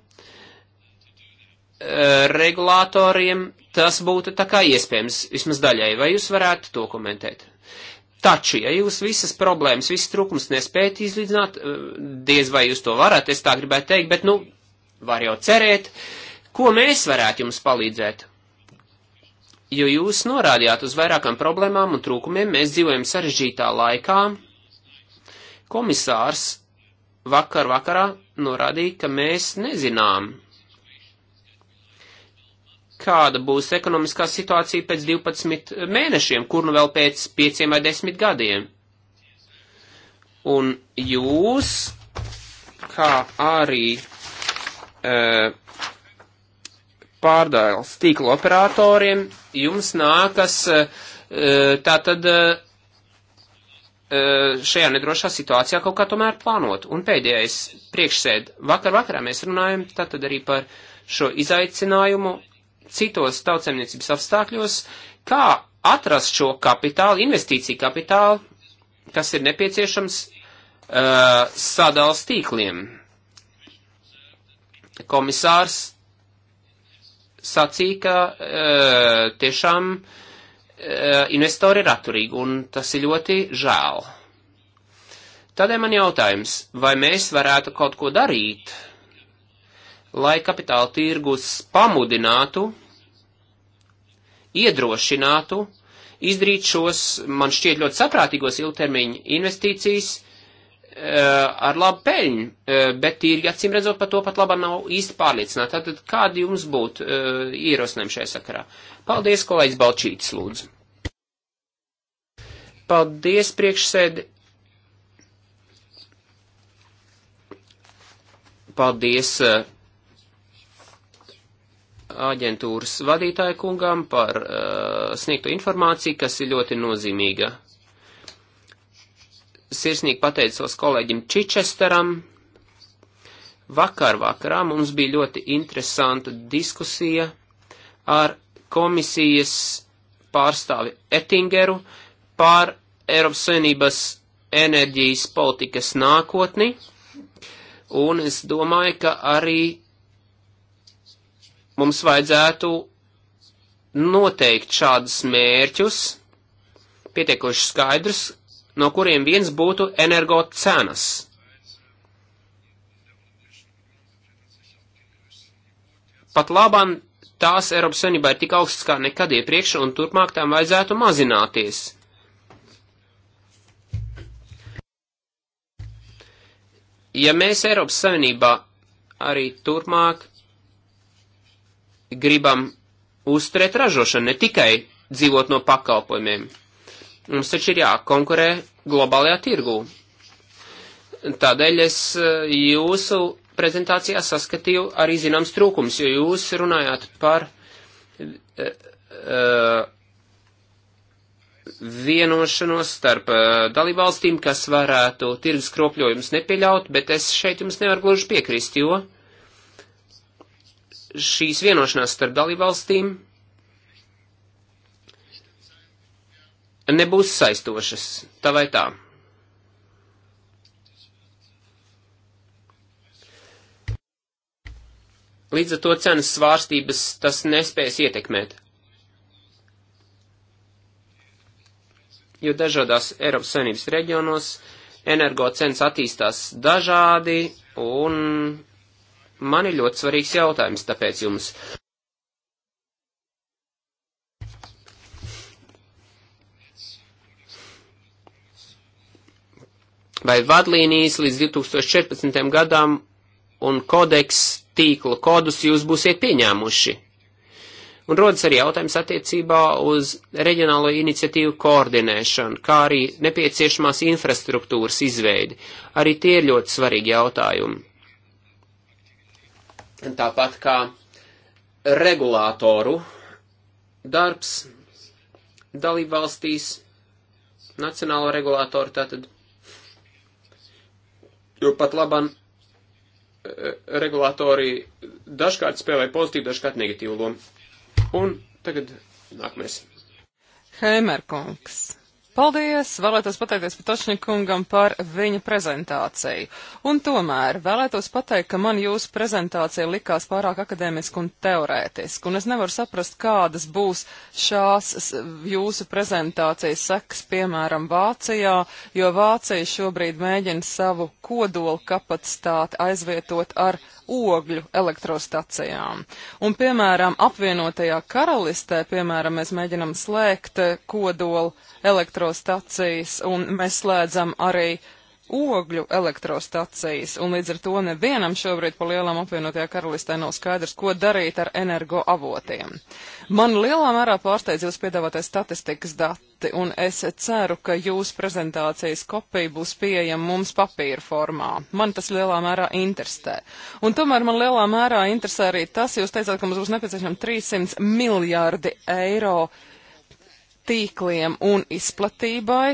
regulātoriem tas būtu tā kā iespējams, vismaz daļai, vai jūs varētu to komentēt? Taču, ja jūs visas problēmas, visas trūkums nespējat izlīdzināt, eh, diez vai jūs to varat, es tā gribētu teikt, bet, nu, var jau cerēt, ko mēs varētu jums palīdzēt jo jūs norādījāt uz vairākām problēmām un trūkumiem, mēs dzīvojam sarežģītā laikā. Komisārs vakar vakarā norādīja, ka mēs nezinām, kāda būs ekonomiskā situācija pēc 12 mēnešiem, kur nu vēl pēc 5 vai 10 gadiem. Un jūs, kā arī. Uh, pārdēles tīklu operatoriem, jums nākas e, e, tātad e, šajā nedrošā situācijā kaut kā tomēr plānot. Un pēdējais priekšsēd, vakar vakarā mēs runājam tātad arī par šo izaicinājumu citos tautsemniecības apstākļos, kā atrast šo kapitālu, investīciju kapitālu, kas ir nepieciešams uh, sadals tīkliem. Komisārs sacīja, ka uh, tiešām uh, investori ir atturīgi, un tas ir ļoti žēl. Tādēļ man jautājums, vai mēs varētu kaut ko darīt, lai kapitāla tirgus pamudinātu, iedrošinātu, izdarīt šos, man šķiet, ļoti saprātīgos ilgtermiņa investīcijas, uh, Eh, ar labu peļņu, eh, bet tīri acīm redzot par to pat labā nav īsti pārliecināta. Tad kādi jums būtu eh, ierosinājumi šajā sakarā? Paldies, kolēģis Balčītis, lūdzu. Paldies, priekšsēdi. Paldies aģentūras vadītāju kungam par uh, sniegto informāciju, kas ir ļoti nozīmīga sirsnīgi pateicos kolēģim Čičesteram. Vakar vakarā mums bija ļoti interesanta diskusija ar komisijas pārstāvi Ettingeru par Eiropas Savienības enerģijas politikas nākotni, un es domāju, ka arī mums vajadzētu noteikt šādus mērķus, pietiekoši skaidrs, no kuriem viens būtu energo cenas. Pat labam tās Eiropas Savienībā ir tik augstas kā nekad iepriekš, un turpmāk tām vajadzētu mazināties. Ja mēs Eiropas Savienībā arī turpmāk gribam uzturēt ražošanu, ne tikai dzīvot no pakalpojumiem, Mums taču ir jākonkurē globālajā tirgū. Tādēļ es e, jūsu prezentācijā saskatīju arī zināms trūkums, jo jūs runājāt par uh, vienošanos starp uh, dalībvalstīm, kas varētu tirgus kropļojumus nepieļaut, bet es šeit jums nevaru gluži piekrist, jo šīs vienošanās starp dalībvalstīm nebūs saistošas, tā vai tā. Līdz ar to cenas svārstības tas nespēs ietekmēt. Jo dažādās Eiropas Savienības reģionos energo cenas attīstās dažādi, un man ir ļoti svarīgs jautājums tāpēc jums. vai vadlīnijas līdz 2014. gadam un kodeks tīkla kodus jūs būsiet pieņēmuši. Un rodas arī jautājums attiecībā uz reģionālo iniciatīvu koordinēšanu, kā arī nepieciešamās infrastruktūras izveidi. Arī tie ir ļoti svarīgi jautājumi. Tāpat kā regulātoru darbs dalībvalstīs, nacionālo regulātoru tātad jo pat laban e, regulātori dažkārt spēlē pozitīvu, dažkārt negatīvu lomu. Un tagad nākamais. Heimerkungs. Paldies! Vēlētos pateikties Patočnikungam par viņa prezentāciju. Un tomēr vēlētos pateikt, ka man jūsu prezentācija likās pārāk akadēmiska un teorētiska, un es nevaru saprast, kādas būs šās jūsu prezentācijas sekas, piemēram, Vācijā, jo Vācija šobrīd mēģina savu kodolu kapacitāti aizvietot ar ogļu elektrostacijām. Un, piemēram, apvienotajā karalistē, piemēram, mēs mēģinam slēgt eh, kodolu elektrostacijas un mēs slēdzam arī ogļu elektrostacijas, un līdz ar to nevienam šobrīd pa lielām apvienotajā karalistē nav skaidrs, ko darīt ar energoavotiem. Man lielā mērā pārsteidz jūs piedāvātais statistikas dati, un es ceru, ka jūsu prezentācijas kopija būs pieejama mums papīra formā. Man tas lielā mērā interesē. Un tomēr man lielā mērā interesē arī tas, jūs teicāt, ka mums būs nepieciešama 300 miljārdi eiro tīkliem un izplatībai,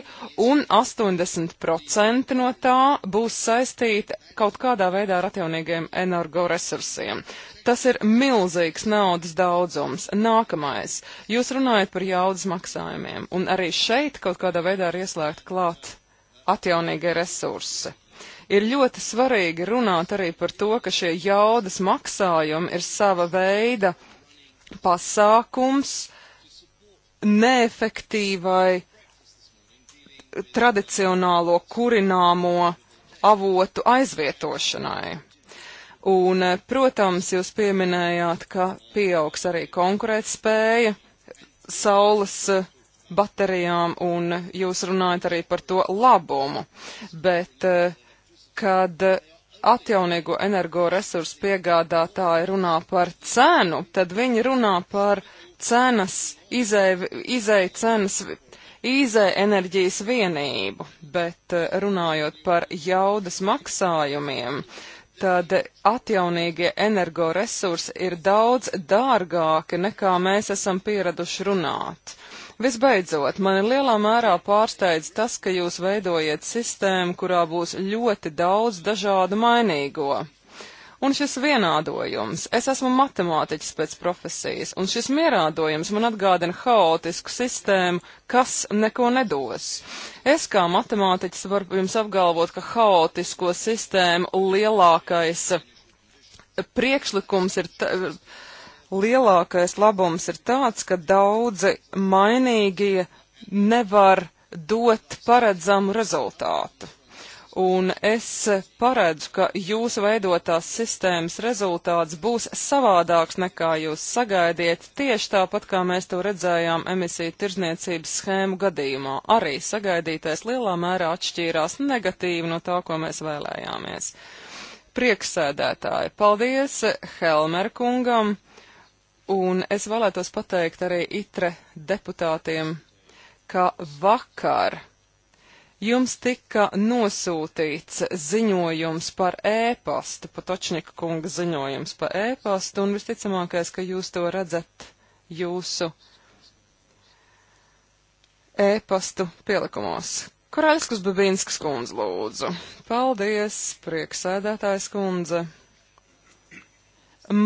un 80% no tā būs saistīta kaut kādā veidā ar atjaunīgiem energoresursiem. Tas ir milzīgs naudas daudzums. Nākamais. Jūs runājat par jaudas maksājumiem, un arī šeit kaut kādā veidā ir ieslēgta klāt atjaunīgie resursi ir ļoti svarīgi runāt arī par to, ka šie jaudas maksājumi ir sava veida pasākums, neefektīvai tradicionālo kurināmo avotu aizvietošanai. Un, protams, jūs pieminējāt, ka pieaugs arī konkurētspēja saules eh, baterijām, un jūs runājat arī par to labumu. Bet, eh, kad atjaunīgo energoresursu piegādātāji runā par cenu, tad viņi runā par cenas, izēja cenas, izēja enerģijas vienību, bet eh, runājot par jaudas maksājumiem, tad atjaunīgie energoresursi ir daudz dārgāki nekā mēs esam pieraduši runāt. Visbeidzot, mani lielā mērā pārsteidz tas, ka jūs veidojiet sistēmu, kurā būs ļoti daudz dažādu mainīgo. Un šis vienādojums, es esmu matemātiķis pēc profesijas, un šis mierādojums man atgādina haotisku sistēmu, kas neko nedos. Es kā matemātiķis varu jums apgalvot, ka haotisko sistēmu lielākais priekšlikums ir. T lielākais labums ir tāds, ka daudzi mainīgie nevar dot paredzamu rezultātu un es paredzu, ka jūsu veidotās sistēmas rezultāts būs savādāks nekā jūs sagaidiet, tieši tāpat kā mēs to redzējām emisiju tirzniecības schēmu gadījumā. Arī sagaidītais lielā mērā atšķīrās negatīvi no tā, ko mēs vēlējāmies. Prieksēdētāji, paldies Helmer kungam, un es vēlētos pateikt arī itre deputātiem, ka vakar Jums tika nosūtīts ziņojums par ēpastu, e Patočnika kunga ziņojums par ēpastu, e un visticamākais, ka jūs to redzat jūsu ēpastu e pielikumos. Korāļskas Babīnskas kundze lūdzu. Paldies, prieksēdētājs kundze.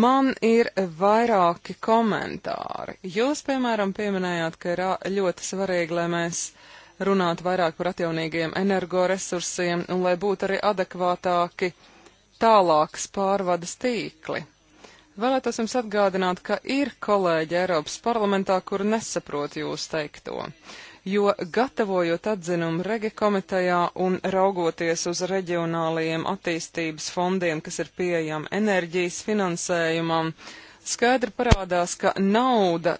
Man ir vairāki komentāri. Jūs, piemēram, pieminējāt, ka ir ļoti svarīgi, lai mēs uh, runāt vairāk par atjaunīgiem energoresursiem un lai būtu arī adekvātāki tālākas pārvades tīkli. Vēlētos jums atgādināt, ka ir kolēģi Eiropas parlamentā, kur nesaprot jūs teikto, jo gatavojot atzinumu regi komitejā un raugoties uz reģionālajiem attīstības fondiem, kas ir pieejami enerģijas finansējumam, skaidri parādās, ka nauda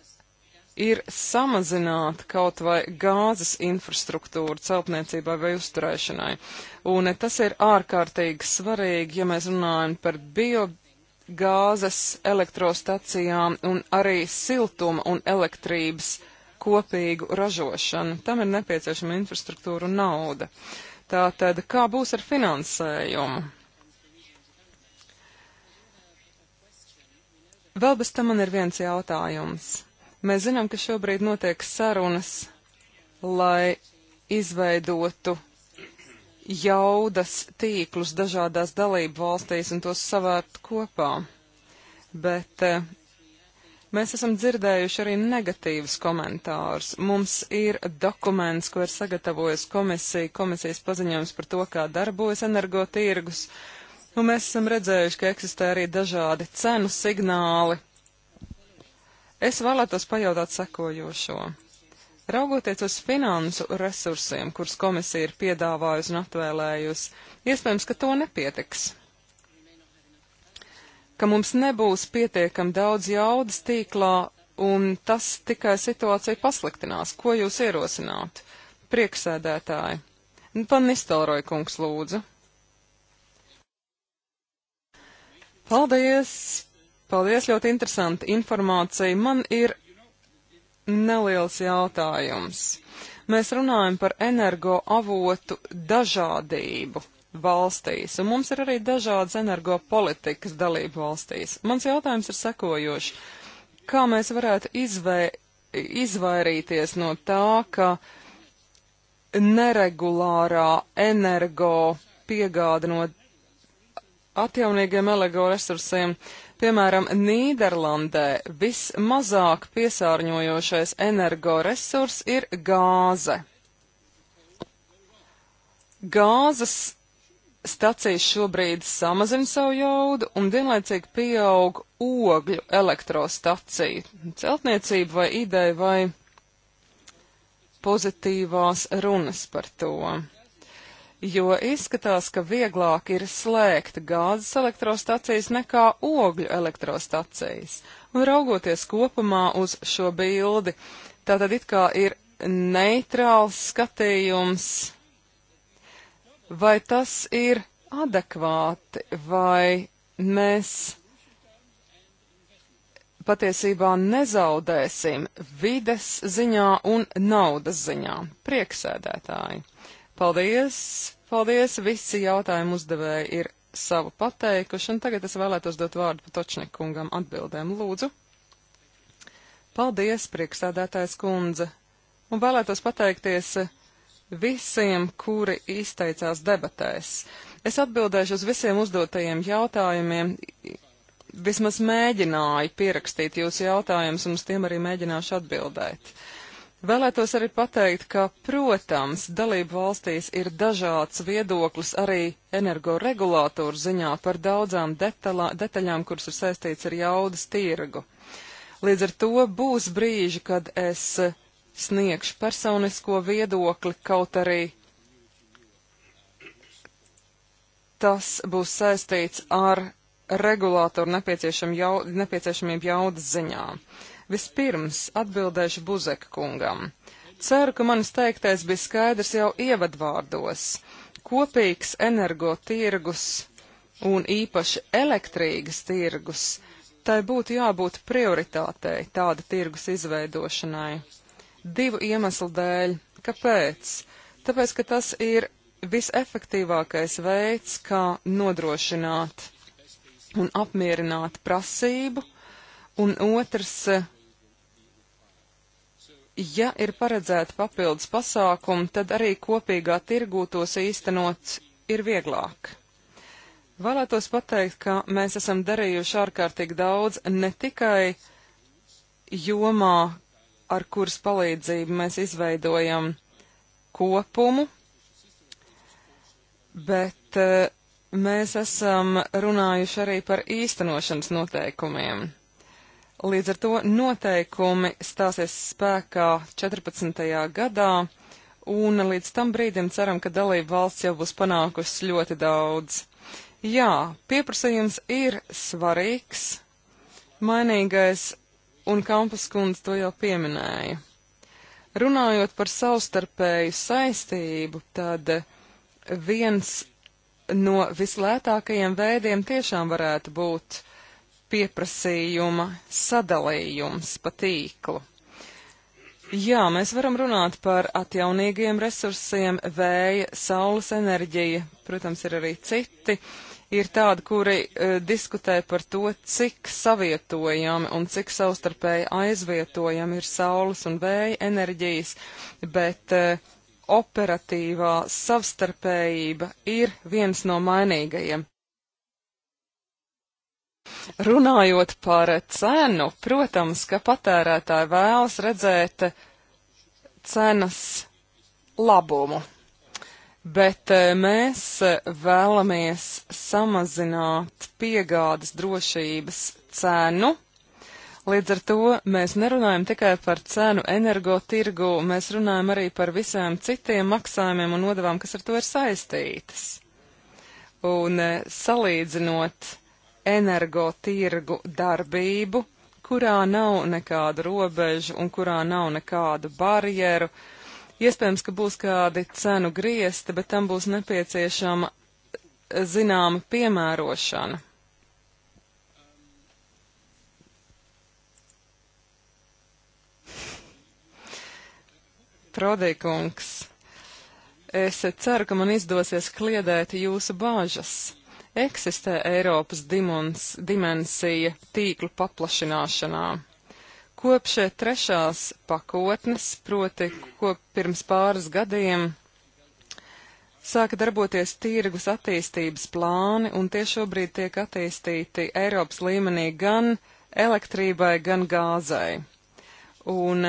ir samazināt kaut vai gāzes infrastruktūru celtniecībai vai uzturēšanai. Un tas ir ārkārtīgi svarīgi, ja mēs runājam par biogāzes elektrostacijām un arī siltuma un elektrības kopīgu ražošanu. Tam ir nepieciešama infrastruktūra un nauda. Tātad, kā būs ar finansējumu? Vēl bez tam man ir viens jautājums. Mēs zinām, ka šobrīd notiek sarunas, lai izveidotu jaudas tīklus dažādās dalību valstīs un tos savērt kopā. Bet eh, mēs esam dzirdējuši arī negatīvas komentārus. Mums ir dokuments, ko ir sagatavojusi komisija, komisijas paziņojums par to, kā darbojas energotirgus. Un mēs esam redzējuši, ka eksistē arī dažādi cenu signāli, Es vēlētos pajautāt sekojošo. Raugoties uz finansu resursiem, kurus komisija ir piedāvājusi un atvēlējusi, iespējams, ka to nepietiks. Ka mums nebūs pietiekam daudz jaudas tīklā, un tas tikai situāciju pasliktinās. Ko jūs ierosinātu? Prieksēdētāji. Pan Nistelroja kungs lūdzu. Paldies! Paldies, ļoti interesanti informācija. Man ir neliels jautājums. Mēs runājam par energo avotu dažādību valstīs, un mums ir arī dažādas energo politikas dalību valstīs. Mans jautājums ir sekojošs. Kā mēs varētu izvē, izvairīties no tā, ka neregulārā energo piegāda no atjaunīgiem elegoresursiem uh, Piemēram, Nīderlandē vismazāk piesārņojošais energoresurs ir gāze. Gāzes stacijas šobrīd samazina savu jaudu un vienlaicīgi pieaug ogļu elektrostacija. Celtniecība vai ideja vai pozitīvās runas par to jo izskatās, ka vieglāk ir slēgt gāzes elektrostacijas nekā ogļu elektrostacijas. Un raugoties kopumā uz šo bildi, tā tad it kā ir neitrāls skatījums, vai tas ir adekvāti, vai mēs patiesībā nezaudēsim vides ziņā un naudas ziņā. Prieksēdētāji! Paldies! Paldies! Visi jautājumu uzdevēji ir savu pateikuši, un tagad es vēlētos dot vārdu Patočnikungam atbildēm. Lūdzu! Paldies, priekšsādātājs kundze! Un vēlētos pateikties visiem, kuri izteicās debatēs. Es atbildēšu uz visiem uzdotajiem jautājumiem. Vismaz mēģināju pierakstīt jūsu jautājumus, un uz tiem arī mēģināšu atbildēt. Uh, Vēlētos arī pateikt, ka, protams, dalību valstīs ir dažāds viedoklis arī energoregulātoru ziņā par daudzām detalā, detaļām, kuras ir saistīts ar jaudas tirgu. Līdz ar to būs brīži, kad es sniegšu personisko viedokli, kaut arī tas būs saistīts ar regulātoru nepieciešam jau, nepieciešamību jaudas ziņām. Uh, Vispirms atbildēšu Buzeka kungam. Ceru, ka manis teiktais bija skaidrs jau ievadvārdos. Kopīgs energotirgus un īpaši elektrīgas tirgus, tai būtu jābūt prioritātei tāda tirgus izveidošanai. Divu iemeslu dēļ. Kāpēc? Tāpēc, ka tas ir visefektīvākais veids, kā nodrošināt un apmierināt prasību, un otrs ja ir paredzēta papildus pasākuma, tad arī kopīgā tirgū tos īstenot ir vieglāk. Vēlētos pateikt, ka mēs esam darījuši ārkārtīgi daudz ne tikai jomā, ar kuras palīdzību mēs izveidojam kopumu, bet eh, mēs esam runājuši arī par īstenošanas noteikumiem. Līdz ar to noteikumi stāsies spēkā 14. gadā, un līdz tam brīdim ceram, ka dalība valsts jau būs panākusi ļoti daudz. Jā, pieprasījums ir svarīgs, mainīgais, un Kampuskundze to jau pieminēja. Runājot par savstarpēju saistību, tad viens no vislētākajiem veidiem tiešām varētu būt uh, pieprasījuma sadalījums pa tīklu. Jā, mēs varam runāt par atjaunīgiem resursiem, vēja, saules enerģija, protams, ir arī citi. Ir tādi, kuri uh, diskutē par to, cik savietojami un cik savstarpēji aizvietojami ir saules un vēja enerģijas, bet uh, operatīvā savstarpējība ir viens no mainīgajiem. Runājot par cenu, protams, ka patērētāji vēlas redzēt cenas labumu, bet eh, mēs eh, vēlamies samazināt piegādes drošības cenu. Līdz ar to mēs nerunājam tikai par cenu energotirgu, mēs runājam arī par visām citiem maksājumiem un nodavām, kas ar to ir saistītas. Un eh, salīdzinot energotirgu darbību, kurā nav nekādu robežu un kurā nav nekādu barjeru. Iespējams, ka būs kādi cenu griezti, bet tam būs nepieciešama zināma piemērošana. Prodīkungs, es ceru, ka man izdosies kliedēt jūsu bāžas. Eksistē Eiropas dimons, dimensija tīklu paplašināšanā. Kopš trešās pakotnes, proti, ko pirms pāris gadiem sāka darboties tirgus attīstības plāni, un tie šobrīd tiek attīstīti Eiropas līmenī gan elektrībai, gan gāzai. Un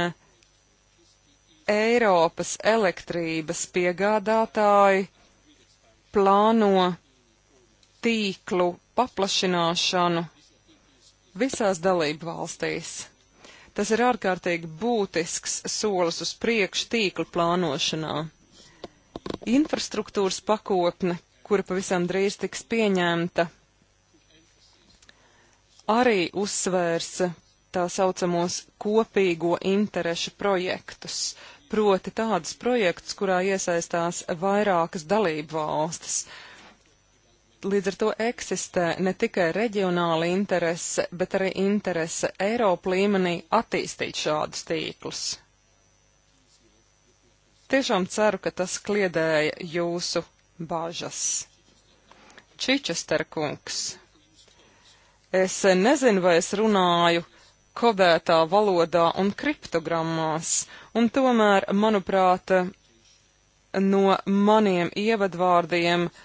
Eiropas elektrības piegādātāji plāno tīklu paplašināšanu visās dalību valstīs. Tas ir ārkārtīgi būtisks solis uz priekšu tīklu plānošanā. Infrastruktūras pakotne, kura pavisam drīz tiks pieņemta, arī uzsvērs tā saucamos kopīgo interešu projektus, proti tādus projektus, kurā iesaistās vairākas dalību valstis. Uh, Līdz ar to eksistē ne tikai reģionāla interese, bet arī interese Eiropa līmenī attīstīt šādus tīklus. Tiešām ceru, ka tas kliedēja jūsu bažas. Čičester kungs. Es nezinu, vai es runāju kodētā valodā un kriptogrammās, un tomēr, manuprāt, no maniem ievadvārdiem uh,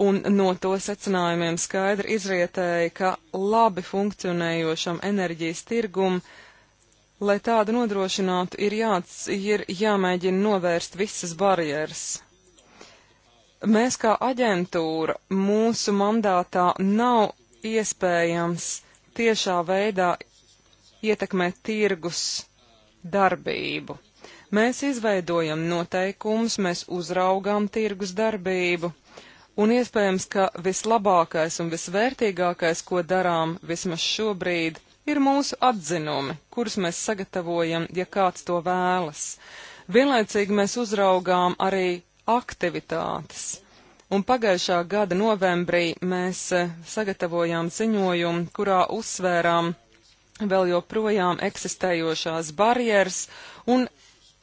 un no to secinājumiem skaidri izrietēja, ka labi funkcionējošam enerģijas tirgum, lai tādu nodrošinātu, ir, jā, ir jāmēģina novērst visas barjeras. Mēs kā aģentūra mūsu mandātā nav iespējams tiešā veidā ietekmēt tirgus darbību. Mēs izveidojam noteikumus, mēs uzraugām tirgus darbību, un iespējams, ka vislabākais un visvērtīgākais, ko darām vismaz šobrīd, ir mūsu atzinumi, kurus mēs sagatavojam, ja kāds to vēlas. Vienlaicīgi mēs uzraugām arī aktivitātes. Un pagājušā gada novembrī mēs eh, sagatavojām ziņojumu, kurā uzsvērām vēl joprojām eksistējošās barjeras un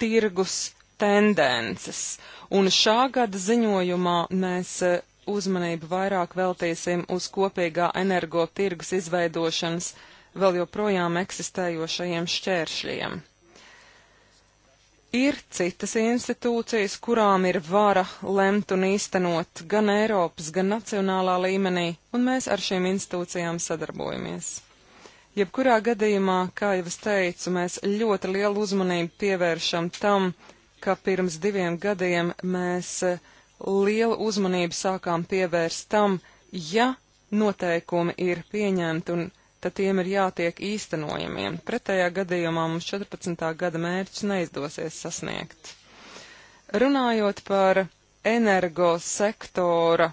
tirgus tendences. Un šā gada ziņojumā mēs e, uzmanību vairāk veltīsim uz kopīgā energo tirgus izveidošanas vēl joprojām eksistējošajiem šķēršļiem ir citas institūcijas, kurām ir vara lemt un īstenot gan Eiropas, gan nacionālā līmenī, un mēs ar šīm institūcijām sadarbojamies. Jebkurā gadījumā, kā jau es teicu, mēs ļoti lielu uzmanību pievēršam tam, ka pirms diviem gadiem mēs eh, lielu uzmanību sākām pievērst tam, ja noteikumi ir pieņemti un tad tiem ir jātiek īstenojamiem. Pretējā gadījumā mums 14. gada mērķus neizdosies sasniegt. Runājot par energosektora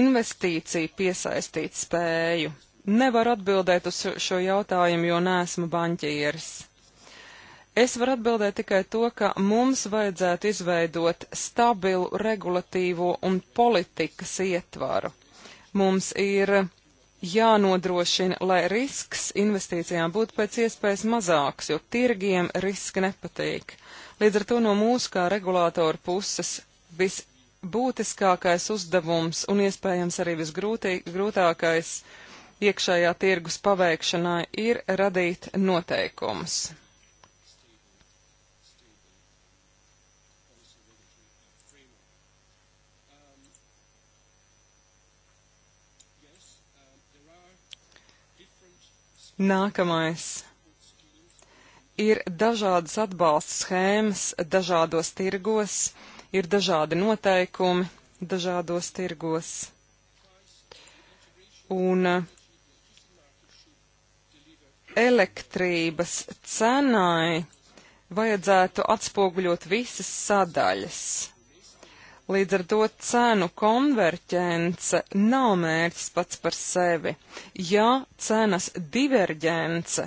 investīciju piesaistīt spēju, nevar atbildēt uz šo jautājumu, jo neesmu baņķieris. Es varu atbildēt tikai to, ka mums vajadzētu izveidot stabilu regulatīvo un politikas ietvaru. Mums ir jānodrošina, lai risks investīcijām būtu pēc iespējas mazāks, jo tirgiem riski nepatīk. Līdz ar to no mūsu kā regulātora puses visbūtiskākais uzdevums un iespējams arī visgrūtākais iekšējā tirgus paveikšanai ir radīt noteikumus. Nākamais ir dažādas atbalsta schēmas dažādos tirgos, ir dažādi noteikumi dažādos tirgos. Un eh, elektrības cenai vajadzētu atspoguļot visas sadaļas. Līdz ar to cenu konverģence nav mērķis pats par sevi. Ja cenas diverģence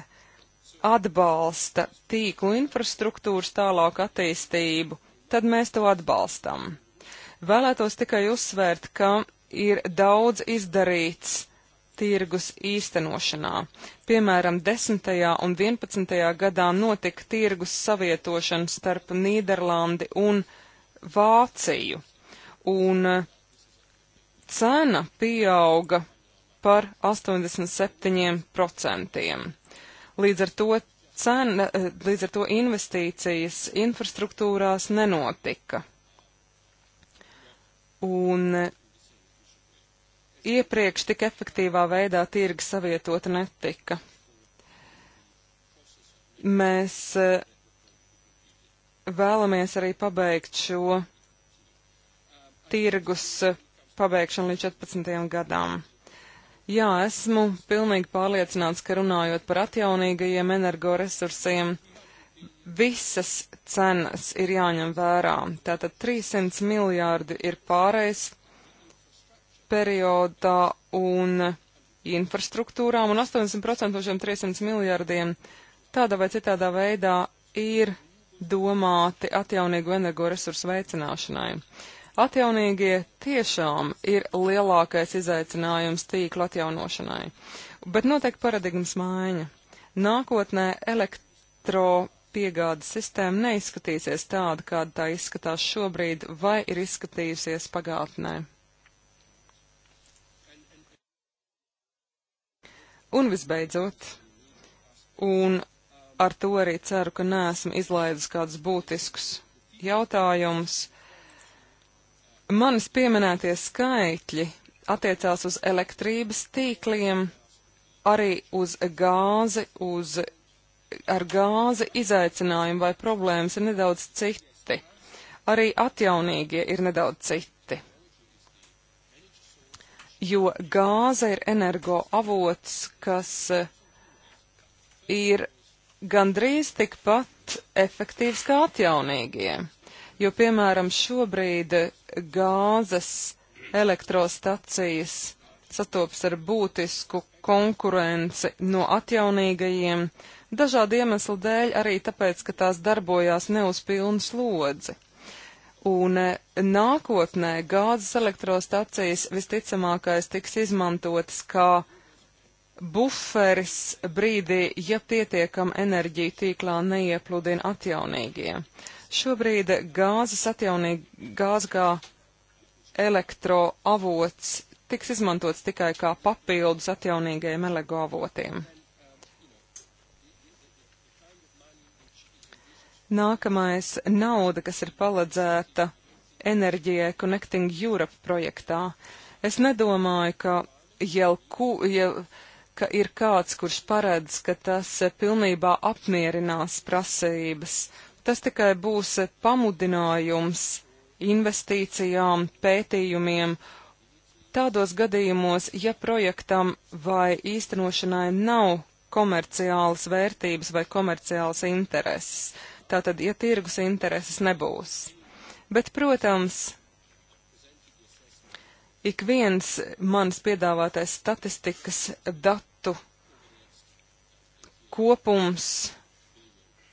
atbalsta tīklu infrastruktūras tālāku attīstību, tad mēs to atbalstam. Vēlētos tikai uzsvērt, ka ir daudz izdarīts tirgus īstenošanā. Piemēram, 10. un 11. gadā notika tirgus savietošana starp Nīderlandi un Vāciju un e, cena pieauga par 87%. Līdz ar to, cena, e, līdz ar to investīcijas infrastruktūrās nenotika. Un e, iepriekš tik efektīvā veidā tirgi savietota netika. Mēs vēlamies arī pabeigt šo tirgus pabeigšanu līdz 14. gadam. Jā, esmu pilnīgi pārliecināts, ka runājot par atjaunīgajiem energoresursiem, visas cenas ir jāņem vērā. Tātad 300 miljārdi ir pārējais periodā un infrastruktūrām, un 80% no šiem 300 miljardiem tādā vai citādā veidā ir domāti atjaunīgu energoresursu veicināšanai. Atjaunīgie tiešām ir lielākais izaicinājums tīkla atjaunošanai, bet notiek paradigmas maiņa. Nākotnē elektro piegādes sistēma neizskatīsies tāda, kāda tā izskatās šobrīd vai ir izskatījusies pagātnē. Un visbeidzot, un ar to arī ceru, ka neesmu izlaidus kādus būtiskus jautājumus. Manis pieminētie skaitļi attiecās uz elektrības tīkliem, arī uz gāzi, uz ar gāzi izaicinājumi vai problēmas ir nedaudz citi. Arī atjaunīgie ir nedaudz citi. Jo gāze ir energo avots, kas eh, ir gandrīz tikpat efektīvs kā atjaunīgie jo, piemēram, šobrīd gāzes elektrostacijas satops ar būtisku konkurenci no atjaunīgajiem, dažādu iemeslu dēļ arī tāpēc, ka tās darbojās ne uz pilnu slodzi. Un e, nākotnē gāzes elektrostacijas visticamākais tiks izmantotas kā buferis brīdī, ja pietiekam enerģija tīklā neiepludina atjaunīgie. Šobrīd gāzes atjaunīgi gāze kā elektroavots tiks izmantots tikai kā papildus atjaunīgajiem elektroavotiem. Nākamais - nauda, kas ir paledzēta enerģijai Connecting Europe projektā. Es nedomāju, ka jau, ku, jau ka ir kāds, kurš paredz, ka tas pilnībā apmierinās prasības Tas tikai būs pamudinājums investīcijām, pētījumiem. Tādos gadījumos, ja projektam vai īstenošanai nav komerciālas vērtības vai komerciālas intereses, tātad, ja tirgus intereses nebūs. Bet, protams, ik viens manis piedāvātais statistikas datu kopums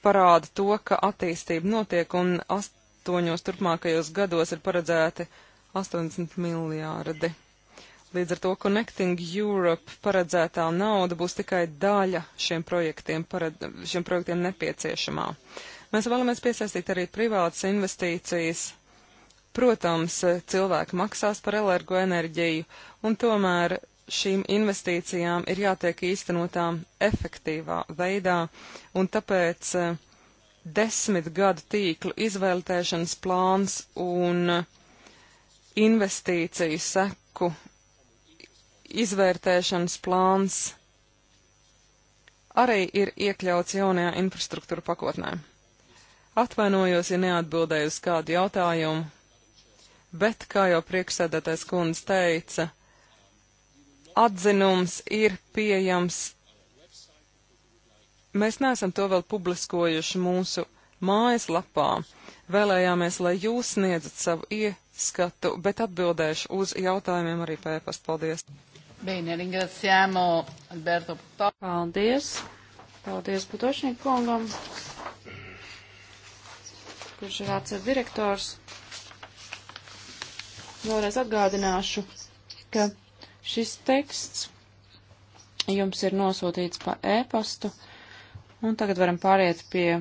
parāda to, ka attīstība notiek un astoņos turpmākajos gados ir paredzēti 80 miljārdi. Līdz ar to Connecting Europe paredzētā nauda būs tikai daļa šiem projektiem, pared, šiem projektiem nepieciešamā. Mēs vēlamies piesaistīt arī privātas investīcijas. Protams, cilvēki maksās par elergo enerģiju, un tomēr šīm investīcijām ir jātiek īstenotām efektīvā veidā, un tāpēc eh, desmit gadu tīklu izvēlēšanas plāns un eh, investīciju seku izvērtēšanas plāns arī ir iekļauts jaunajā infrastruktūra pakotnē. Atvainojos, ja neatbildēju uz kādu jautājumu, bet, kā jau priekšsēdētais kundze teica, atzinums ir pieejams. Mēs neesam to vēl publiskojuši mūsu mājaslapā. Vēlējāmies, lai jūs sniedzat savu ieskatu, bet atbildēšu uz jautājumiem arī pēpast. Paldies! Bene, ringraziamo Alberto Puto. Paldies! Paldies Putošņiku kungam, kurš ir ACER direktors. Vēlreiz atgādināšu, ka Šis teksts jums ir nosūtīts pa ēpastu, e un tagad varam pāriet pie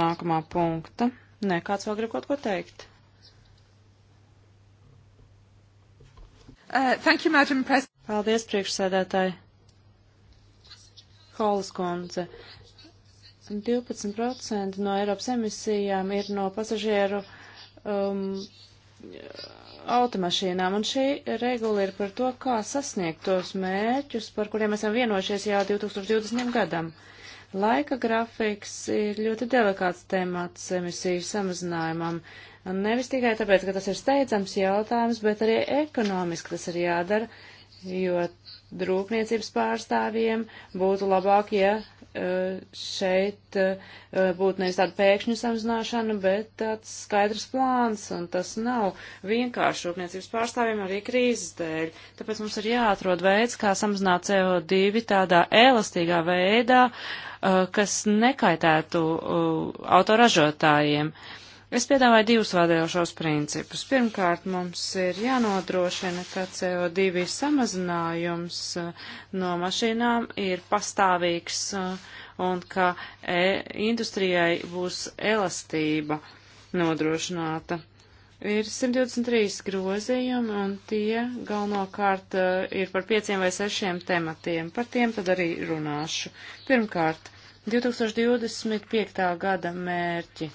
nākamā punkta. Nē, kāds vēl grib kaut ko teikt? Uh, thank you, Madam President. Paldies, priekšsēdētāji. Holas kundze. 12% no Eiropas emisijām ir no pasažieru um, automašīnām, un šī regula ir par to, kā sasniegt tos mērķus, par kuriem esam vienojušies jau 2020. gadam. Laika grafiks ir ļoti delikāts temats emisiju samazinājumam, nevis tikai tāpēc, ka tas ir steidzams jautājums, bet arī ekonomiski tas ir jādara, jo rūpniecības pārstāvjiem būtu labāk, ja e, šeit e, e, būtu nevis tāda pēkšņa samazināšana, bet tāds skaidrs plāns, un tas nav vienkārši rūpniecības pārstāvjiem arī krīzes dēļ. Tāpēc mums ir jāatrod veids, kā samazināt CO2 tādā elastīgā veidā, kas nekaitētu autoražotājiem. Uh, Es piedāvāju divus vadējošos principus. Pirmkārt, mums ir jānodrošina, ka CO2 samazinājums uh, no mašīnām ir pastāvīgs uh, un ka e industrijai būs elastība nodrošināta. Ir 123 grozījumi, un tie galvenokārt uh, ir par pieciem vai sešiem tematiem. Par tiem tad arī runāšu. Pirmkārt, 2025. gada mērķi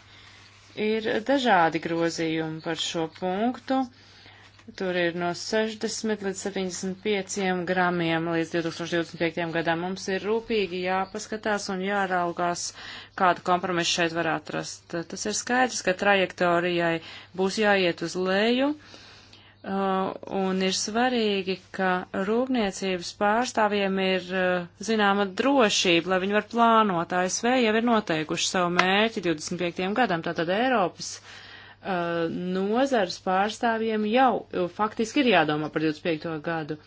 Ir dažādi grozījumi par šo punktu. Tur ir no 60 līdz 75 gramiem līdz 2025. gadam. Mums ir rūpīgi jāpaskatās un jāraugās, kādu kompromisu šeit var atrast. Tas ir skaidrs, ka trajektorijai būs jāiet uz leju. Uh, Uh, un ir svarīgi, ka rūpniecības pārstāvjiem ir uh, zināma drošība, lai viņi var plānot. ASV jau ir noteikuši savu mērķi 25. gadam, tātad Eiropas uh, nozars pārstāvjiem jau faktiski ir jādomā par 25. gadu,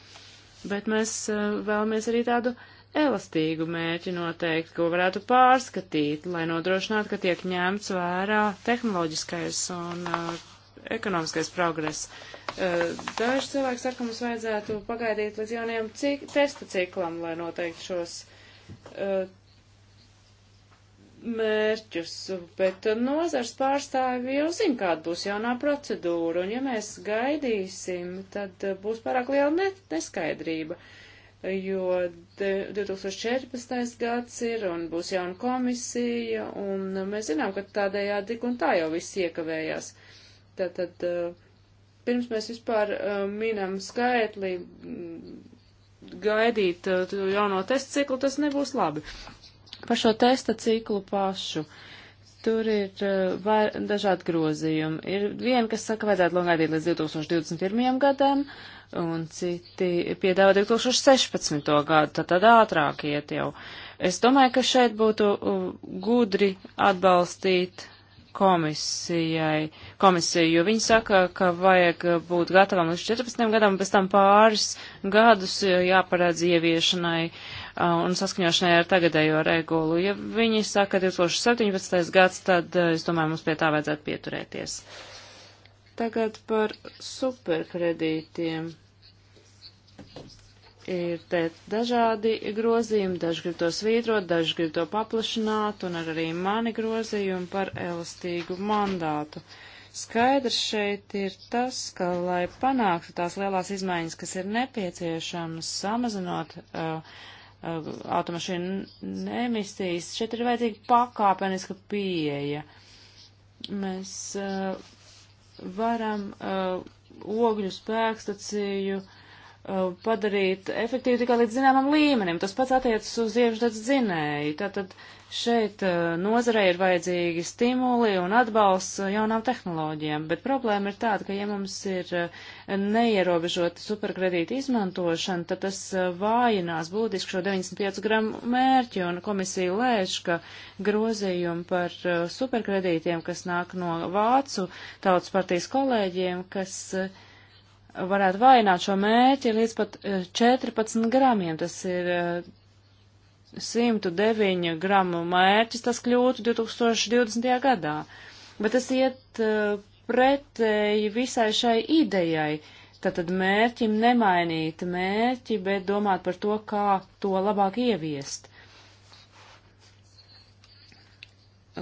bet mēs uh, vēlamies arī tādu elastīgu mērķi noteikti, ko varētu pārskatīt, lai nodrošinātu, ka tiek ņemts vērā tehnoloģiskais un uh, ekonomiskais progress. Eh, daži cilvēki saka, ka mums vajadzētu pagaidīt līdz jaunajam cik, testa ciklam, lai noteikti šos uh, mērķus, bet nozars pārstāvi jau zina, kāda būs jaunā procedūra, un ja mēs gaidīsim, tad eh, būs pārāk liela ne neskaidrība, jo 2014. gads ir, un būs jauna komisija, un mēs zinām, ka tādējādi tik un tā jau viss iekavējās. Uh, Tātad, eh, pirms mēs vispār eh, minam skaitli, mm, gaidīt eh, jauno testa ciklu, tas nebūs labi. Par šo testa ciklu pašu. Tur ir var, dažādi grozījumi. Ir viena, kas saka, vajadzētu gaidīt līdz 2021. gadam, un citi piedāvā 2016. gadu, tad, tad ātrāk iet jau. Es domāju, ka šeit būtu gudri atbalstīt komisijai, komisiju, jo viņi saka, ka vajag būt gatavam līdz 14 gadam, pēc tam pāris gadus eh, jāparādz ieviešanai eh, un saskaņošanai ar tagadējo regulu. Ja viņi saka 2017. gads, tad eh, es domāju, mums pie tā vajadzētu pieturēties. Tagad par superkredītiem ir te dažādi grozījumi, daži grib to svītrot, daži grib to paplašināt, un ar arī mani grozījumi par elastīgu mandātu. Skaidrs šeit ir tas, ka, lai panāktu tās lielās izmaiņas, kas ir nepieciešamas, samazinot uh, uh, automašīnu emisijas, šeit ir vajadzīga pakāpeniska pieeja. Mēs uh, varam uh, ogļu spēkstaciju uh, Uh, padarīt efektīvu tikai līdz zināmam līmenim. Tas pats attiecas uz iekšdats dzinēju. Tātad šeit uh, nozarē ir vajadzīgi stimuli un atbalsts uh, jaunām tehnoloģijām, bet problēma ir tāda, ka ja mums ir neierobežota superkredīta izmantošana, tad tas vājinās būtiski šo 95 gramu mērķi, un komisija lēš, ka grozījumi par superkredītiem, kas nāk no Vācu tautas partijas kolēģiem, kas uh, varētu vainot šo mērķi līdz pat 14 e, gramiem. Tas ir 109 e, gramu mērķis, tas kļūtu 2020. gadā. Bet tas iet e, pretēji visai šai idejai. Tātad mērķim nemainīt mērķi, bet domāt par to, kā to labāk ieviest.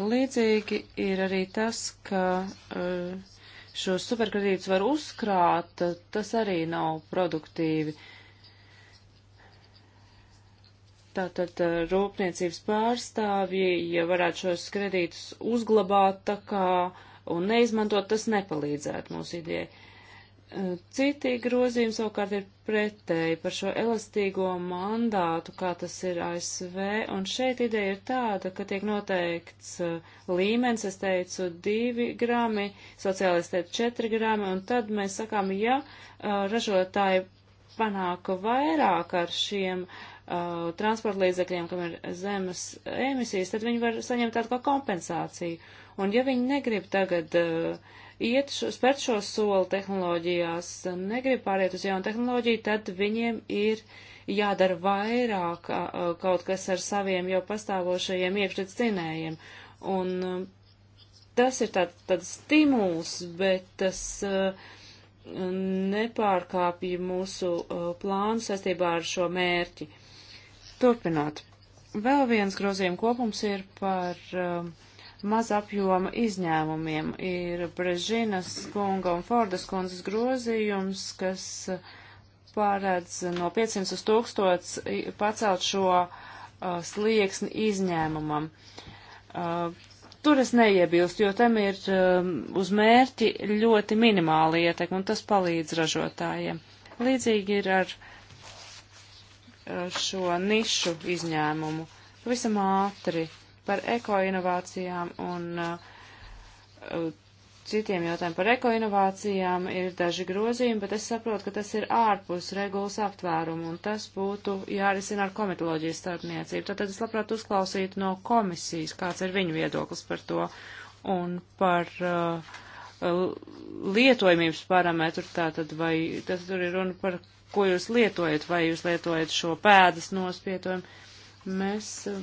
Līdzīgi ir arī tas, ka uh, šos superkredītus var uzkrāt, tas arī nav produktīvi. Tātad eh, rūpniecības pārstāvji, ja varētu šos kredītus uzglabāt tā kā un neizmantot, tas nepalīdzētu mūsu idejai. Citi grozījumi savukārt ir pretēji par šo elastīgo mandātu, kā tas ir ASV, un šeit ideja ir tāda, ka tiek noteikts uh, līmenis, es teicu, divi grami, sociālisti teica četri grami, un tad mēs sakām, ja uh, ražotāji panāka vairāk ar šiem uh, transporta līdzekļiem, kam ir zemes emisijas, tad viņi var saņemt tādu kā kompensāciju. Un ja viņi negrib tagad uh, iet šo, spērt šo soli tehnoloģijās, negrib pāriet uz jaunu tehnoloģiju, tad viņiem ir jādara vairāk kaut kas ar saviem jau pastāvošajiem iekštecinējiem. Un tas ir tāds tād stimuls, bet tas nepārkāpja mūsu plānu saistībā ar šo mērķi. Turpināt. Vēl viens grozījuma kopums ir par uh, mazapjoma izņēmumiem. Ir Brežinas kunga un Fordas kundzes grozījums, kas pārēdz no 500 uz 1000 pacelt šo uh, slieksni izņēmumam. Uh, tur es neiebilstu, jo tam ir um, uz mērķi ļoti minimāla ietekme, un tas palīdz ražotājiem. Līdzīgi ir ar šo nišu izņēmumu. Pavisam ātri par ekoinovācijām un uh, citiem jautājumiem par ekoinovācijām ir daži grozījumi, bet es saprotu, ka tas ir ārpus regulas aptvērumu, un tas būtu jārisina ar komitoloģijas starpniecību. Tātad es labprāt uzklausītu no komisijas, kāds ir viņu viedoklis par to, un par uh, lietojamības parametru, tātad vai tas tur ir runa par, ko jūs lietojat, vai jūs lietojat šo pēdas nospietojumu. Mēs uh,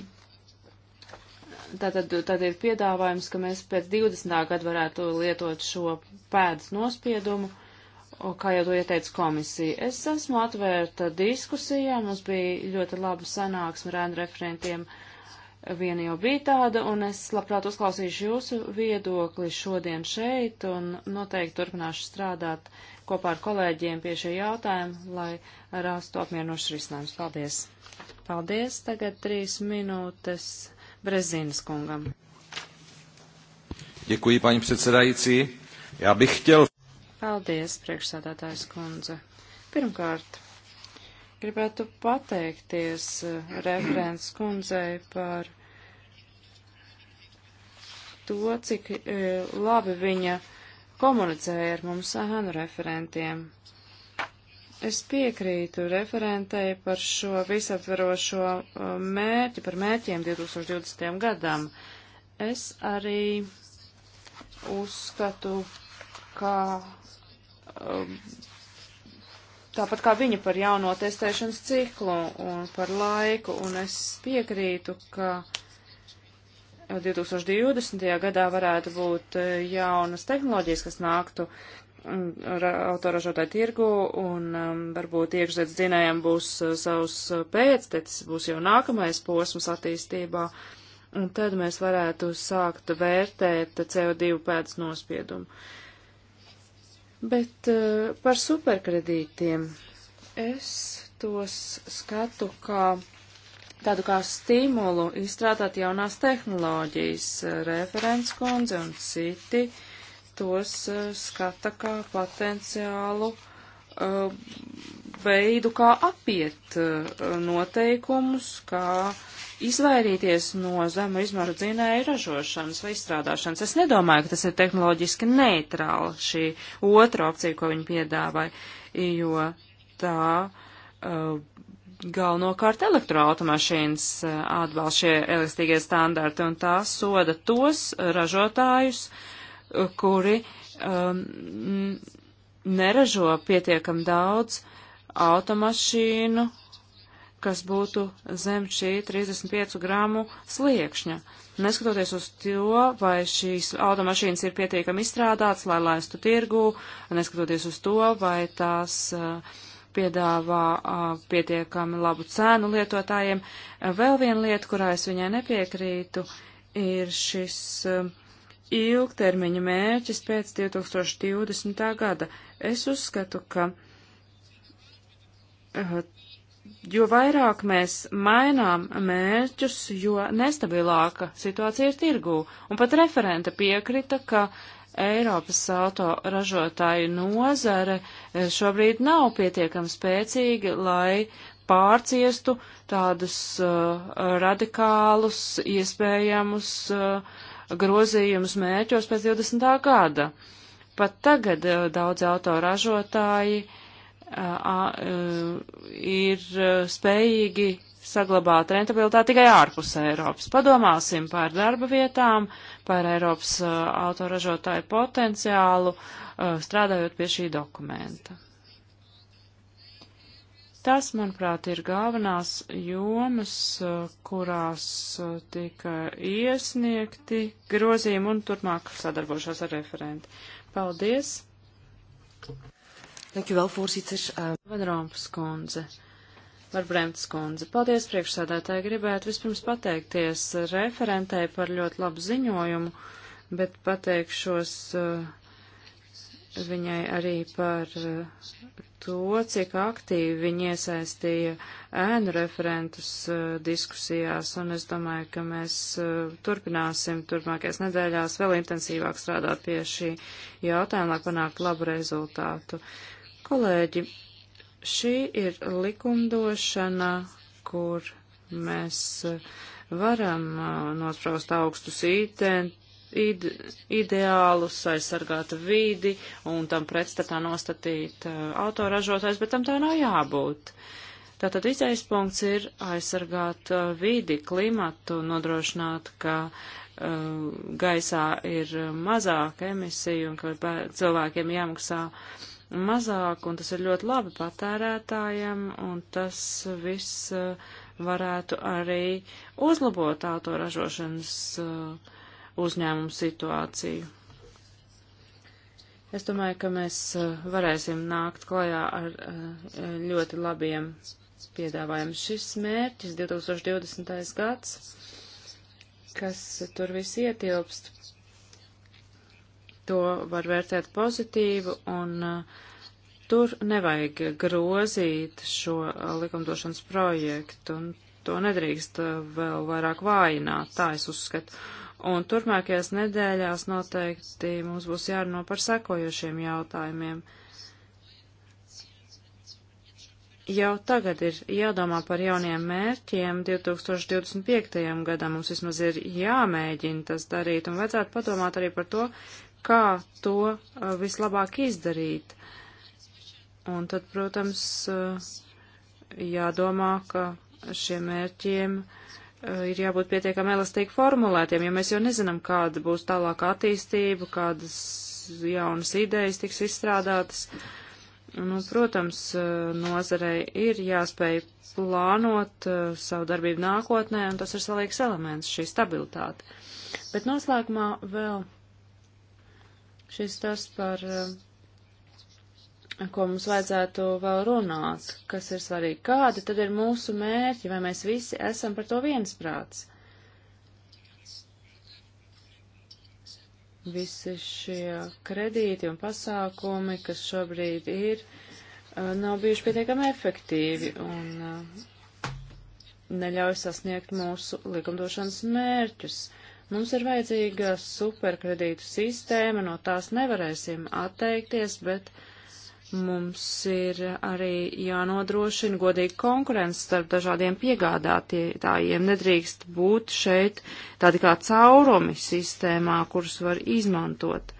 Tātad, tad ir piedāvājums, ka mēs pēc 20. gada varētu lietot šo pēdas nospiedumu, kā jau to ieteica komisija. Es esmu atvērta diskusijām, mums bija ļoti laba sanāksme ar ēnu referentiem, viena jau bija tāda, un es labprāt uzklausīšu jūsu viedokli šodien šeit, un noteikti turpināšu strādāt kopā ar kolēģiem pie šī jautājuma, lai rastu apmierinošs risinājums. Paldies! Paldies! Tagad trīs minūtes Brezinas kungam. Děkuji, paní předsedající. Já bych chtěl. Paldies, priekšsādātājs kundze. Pirmkārt, gribētu pateikties eh, referents kundzei par to, cik eh, labi viņa komunicēja ar mums ēnu referentiem. Es piekrītu referentei par šo visaptverošo uh, mērķi, par mērķiem 2020. gadam. Es arī uzskatu, ka um, tāpat kā viņa par jauno testēšanas ciklu un par laiku, un es piekrītu, ka 2020. gadā varētu būt uh, jaunas tehnoloģijas, kas nāktu autoražotāju tirgu un um, varbūt iekšzemes dzinējiem būs uh, savs uh, pēctecis, būs jau nākamais posms attīstībā, un tad mēs varētu sākt vērtēt CO2 pēdas nospiedumu. Bet uh, par superkredītiem es tos skatu kā tādu kā stimulu izstrādāt jaunās tehnoloģijas, referents kundze un citi. Uh, tos e, skata kā potenciālu e, veidu, kā apiet e, noteikumus, kā izvairīties no zemu izmēru dzinēju ražošanas vai izstrādāšanas. Es nedomāju, ka tas ir tehnoloģiski neitrāli šī otra opcija, ko viņi piedāvāja, jo tā uh, galvenokārt elektroautomašīnas atbalsta šie elastīgie standarti, un tā soda tos ražotājus, uh, kuri um, neražo pietiekam daudz automašīnu, kas būtu zem šī 35 gramu sliekšņa. Neskatoties uz to, vai šīs automašīnas ir pietiekami izstrādātas, lai laistu tirgū, neskatoties uz to, vai tās uh, piedāvā uh, pietiekami labu cēnu lietotājiem. Vēl viena lieta, kurā es viņai nepiekrītu, ir šis uh, ilgtermiņa mērķis pēc 2020. gada. Es uzskatu, ka eh, jo vairāk mēs mainām mērķus, jo nestabilāka situācija ir tirgū. Un pat referente piekrita, ka Eiropas autoražotāju nozare eh, šobrīd nav pietiekami spēcīga, lai pārciestu tādus uh, radikālus, iespējamus uh, grozījumus mērķos pēc 20. gada. Pat tagad eh, daudz autoražotāji eh, eh, ir spējīgi saglabāt rentabilitāti tikai ārpus Eiropas. Padomāsim par darba vietām, par Eiropas autoražotāju potenciālu, strādājot pie šī dokumenta. Tas, manuprāt, ir galvenās jomas, kurās tika iesniegti grozījumi un turpmāk sadarbošos ar referenti. Paldies! Thank you, well, voorzitter. Uh... Van Rompas kundze. Varbremts kundze. Paldies priekšsādātāji. Gribētu vispirms pateikties referentei par ļoti labu ziņojumu, bet pateikšos uh, viņai arī par uh, to, cik aktīvi viņi iesaistīja ēnu referentus uh, diskusijās, un es domāju, ka mēs uh, turpināsim turpmākajās nedēļās vēl intensīvāk strādāt pie šī jautājuma, lai panāktu labu rezultātu. Kolēģi, šī ir likumdošana, kur mēs uh, varam uh, nospraust augstus itentus ide ideālus, aizsargāt vidi un tam pretstatā nostatīt uh, autoražotājs, bet tam tā nav jābūt. Tātad izējas punkts ir aizsargāt uh, vidi, klimatu, nodrošināt, ka uh, gaisā ir mazāk emisiju un ka cilvēkiem jāmaksā mazāk, un tas ir ļoti labi patērētājiem, un tas viss uh, varētu arī uzlabot autoražošanas uh, uzņēmumu situāciju. Es domāju, ka mēs eh, varēsim nākt klajā ar eh, ļoti labiem piedāvājumiem. Šis mērķis 2020. gads, kas tur viss ietilpst, to var vērtēt pozitīvu un eh, tur nevajag grozīt šo likumdošanas projektu un to nedrīkst vēl vairāk vājināt, tā es uzskatu. Un turpmākajās nedēļās noteikti mums būs jārunā par sekojošiem jautājumiem. Jau tagad ir jādomā par jauniem mērķiem 2025. gadam. Mums vismaz ir jāmēģina tas darīt un vajadzētu padomāt arī par to, kā to uh, vislabāk izdarīt. Un tad, protams, uh, jādomā, ka šiem mērķiem uh, Eh, ir jābūt pietiekami elastīgi formulētiem, jo mēs jau nezinām, kāda būs tālāka attīstība, kādas jaunas idejas tiks izstrādātas. Nu, protams, eh, nozarei ir jāspēj plānot eh, savu darbību nākotnē, un tas ir salīgs elements, šī stabilitāte. Bet noslēgumā vēl šis tas par ko mums vajadzētu vēl runāt, kas ir svarīgi, kādi tad ir mūsu mērķi, vai mēs visi esam par to viensprāts. Visi šie kredīti un pasākumi, kas šobrīd ir, eh, nav bijuši pietiekami efektīvi un eh, neļauj sasniegt mūsu likumdošanas mērķus. Mums ir vajadzīga superkredītu sistēma, no tās nevarēsim atteikties, bet uh, Mums ir arī jānodrošina godīga konkurence starp dažādiem piegādātājiem. Nedrīkst būt šeit tādi kā caurumi sistēmā, kurus var izmantot.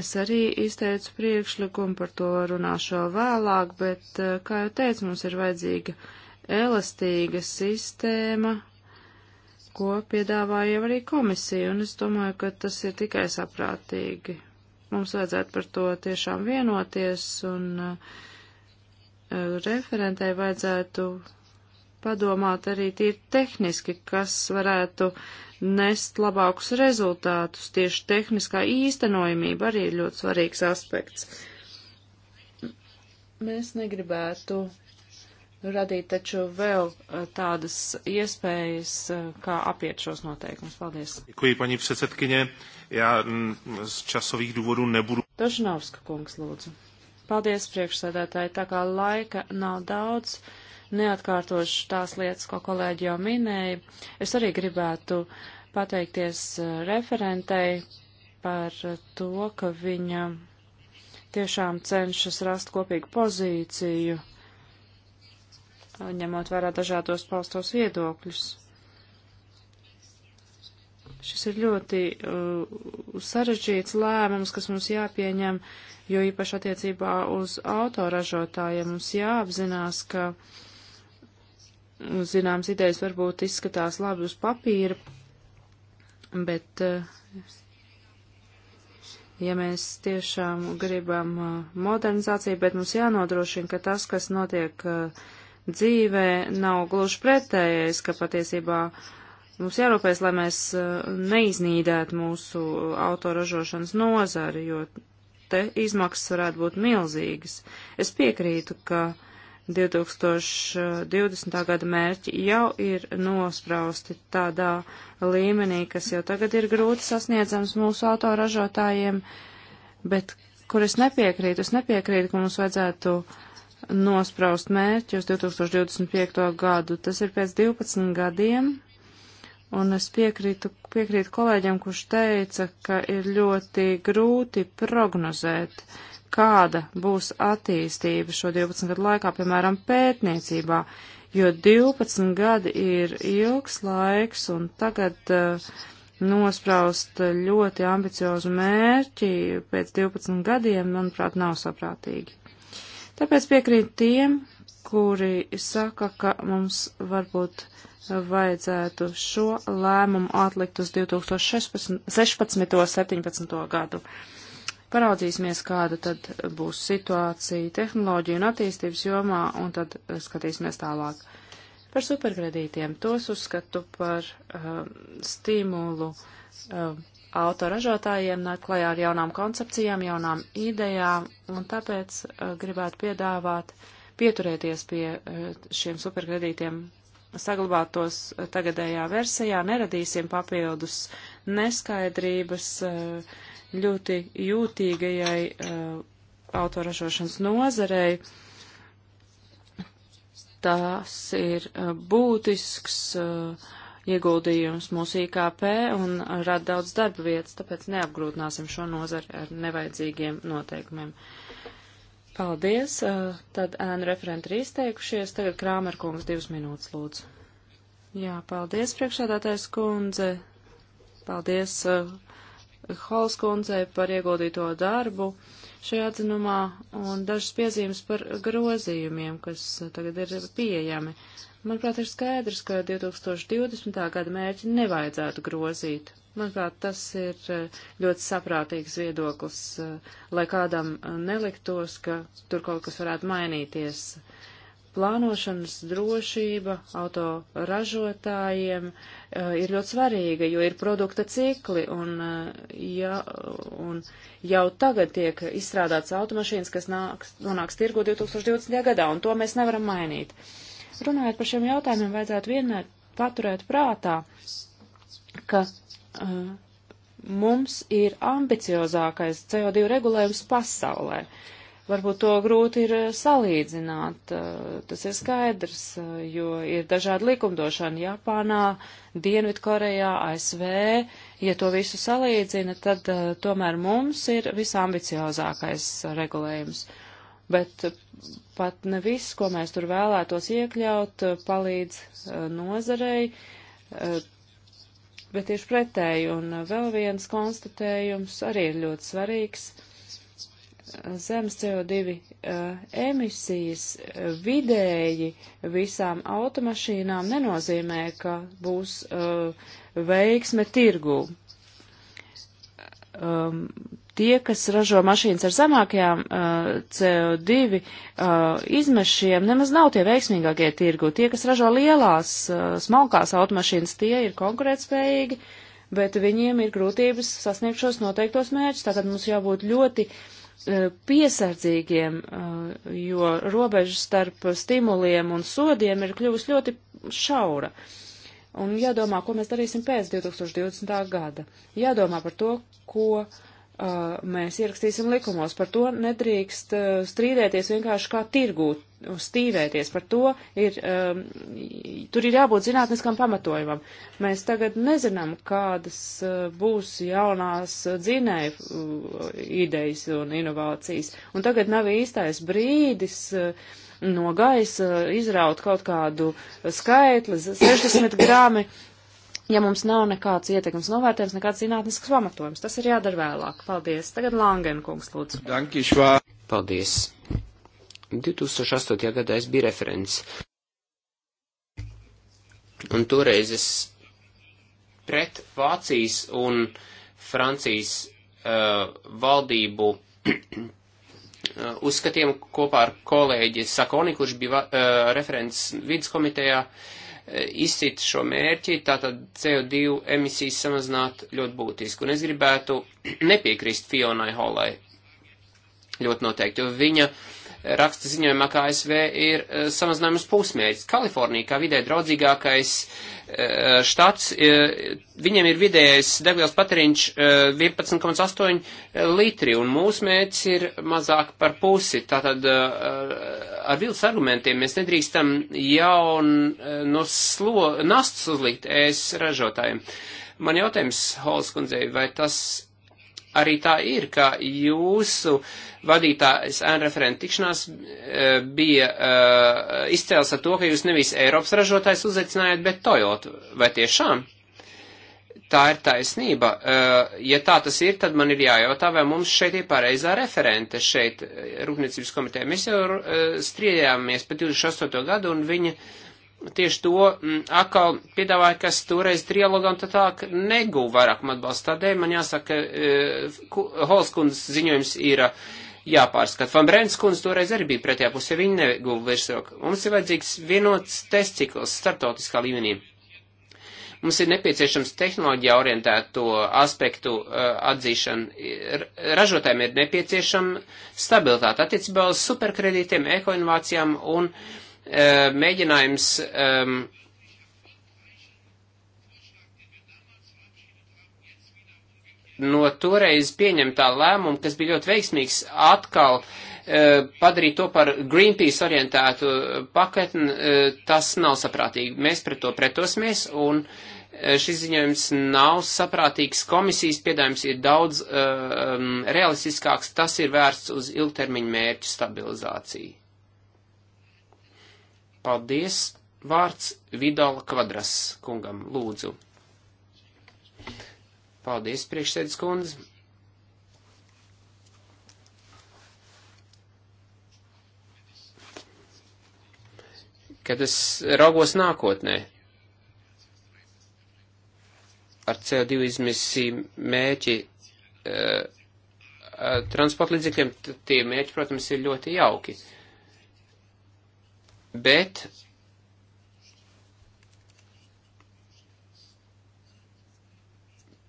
Es arī izteicu priekšlikumu, par to runāšu vēlāk, bet, eh, kā jau teicu, mums ir vajadzīga elastīga sistēma, ko piedāvāja arī komisija, un es domāju, ka tas ir tikai saprātīgi. Mums vajadzētu par to tiešām vienoties un eh, referentai vajadzētu padomāt arī tīri tehniski, kas varētu nest labākus rezultātus. Tieši tehniskā īstenojamība arī ir ļoti svarīgs aspekts. Mēs negribētu radīt taču vēl eh, tādas iespējas, eh, kā apiet šos noteikumus. Paldies. Děkuji, paní předsedkyně. Jā, es mm, časovīgi důvodu nebudu. Dožnovska kungs, lūdzu. Paldies, priekšsēdētāji. Tā kā laika nav daudz, neatkārtošu tās lietas, ko kolēģi jau minēja. Es arī gribētu pateikties eh, referentei par to, ka viņa tiešām cenšas rast kopīgu pozīciju, ņemot vērā dažādos paustos viedokļus. Šis ir ļoti uh, sarežģīts lēmums, kas mums jāpieņem, jo īpaši attiecībā uz autoražotājiem mums jāapzinās, ka zināms idejas varbūt izskatās labi uz papīra, bet uh, ja mēs tiešām gribam uh, modernizāciju, bet mums jānodrošina, ka tas, kas notiek uh, dzīvē, nav gluži pretējais, ka patiesībā uh, Mums jārūpēs, lai mēs eh, neiznīdētu mūsu autoražošanas nozari, jo te izmaksas varētu būt milzīgas. Es piekrītu, ka 2020. gada mērķi jau ir nosprausti tādā līmenī, kas jau tagad ir grūti sasniedzams mūsu autoražotājiem, bet kur es nepiekrītu, es nepiekrītu, ka mums vajadzētu nospraust mērķi uz 2025. gadu. Tas ir pēc 12 gadiem Un es piekrītu, piekrītu kolēģiem, kurš teica, ka ir ļoti grūti prognozēt, kāda būs attīstība šo 12 gadu laikā, piemēram, pētniecībā, jo 12 gadi ir ilgs laiks un tagad uh, nospraust ļoti ambiciozu mērķi pēc 12 gadiem, manuprāt, nav saprātīgi. Tāpēc piekrīt tiem, kuri saka, ka mums varbūt vajadzētu šo lēmumu atlikt uz 2016. 16. 17. gadu. Paraudzīsimies, kāda tad būs situācija tehnoloģiju un attīstības jomā, un tad skatīsimies tālāk. Par superkredītiem tos uzskatu par uh, stimulu uh, autoražotājiem nāk klajā ar jaunām koncepcijām, jaunām idejām, un tāpēc eh, gribētu piedāvāt pieturēties pie eh, šiem superkredītiem, saglabāt tos eh, tagadējā versijā, neradīsim papildus neskaidrības ļoti jūtīgajai autoražošanas nozarei. Tas ir būtisks uh, ieguldījums mūsu IKP un rada daudz darba vietas, tāpēc neapgrūtināsim šo nozari ar nevajadzīgiem noteikumiem. Paldies. Tad ēnu referenti ir izteikušies. Tagad Krāmer kungs divas minūtes lūdzu. Jā, paldies priekšādātais kundze. Paldies uh, Hols kundzei par ieguldīto darbu. Uh, šajā atzinumā un dažas piezīmes par grozījumiem, kas uh, tagad ir pieejami. Manuprāt, ir skaidrs, ka 2020. gada mērķi nevajadzētu grozīt. Manuprāt, tas ir uh, ļoti saprātīgs viedoklis, uh, lai kādam neliktos, ka tur kaut kas varētu mainīties plānošanas drošība auto ražotājiem eh, ir ļoti svarīga, jo ir produkta cikli un, eh, ja, un jau tagad tiek izstrādāts automašīnas, kas nāks, nonāks tirgu 2020. gadā, un to mēs nevaram mainīt. Runājot par šiem jautājumiem, vajadzētu vienmēr paturēt prātā, ka uh, mums ir ambiciozākais CO2 regulējums pasaulē. Uh, varbūt to grūti ir eh, salīdzināt, eh, tas ir skaidrs, eh, jo ir dažādi likumdošana Japānā, Dienvidkorejā, ASV. Ja to visu salīdzina, tad tomēr mums ir visambiciozākais regulējums. Bet pat ne viss, ko mēs tur vēlētos iekļaut, palīdz nozarei bet tieši pretēji. Un vēl viens konstatējums arī ir ļoti svarīgs zemes CO2 uh, emisijas vidēji visām automašīnām nenozīmē, ka būs uh, veiksme tirgū. Um, tie, kas ražo mašīnas ar zemākajām uh, CO2 uh, izmešiem, nemaz nav tie veiksmīgākie tirgu. Tie, kas ražo lielās, uh, smalkās automašīnas, tie ir konkurētspējīgi, bet viņiem ir grūtības sasniegt šos noteiktos mērķus. Tātad mums jābūt ļoti uh, Eh, piesardzīgiem, eh, jo robeža starp stimuliem un sodiem ir kļuvusi ļoti šaura. Un jādomā, ko mēs darīsim pēc 2020. gada. Jādomā par to, ko uh, Uh, mēs ierakstīsim likumos. Par to nedrīkst uh, strīdēties vienkārši kā tirgū, stīvēties. Par to ir, um, tur ir jābūt zinātniskam pamatojumam. Mēs tagad nezinām, kādas uh, būs jaunās dzinēju idejas un inovācijas. Un tagad nav īstais brīdis no gaisa izraut kaut kādu skaitli, 60 grāmi ja mums nav nekāds ietekmes novērtējums, nekāds zinātnisks pamatojums. Tas ir jādara vēlāk. Paldies. Tagad Langena kungs lūdzu. Dankišvā. Paldies. 2008. gadā es biju referents. Un toreiz es pret Vācijas un Francijas uh, valdību uh, uzskatiem kopā ar kolēģi Sakoni, kurš bija uh, referents vidas komitejā, uh, izcīt šo mērķi, tātad CO2 emisijas samazināt ļoti būtiski. Un es gribētu nepiekrist Fionai Holai ļoti noteikti, jo viņa uh, raksta ziņojumā, ka ASV ir e, samazinājums pusmērķis. Kalifornija, kā vidē draudzīgākais e, štats, e, viņiem ir vidējais degvielas patēriņš 11,8 litri, un mūsu mērķis ir mazāk par pusi. Tātad ar viltus argumentiem mēs nedrīkstam jaunu slo, nastas uzlikt ēs ražotājiem. Man jautājums, Holas kundzei, vai tas arī tā ir, ka jūsu vadītājs ēna referenta tikšanās e, bija uh, e, izcēls ar to, ka jūs nevis Eiropas ražotājs uzaicinājāt, bet Toyota. Vai tiešām? Tā ir taisnība. Uh, ja tā tas ir, tad man ir jājautā, vai mums šeit ir pareizā referente šeit Rūpniecības komitē. Mēs jau uh, strīdējāmies par 28. gadu un viņa uh, tieši to m, mm, atkal piedāvāja, kas toreiz trialogā un tā tā neguva vairāk atbalstu. Tādēļ man jāsaka, ka e, Holskundas ziņojums ir e, jāpārskat. Van Brents kundze toreiz arī bija pretējā pusē, viņa neguva virsroku. Mums ir vajadzīgs vienots test cikls startautiskā līmenī. Mums ir nepieciešams tehnoloģija orientēto aspektu uh, atzīšana. Ražotājiem ir nepieciešama stabilitāte attiecībā uz superkredītiem, ekoinovācijām un uh, Eh, mēģinājums um, no toreiz pieņemtā lēmuma, kas bija ļoti veiksmīgs, atkal uh, padarīt to par Greenpeace orientētu paketni, uh, tas nav saprātīgi. Mēs pret to pretosimies, un uh, šis ziņojums nav saprātīgs. Komisijas piedājums ir daudz um, realistiskāks, tas ir vērsts uz ilgtermiņu mērķu stabilizāciju. Paldies! Vārds Vidala Kvadras kungam, lūdzu. Paldies, priekšsēdus kundze. Kad es raugos nākotnē ar CO2 izmisiju mēķi eh, eh, transportlīdzekļiem, tie mēķi, protams, ir ļoti jauki. Uh, bet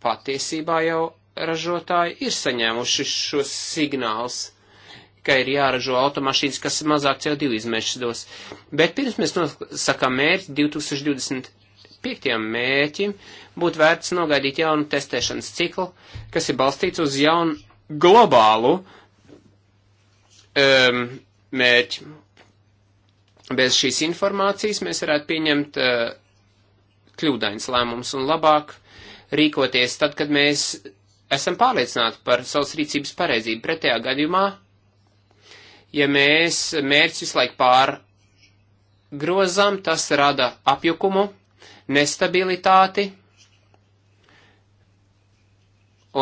patiesībā jau ražotāji ir saņēmuši šos signālus, ka ir jāražo automašīnas, kas mazāk CO2 izmešas dos. Bet pirms mēs nosakām mērķi 2025. mērķim, būtu vērts nogaidīt jaunu testēšanas ciklu, kas ir balstīts uz jaunu globālu um, mērķi. Bez šīs informācijas mēs varētu pieņemt uh, kļūdains lēmums un labāk rīkoties tad, kad mēs esam pārliecināti par savas rīcības pareizību. Pretējā gadījumā, ja mēs mērķus visu laiku pārgrozam, tas rada apjukumu, nestabilitāti,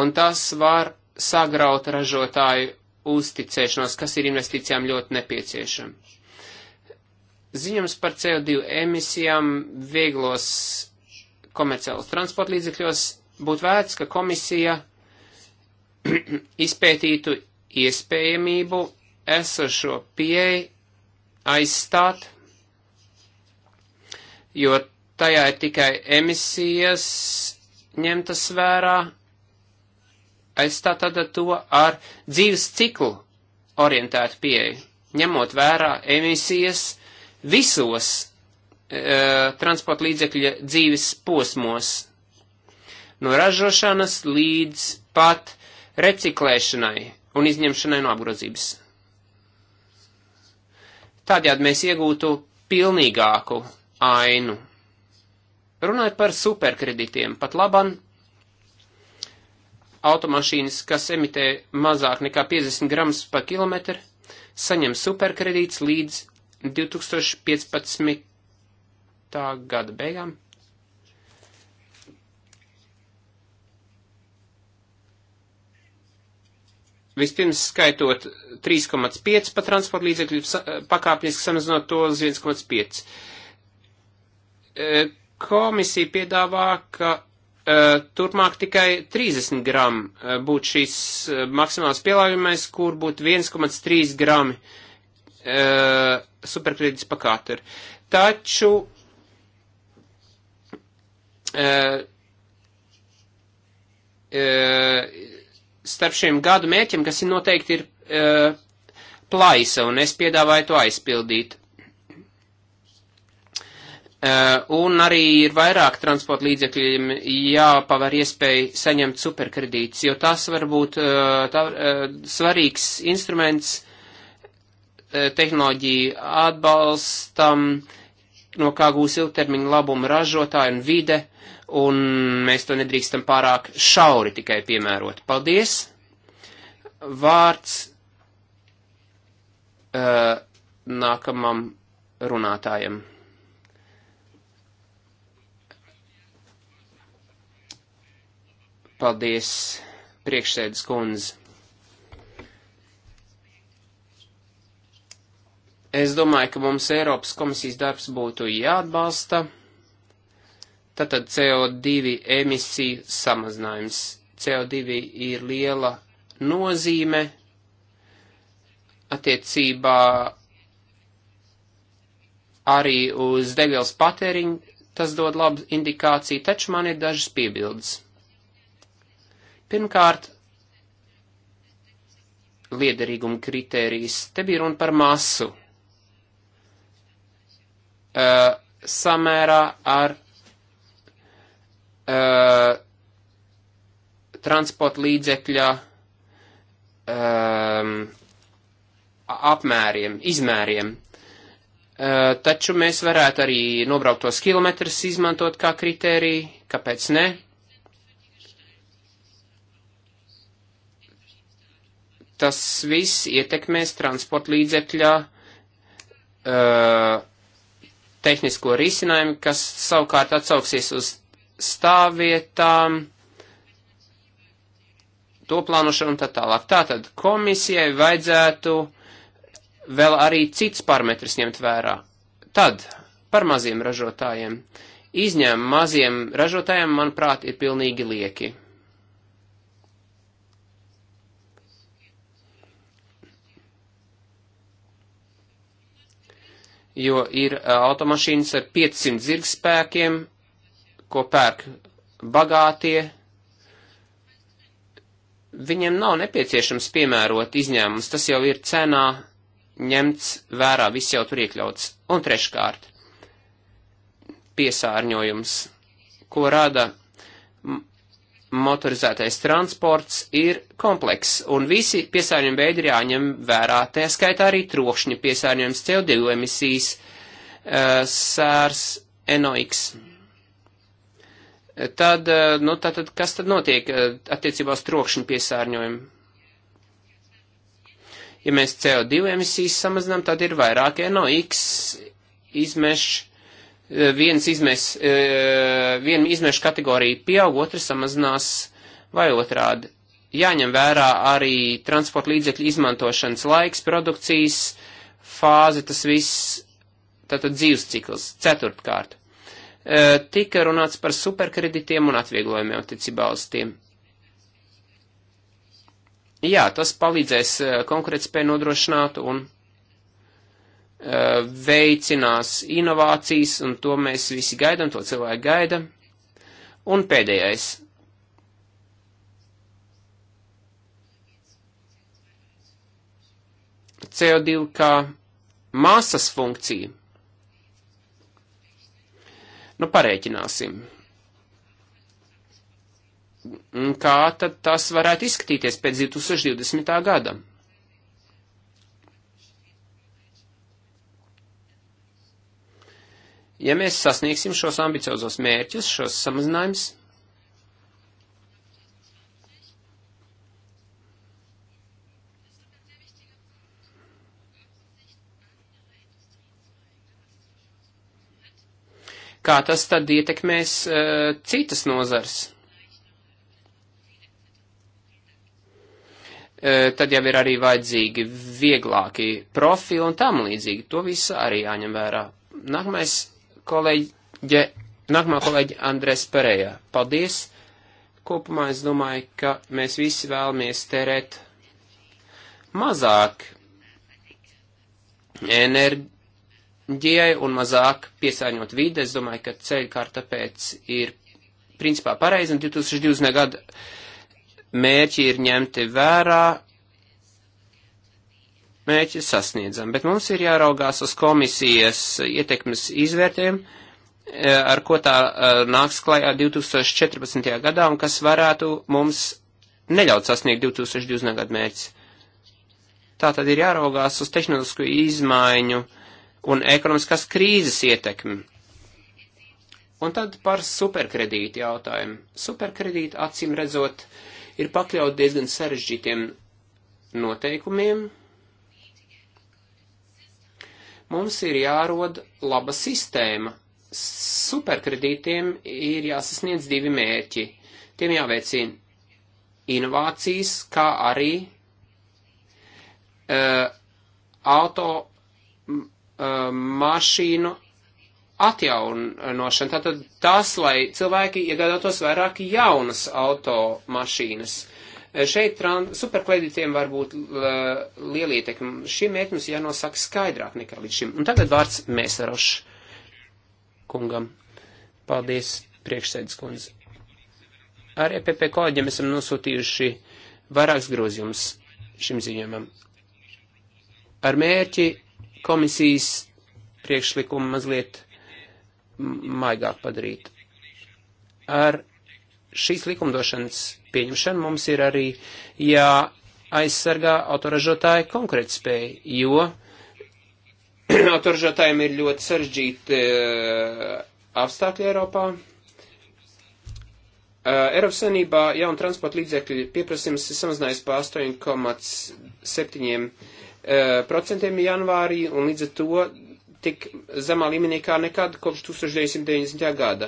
un tas var sagraut ražotāju uzticēšanos, kas ir investīcijām ļoti nepieciešama. Ziņums par CO2 emisijām vieglos komerciālos transportlīdzekļos būtu vērts, ka komisija izpētītu iespējamību esošo pieeju aizstāt, jo tajā ir tikai emisijas ņemtas vērā, aizstāt tad to ar dzīves ciklu orientētu pieeju, ņemot vērā emisijas, visos uh, transporta līdzekļa dzīves posmos, no ražošanas līdz pat reciklēšanai un izņemšanai no apgrozības. Tādējādi mēs iegūtu pilnīgāku ainu. Runājot par superkreditiem, pat laban automašīnas, kas emitē mazāk nekā 50 grams par kilometru, saņem superkredīts līdz 2015. gada beigām. Vispirms skaitot 3,5 pa transporta līdzekļu, pakāpeniski samazinot to uz 1,5. E, komisija piedāvā, ka e, turpmāk tikai 30 gramu e, būtu šīs maksimāls pielāgojumais, kur būtu 1,3 grami superkredītas pakātu ir. Taču e, e, starp šiem gadu mēķiem, kas ir noteikti, ir e, plaisa, un es piedāvāju to aizpildīt. E, un arī ir vairāk transporta līdzekļiem jāpavar iespēju saņemt superkredītus, jo tas var būt e, tā, e, svarīgs instruments uh, E, tehnoloģiju atbalstam, no kā gūs ilgtermiņa labumu ražotāji un vide, un mēs to nedrīkstam pārāk šauri tikai piemērot. Paldies! Vārds uh, nākamam runātājam. Paldies, priekšsēdes kundze. Es domāju, ka mums Eiropas komisijas darbs būtu jāatbalsta. Tātad CO2 emisiju samazinājums. CO2 ir liela nozīme attiecībā arī uz degvielas patēriņu. Tas dod labu indikāciju, taču man ir dažas piebildes. Pirmkārt, liederīguma kritērijas. Te bija runa par masu uh, samērā ar uh, transporta līdzekļa um, apmēriem, izmēriem. Uh, taču mēs varētu arī nobrauktos kilometrus izmantot kā kritēriju, kāpēc ne? Tas viss ietekmēs transporta līdzekļā uh, tehnisko risinājumu, kas savukārt atsauksies uz stāvvietām, to plānošanu un tā tālāk. Tātad komisijai vajadzētu vēl arī cits parametrs ņemt vērā. Tad par maziem ražotājiem. Izņēma maziem ražotājiem, manuprāt, ir pilnīgi lieki. jo ir automašīnas ar 500 zirgspēkiem, ko pērk bagātie. Viņiem nav nepieciešams piemērot izņēmums, tas jau ir cenā ņemts vērā, viss jau tur iekļauts. Un treškārt, piesārņojums, ko rada motorizētais transports ir komplekss, un visi piesārņojumi veidi ir jāņem vērā, tā skaitā arī trokšņa piesārņojums, CO2 emisijas, eh, sārs, NOx. Tad, eh, nu, tātad, kas tad notiek eh, attiecībā uz trokšņa piesārņojumu? Ja mēs CO2 emisijas samazinām, tad ir vairāk NOx izmešu Eh, viens izmēs, eh, viena izmēšu kategorija pieaug, otra samazinās vai otrādi. Jāņem vērā arī transporta līdzekļu izmantošanas laiks, produkcijas fāze, tas viss, tātad dzīves cikls, ceturtkārt. Eh, tika runāts par superkreditiem un atvieglojumiem attiecībā uz tiem. Jā, tas palīdzēs konkurētspēju nodrošināt un veicinās inovācijas, un to mēs visi gaidām, to cilvēki gaida. Un pēdējais. CO2 kā masas funkcija. Nu, parēķināsim. Kā tad tas varētu izskatīties pēc 2020. gada? Ja mēs sasniegsim šos ambiciozos mērķus, šos samazinājumus, kā tas tad ietekmēs uh, citas nozars. Uh, tad jau ir arī vajadzīgi vieglāki profili un tam līdzīgi. To visu arī jāņem vērā. Nākamais kolēģe, nākamā kolēģe Andres Perējā. Paldies! Kopumā es domāju, ka mēs visi vēlamies tērēt mazāk enerģijai un mazāk piesāņot vidi. Es domāju, ka ceļkārta pēc ir principā pareizi un 2020. gada mērķi ir ņemti vērā mērķus sasniedzam, bet mums ir jāraugās uz komisijas ietekmes izvērtējumu, e, ar ko tā e, nāks klajā 2014. gadā un kas varētu mums neļaut sasniegt 2020. gadu mērķus. Tā tad ir jāraugās uz tehnoloģisku izmaiņu un ekonomiskās krīzes ietekmi. Un tad par superkredītu jautājumu. Superkredīti acīm redzot ir pakļaut diezgan sarežģītiem noteikumiem, Mums ir jārod laba sistēma. Superkredītiem ir jāsasniedz divi mērķi. Tiem jāveicina inovācijas, kā arī uh, auto uh, mašīnu atjaunošana. Tātad tas, lai cilvēki iegādātos vairāk jaunas automašīnas. Šeit superkredītiem var būt liela ietekme. Šie mērķi mums jānosaka skaidrāk nekā līdz šim. Un tagad vārds Mēsarošs kungam. Paldies, priekšsēdus kundze. Ar EPP kolēģiem esam nosūtījuši vairākus grozījumus šim ziņojumam. Ar mērķi komisijas priekšlikumu mazliet maigāk padarīt. Ar šīs likumdošanas pieņemšanu, mums ir arī jāaizsargā autoražotāja konkurētspēja, jo autoražotājiem ir ļoti sarežģīti eh, apstākļi Eiropā. Eh, Eiropas Savienībā jauna transporta līdzekļu pieprasījums ir samazinājies pa 8,7% eh, janvārī un līdz ar to tik zemā līmenī kā nekad kopš 1990. gada.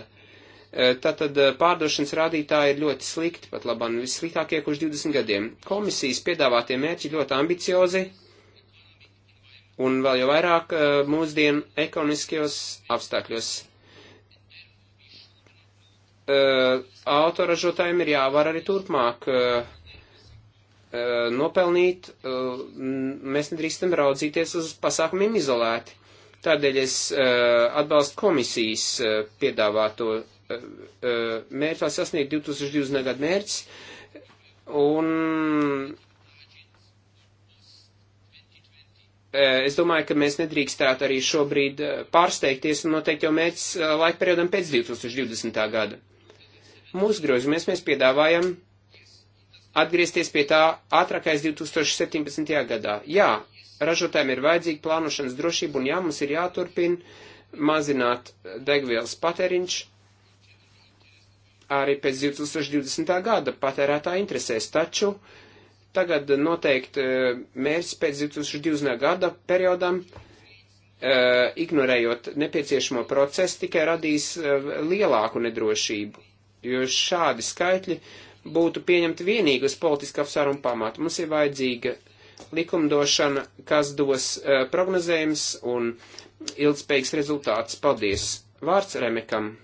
Eh, tātad eh, pārdošanas rādītāji ir ļoti slikti, pat labam vissliktākie kurš 20 gadiem. Komisijas piedāvātie mērķi ļoti ambiciozi un vēl jau vairāk eh, mūsdienu ekonomiskajos apstākļos. Autoražotājiem ir jāvar arī turpmāk nopelnīt, mēs nedrīkstam raudzīties uz pasākumiem izolēti. Tādēļ es atbalstu komisijas piedāvāto Eh, eh, mērķi, lai sasniegt 2020. gadu mērķis, un eh, es domāju, ka mēs nedrīkstētu arī šobrīd pārsteigties un noteikti jau mērķis laika periodam pēc 2020. gada. Mūsu grozījumies mēs piedāvājam atgriezties pie tā ātrākais 2017. gadā. Jā, ražotājiem ir vajadzīga plānošanas drošība un jā, mums ir jāturpina mazināt degvielas patēriņš arī pēc 2020. gada patērētā interesēs, taču tagad noteikti e, mērķis pēc 2020. gada periodam, e, ignorējot nepieciešamo procesu, tikai radīs e, lielāku nedrošību, jo šādi skaitļi būtu pieņemti vienīgi uz politiska apsvērumu pamatu. Mums ir vajadzīga likumdošana, kas dos prognozējums un ilgspējīgs rezultāts. Paldies! Vārds Remekam!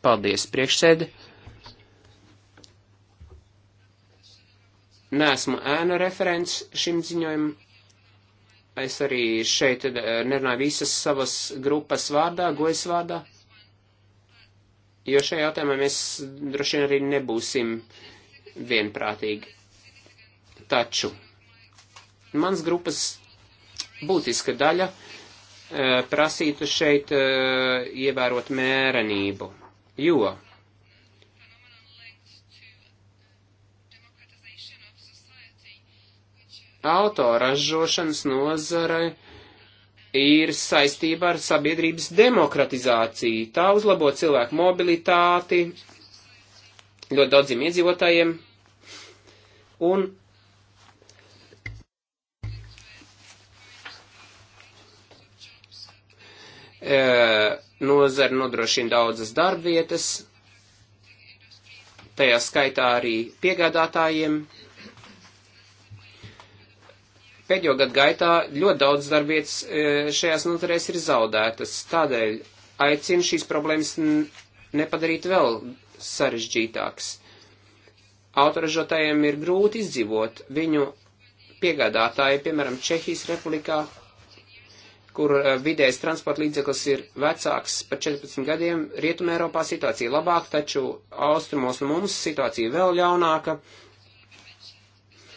Paldies, priekšsēdi. Nesmu ēnu referents šim ziņojumam. Es arī šeit eh, nerunāju visas savas grupas vārdā, gojas vārdā, jo šajā jautājumā mēs droši vien arī nebūsim vienprātīgi. Taču mans grupas būtiska daļa eh, prasītu šeit eh, ievērot mērenību jo autoražošanas nozarei ir saistība ar sabiedrības demokratizāciju. Tā uzlabo cilvēku mobilitāti ļoti daudziem iedzīvotājiem un e, nozara nodrošina daudzas darbvietas, tajā skaitā arī piegādātājiem. Pēdējo gadu gaitā ļoti daudz darbvietas e, šajās nozarēs ir zaudētas, tādēļ aicinu šīs problēmas nepadarīt vēl sarežģītākas. Autoražotājiem ir grūti izdzīvot, viņu piegādātāji, piemēram, Čehijas republikā, kur eh, vidējais transporta līdzeklis ir vecāks par 14 gadiem. Rietumē Eiropā situācija labāka, taču austrumos un mums situācija vēl ļaunāka.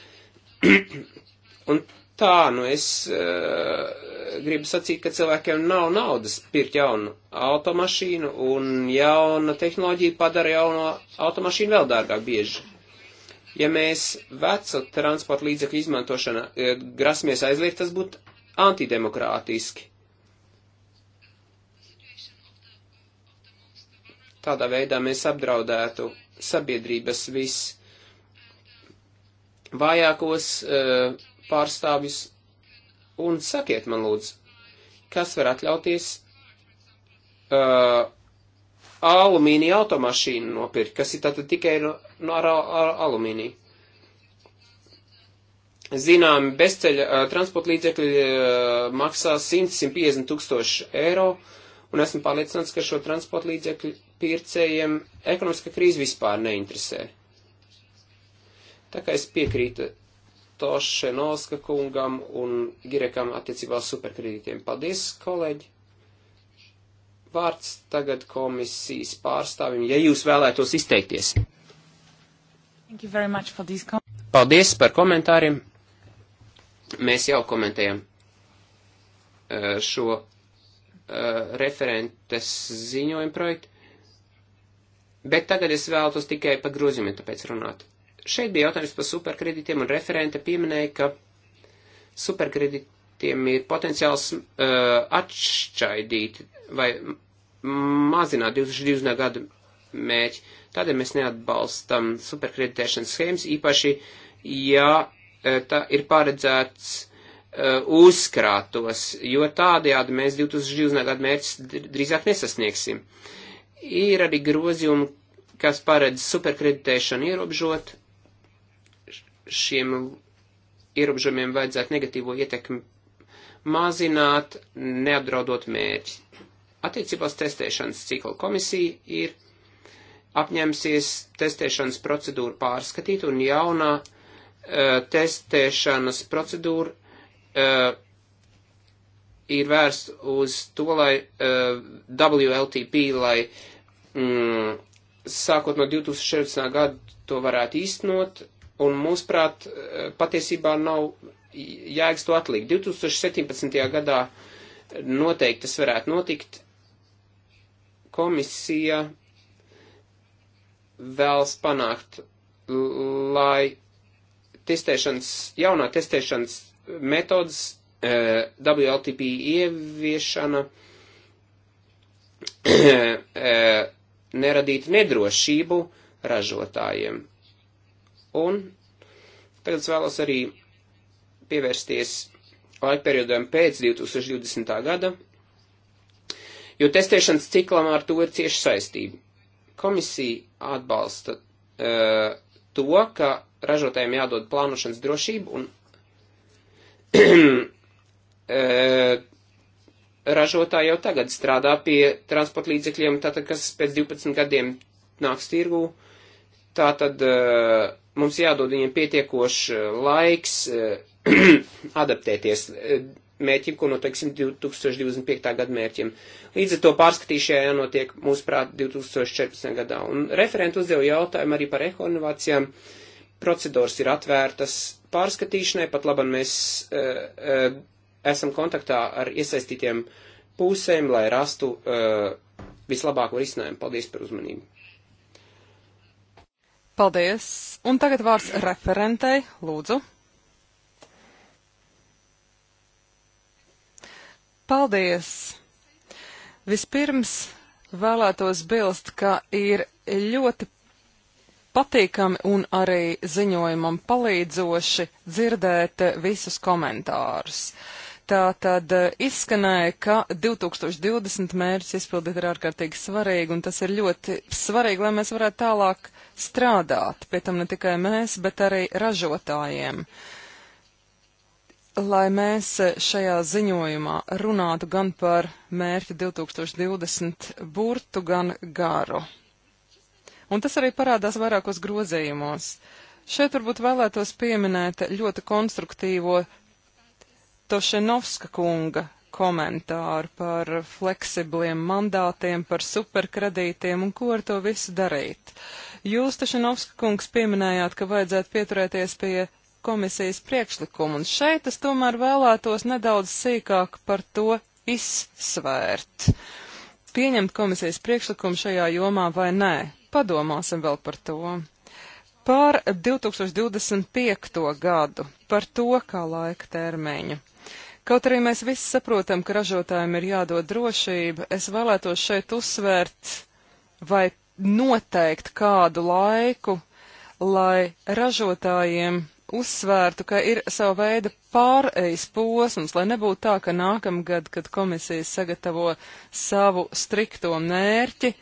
un tā, nu es uh, gribu sacīt, ka cilvēkiem nav naudas pirkt jaunu automašīnu, un jauna tehnoloģija padara jauno automašīnu vēl dārgāk bieži. Ja mēs vecu transporta līdzekļu izmantošanu eh, grasamies aizliegt, tas būtu antidemokrātiski. Tādā veidā mēs apdraudētu sabiedrības visvājākos uh, eh, pārstāvjus. Un sakiet man lūdzu, kas var atļauties uh, alumīnija automašīnu nopirkt, kas ir tātad tikai no, no ar, ar alumīniju zinām, bezceļa uh, transporta līdzekļi uh, maksā 100-150 tūkstoši eiro, un esmu pārliecināts, ka šo transporta līdzekļu pircējiem ekonomiska krīze vispār neinteresē. Tā kā es piekrītu Tošenovska kungam un Girekam attiecībā uz superkredītiem. Paldies, kolēģi! Vārds tagad komisijas pārstāvim, ja jūs vēlētos izteikties. Paldies par komentāriem. Mēs jau komentējam uh, šo uh, referentes ziņojumu projektu, bet tagad es vēlos tikai par grozījumiem tāpēc runāt. Šeit bija jautājums par superkredītiem, un referente pieminēja, ka superkredītiem ir potenciāls uh, atšķaidīt vai mazināt 2020. gadu mērķi. Tādēļ mēs neatbalstam superkreditēšanas schēmas, īpaši, ja Eh, tā ir paredzēts eh, uzkrātos, jo tādējādi mēs 2020. gadu mērķus drīzāk nesasniegsim. Ir arī grozījumi, kas paredz superkreditēšanu ierobežot. Šiem ierobežojumiem vajadzētu negatīvo ietekmi mazināt, neapdraudot mērķi. Attiecībās testēšanas cikla komisija ir apņemsies testēšanas procedūru pārskatīt un jaunā testēšanas procedūra ir vērsta uz to, lai WLTP, lai mm, sākot no 2016. gada to varētu īstenot, un mūsuprāt, patiesībā nav jēgas to atlikt. 2017. gadā noteikti tas varētu notikt. Komisija vēlas panākt, lai testēšanas, jaunā testēšanas metodas e, WLTP ieviešana e, neradītu nedrošību ražotājiem. Un tagad es vēlos arī pievērsties laikperiodam pēc 2020. gada, jo testēšanas ciklam ar to ir cieši saistība. Komisija atbalsta uh, to, ka ražotājiem jādod plānošanas drošība un e, ražotāji jau tagad strādā pie transporta līdzekļiem, tātad, kas pēc 12 gadiem nāks tirgū. Tātad e, mums jādod viņiem pietiekoši laiks e, adaptēties mērķim, ko noteiksim 2025. gada mērķim. Līdz ar to pārskatīšanai jānotiek, mūsuprāt, 2014. gadā. Un referenti uzdeva jautājumu arī par ekoinovācijām. Uh, procedūras ir atvērtas pārskatīšanai, pat labam mēs uh, uh, esam kontaktā ar iesaistītiem pusēm, lai rastu uh, vislabāko risinājumu. Paldies par uzmanību. Paldies. Un tagad vārds referentei, lūdzu. Paldies. Vispirms vēlētos bilst, ka ir ļoti patīkami un arī ziņojumam palīdzoši dzirdēt visus komentārus. Tā tad e, izskanēja, ka 2020 mērķis izpildīt ir ārkārtīgi svarīgi, un tas ir ļoti svarīgi, lai mēs varētu tālāk strādāt, pie tam ne tikai mēs, bet arī ražotājiem. Lai mēs šajā ziņojumā runātu gan par mērķi 2020 burtu, gan garu un tas arī parādās vairākos grozījumos. Šeit varbūt vēlētos pieminēt ļoti konstruktīvo Tošenovska kunga komentāru par fleksibliem mandātiem, par superkredītiem un ko ar to visu darīt. Jūs, Tašanovska kungs, pieminējāt, ka vajadzētu pieturēties pie komisijas priekšlikumu, un šeit es tomēr vēlētos nedaudz sīkāk par to izsvērt. Pieņemt komisijas priekšlikumu šajā jomā vai nē? Padomāsim vēl par to. Par 2025. gadu, par to kā laika termiņu. Kaut arī mēs visi saprotam, ka ražotājiem ir jādod drošība, es vēlētos šeit uzsvērt vai noteikt kādu laiku, lai ražotājiem uzsvērtu, ka ir sava veida pārejas posms, lai nebūtu tā, ka nākamgad, kad komisija sagatavo savu strikto mērķi,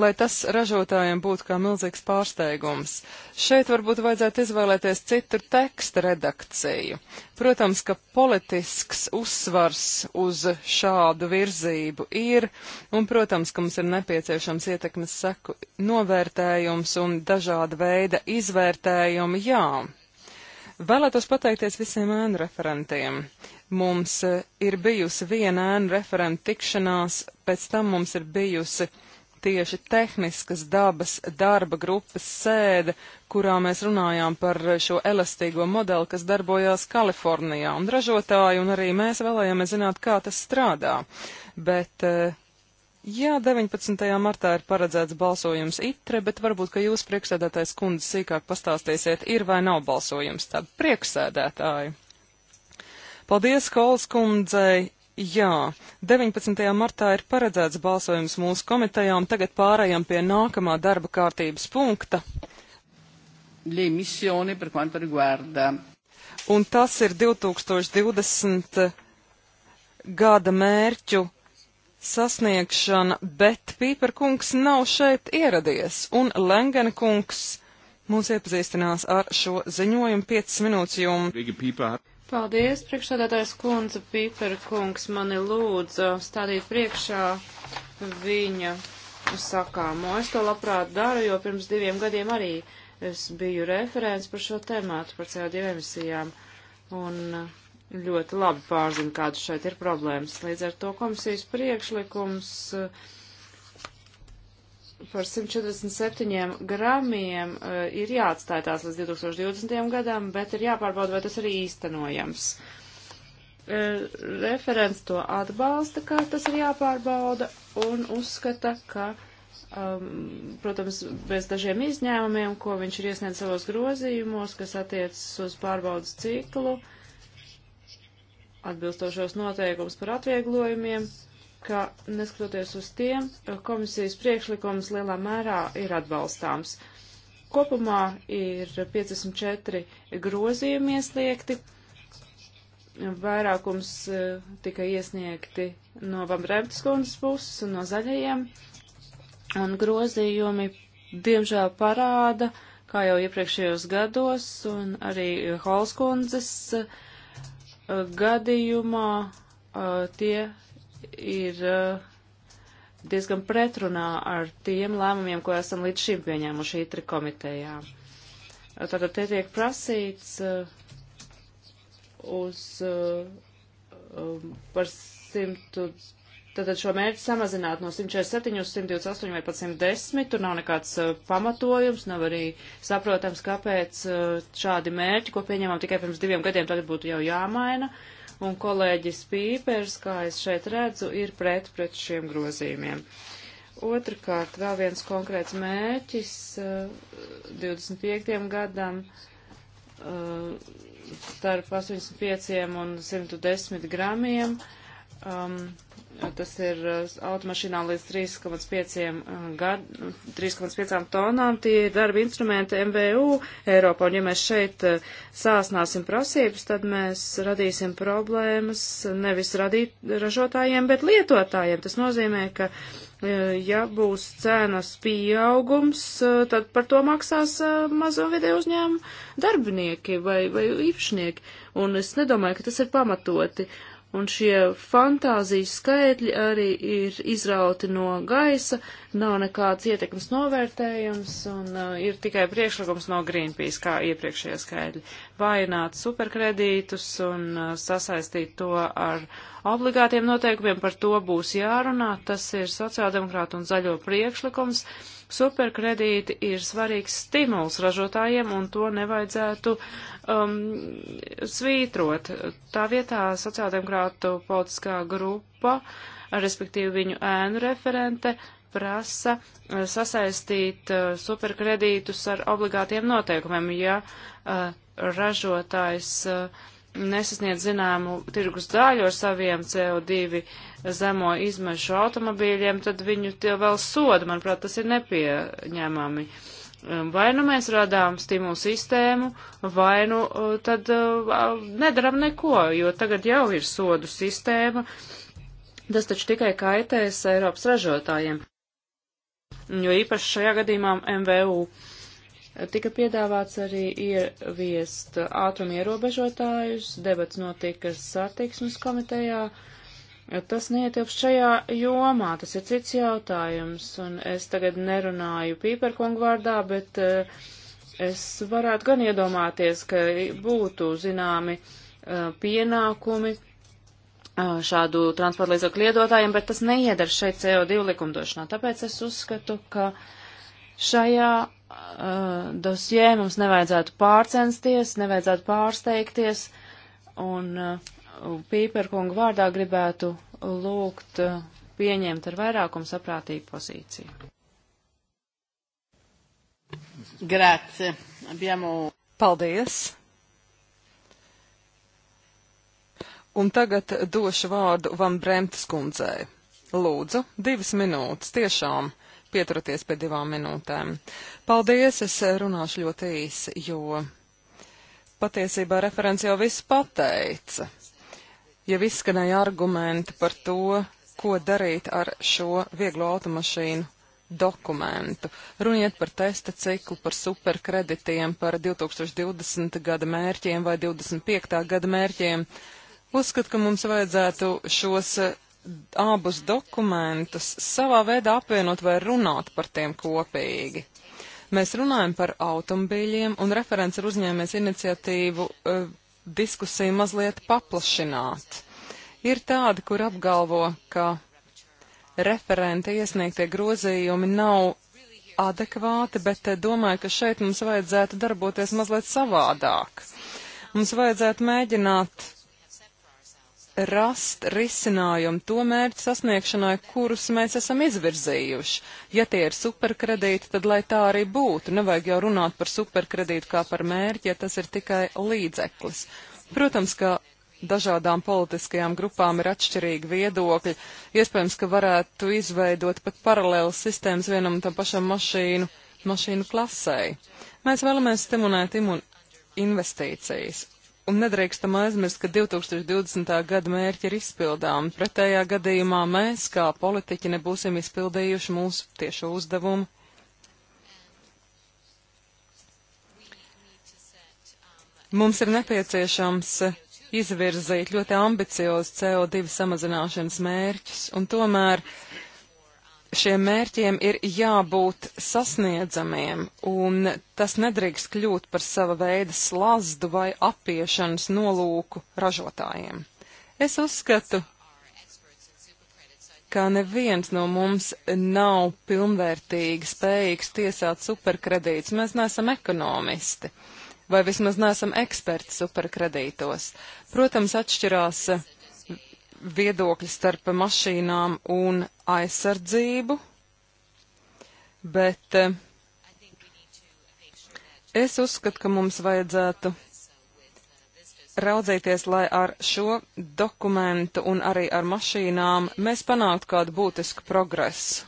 lai tas ražotājiem būtu kā milzīgs pārsteigums. Šeit varbūt vajadzētu izvēlēties citu teksta redakciju. Protams, ka politisks uzsvars uz šādu virzību ir, un, protams, ka mums ir nepieciešams ietekmes seku novērtējums un dažāda veida izvērtējumi, jā. Vēlētos pateikties visiem ēnu referentiem. Mums ir bijusi viena ēnu referenta tikšanās, pēc tam mums ir bijusi tieši tehniskas dabas darba grupas sēde, kurā mēs runājām par šo elastīgo modeli, kas darbojās Kalifornijā, un ražotāji, un arī mēs vēlējāmies zināt, kā tas strādā. Bet, eh, jā, 19. martā ir paredzēts balsojums itre, bet varbūt, ka jūs priekšsēdētājs kundze sīkāk pastāstīsiet, ir vai nav balsojums tad priekšsēdētāji. Paldies, Kols kundzei, Jā, 19. martā ir paredzēts balsojums mūsu komitejā, un tagad pārējām pie nākamā darba kārtības punkta. Un tas ir 2020 gada mērķu sasniegšana, bet Pīperkungs nav šeit ieradies, un Lengenkungs mūs iepazīstinās ar šo ziņojumu 5 minūtes jums. Paldies, priekšsādātājs kundze Pīpera kungs mani lūdza stādīt priekšā viņa sakāmo. Es to labprāt daru, jo pirms diviem gadiem arī es biju referents par šo tēmātu, par CO2 emisijām. Un ļoti labi pārzinu, kādas šeit ir problēmas. Līdz ar to komisijas priekšlikums. Uh, par 147 gramiem eh, ir jāatstāj tās līdz 2020. gadam, bet ir jāpārbauda, vai tas arī īstenojams. Eh, referents to atbalsta, kā tas ir jāpārbauda, un uzskata, ka, um, protams, bez dažiem izņēmumiem, ko viņš ir iesniedz savos grozījumos, kas attiecas uz pārbaudas ciklu, atbilstošos noteikums par atvieglojumiem, uh, ka, neskatoties uz tiem, komisijas priekšlikums lielā mērā ir atbalstāms. Kopumā ir 54 grozījumi iesliegti, vairākums e, tika iesniegti no Vambrēptas kundas puses un no zaļajiem, un grozījumi diemžēl parāda, kā jau iepriekšējos gados, un arī Holskundzes e, gadījumā e, tie ir eh, diezgan pretrunā ar tiem lēmumiem, ko esam līdz šim pieņēmuši ITRI komitejā. Tātad te tiek prasīts eh, uz eh, um, par 100, tātad šo mērķi samazināt no 147 uz 128 vai pat 110, tur nav nekāds pamatojums, nav arī saprotams, kāpēc šādi mērķi, ko pieņemam tikai pirms diviem gadiem, tagad būtu jau jāmaina. Uh, un kolēģis Pīpers, kā es šeit redzu, ir pret pret šiem grozījumiem. Otrakārt, vēl viens konkrēts mērķis 25. Uh, gadam uh, starp 85 un 110 gramiem. Uh, um, tas ir uh, automašīnā līdz 3,5 uh, tonām, tie ir darba instrumenti MVU Eiropā, un ja mēs šeit uh, sāsnāsim prasības, tad mēs radīsim problēmas nevis radīt ražotājiem, bet lietotājiem. Tas nozīmē, ka ja būs cenas pieaugums, tad par to maksās mazo video uzņēmumu darbinieki vai, vai īpašnieki, un es nedomāju, ka tas ir pamatoti. Uh, un šie fantāzijas skaitļi arī ir izrauti no gaisa, nav nekāds ietekmes novērtējums un uh, ir tikai priekšlikums no Greenpeace, kā iepriekšējie skaitļi. Vājināt superkredītus un uh, sasaistīt to ar obligātiem noteikumiem, par to būs jārunā. Tas ir sociāldemokrāta un zaļo priekšlikums. Uh, Superkredīti ir svarīgs stimuls ražotājiem, un to nevajadzētu um, svītrot. Tā vietā sociāldemokrātu politiskā grupa, respektīvi viņu ēnu referente, prasa uh, sasaistīt uh, superkredītus ar obligātiem noteikumiem, ja uh, ražotājs uh, nesasniedz zināmu tirgus daļu ar saviem CO2 zemo izmešu automobīļiem, tad viņu tie vēl soda. Manuprāt, tas ir nepieņemami. Um, vai nu mēs radām stimulu sistēmu, vai nu uh, tad uh, nedaram neko, jo tagad jau ir sodu sistēma. Tas taču tikai kaitēs Eiropas ražotājiem, jo īpaši šajā gadījumā MVU. Uh, Tika piedāvāts arī ieviest ātrumu ierobežotājus, debats notika satiksmes komitejā. Tas neietilpst šajā jomā, tas ir cits jautājums, un es tagad nerunāju pīperkongu vārdā, bet uh, es varētu gan iedomāties, ka būtu zināmi uh, pienākumi eh, šādu transporta līdzekļu lietotājiem, bet tas neiedara šeit CO2 likumdošanā. Tāpēc es uzskatu, ka šajā Eh, dosjē, mums nevajadzētu pārcensties, nevajadzētu pārsteigties, un eh, Pīperkunga vārdā gribētu lūgt eh, pieņemt ar vairākumu saprātīgu pozīciju. Grāci, abiem. Paldies! Un tagad došu vārdu Van Bremtas kundzei. Lūdzu, divas minūtes tiešām pieturieties pie divām minūtēm. Paldies, es runāšu ļoti īsi, jo patiesībā referents jau viss pateica. Ja izskanēja argumenti par to, ko darīt ar šo vieglo automašīnu dokumentu. Runiet par testa ciklu, par superkreditiem, par 2020. gada mērķiem vai 2025. gada mērķiem. Uzskat, ka mums vajadzētu šos abus dokumentus savā veidā apvienot vai runāt par tiem kopīgi. Mēs runājam par automobīļiem, un referents ir uzņēmies iniciatīvu e, diskusiju mazliet paplašināt. Ir tādi, kur apgalvo, ka referenta iesniegtie grozījumi nav adekvāti, bet e, domāju, ka šeit mums vajadzētu darboties mazliet savādāk. Mums vajadzētu mēģināt rast risinājumu to mērķu sasniegšanai, kurus mēs esam izvirzījuši. Ja tie ir superkredīti, tad lai tā arī būtu. Nevajag jau runāt par superkredītu kā par mērķi, ja tas ir tikai līdzeklis. Protams, ka dažādām politiskajām grupām ir atšķirīgi viedokļi. Iespējams, ka varētu izveidot pat paralēlas sistēmas vienam un tam pašam mašīnu, mašīnu klasē. Mēs vēlamies stimulēt imun investīcijas Un nedrīkstam aizmirst, ka 2020. gada mērķi ir izpildāmi. Pretējā gadījumā mēs, kā politiķi, nebūsim izpildījuši mūsu tiešo uzdevumu. Mums ir nepieciešams izvirzīt ļoti ambiciozus CO2 samazināšanas mērķus, un tomēr uh, šiem mērķiem ir jābūt sasniedzamiem, un tas nedrīkst kļūt par sava veida slazdu vai apiešanas nolūku ražotājiem. Es uzskatu, ka neviens no mums nav pilnvērtīgi spējīgs tiesāt superkredītus. Mēs neesam ekonomisti, vai vismaz neesam eksperti superkredītos. Protams, atšķirās uh, viedokļi starp mašīnām un aizsardzību, bet eh, es uzskatu, ka mums vajadzētu raudzīties, lai ar šo dokumentu un arī ar mašīnām mēs panāktu kādu būtisku progresu.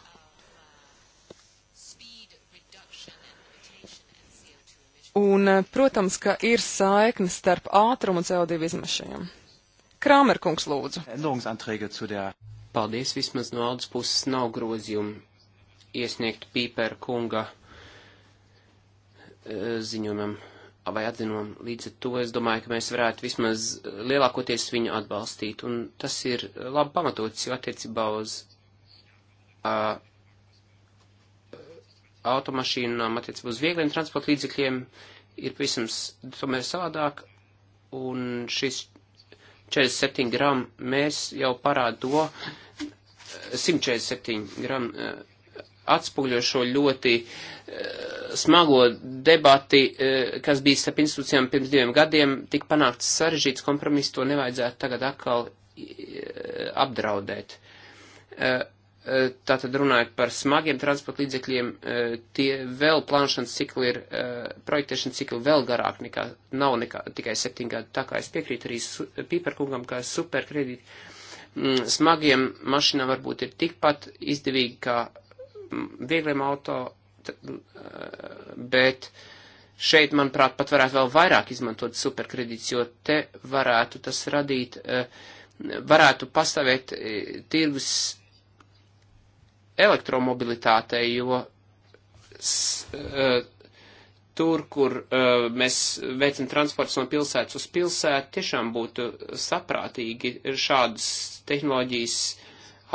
Un, eh, protams, ka ir saikne starp ātrumu un CO2 izmešiem. Krāmerkungs lūdzu. Paldies, vismaz no Aldas puses nav grozījumu iesniegt Pīpera kunga eh, ziņojumam vai atzinumam. Līdz ar to es domāju, ka mēs varētu vismaz eh, lielākoties viņu atbalstīt, un tas ir eh, labi pamatots, jo attiecībā uz uh, automašīnām, attiecībā uz viegliem transporta līdzekļiem ir pavisam tomēr savādāk, un šis 47 gramu mēs jau parāda to, 147 eh, gramu eh, atspoguļo šo ļoti eh, smago debati, kas bija starp institūcijām pirms diviem gadiem, tik panākts sarežģīts kompromiss, to nevajadzētu tagad atkal apdraudēt. Uh, Eh, tātad runājot par smagiem transporta līdzekļiem, eh, tie vēl plānošanas cikli ir, eh, projektēšanas cikli vēl garāk nekā, nav nekā tikai septiņi gadi. Tā kā es piekrītu arī Pīperkungam, ka superkredīti mm, smagiem mašīnām varbūt ir tikpat izdevīgi kā mm, viegliem auto, mm, bet šeit, manuprāt, pat varētu vēl vairāk izmantot superkredīts, jo te varētu tas radīt, varētu pastāvēt tirgus elektromobilitātei, jo s, eh, tur, kur eh, mēs veicam transports no pilsētas uz pilsētu, tiešām būtu saprātīgi šādas tehnoloģijas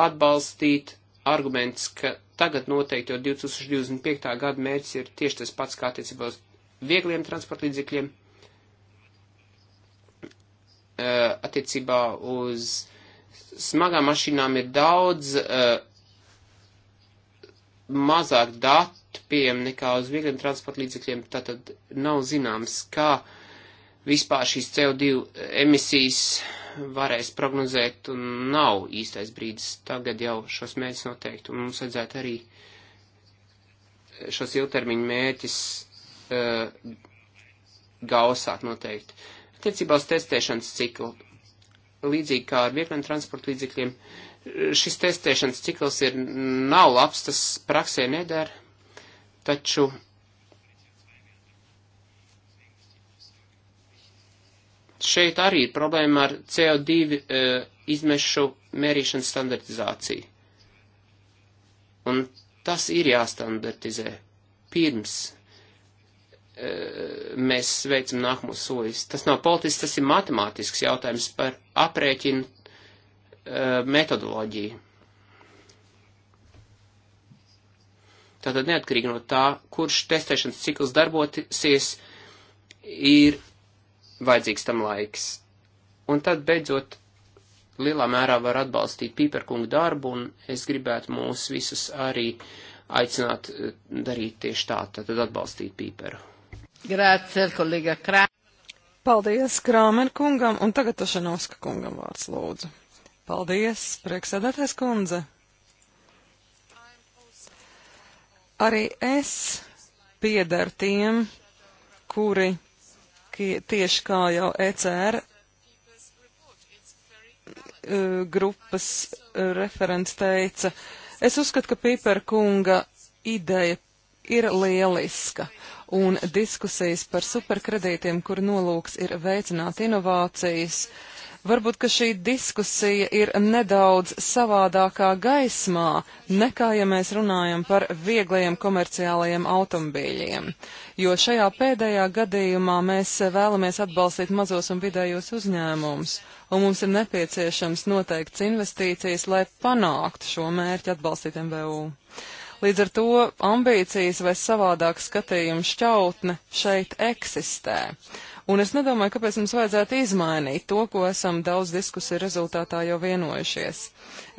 atbalstīt. Arguments, ka tagad noteikti jau 2025. gada mērķis ir tieši tas pats kā attiecībā uz viegliem transporta līdzekļiem, eh, attiecībā uz smagām mašīnām ir daudz uh, mazāk datu pieejam nekā uz viegliem transporta līdzekļiem, tātad nav zināms, kā vispār šīs CO2 emisijas varēs prognozēt, un nav īstais brīdis tagad jau šos mērķus noteikt, un mums vajadzētu arī šos ilgtermiņu mērķus uh, eh, gausāk noteikti. Attiecībā uz testēšanas ciklu, līdzīgi kā ar viegliem transporta līdzekļiem, uh, Šis testēšanas cikls ir nav labs, tas praksē nedara, taču šeit arī ir problēma ar CO2 e, eh, izmešu mērīšanas standartizāciju. Un tas ir jāstandartizē pirms e, mēs veicam nākamos soļus. Tas nav politisks, tas ir matemātisks jautājums par aprēķinu metodoloģiju. Tātad neatkarīgi no tā, kurš testēšanas cikls darbosies, ir vajadzīgs tam laiks. Un tad beidzot lielā mērā var atbalstīt Pīperkungu darbu, un es gribētu mūs visus arī aicināt eh, darīt tieši tā, tad atbalstīt Pīperu. Grācer, kolēģa Krā. Paldies Krāmer kungam, un tagad Tašanovska kungam vārds lūdzu. Paldies, prieksēdētais kundze. Arī es piederu tiem, kuri tieši kā jau ECR eh, grupas referents teica, es uzskatu, ka Pīpera kunga ideja ir lieliska, un diskusijas par superkredītiem, kur nolūks ir veicināt inovācijas, uh, Varbūt, ka šī diskusija ir nedaudz savādākā gaismā nekā, ja mēs runājam par vieglajiem komerciālajiem automobīļiem, jo šajā pēdējā gadījumā mēs vēlamies atbalstīt mazos un vidējos uzņēmumus, un mums ir nepieciešams noteikts investīcijas, lai panāktu šo mērķi atbalstīt MVU. Līdz ar to ambīcijas vai savādāk skatījuma šķautne šeit eksistē. Un es nedomāju, kāpēc mums vajadzētu izmainīt to, ko esam daudz diskusiju rezultātā jau vienojušies.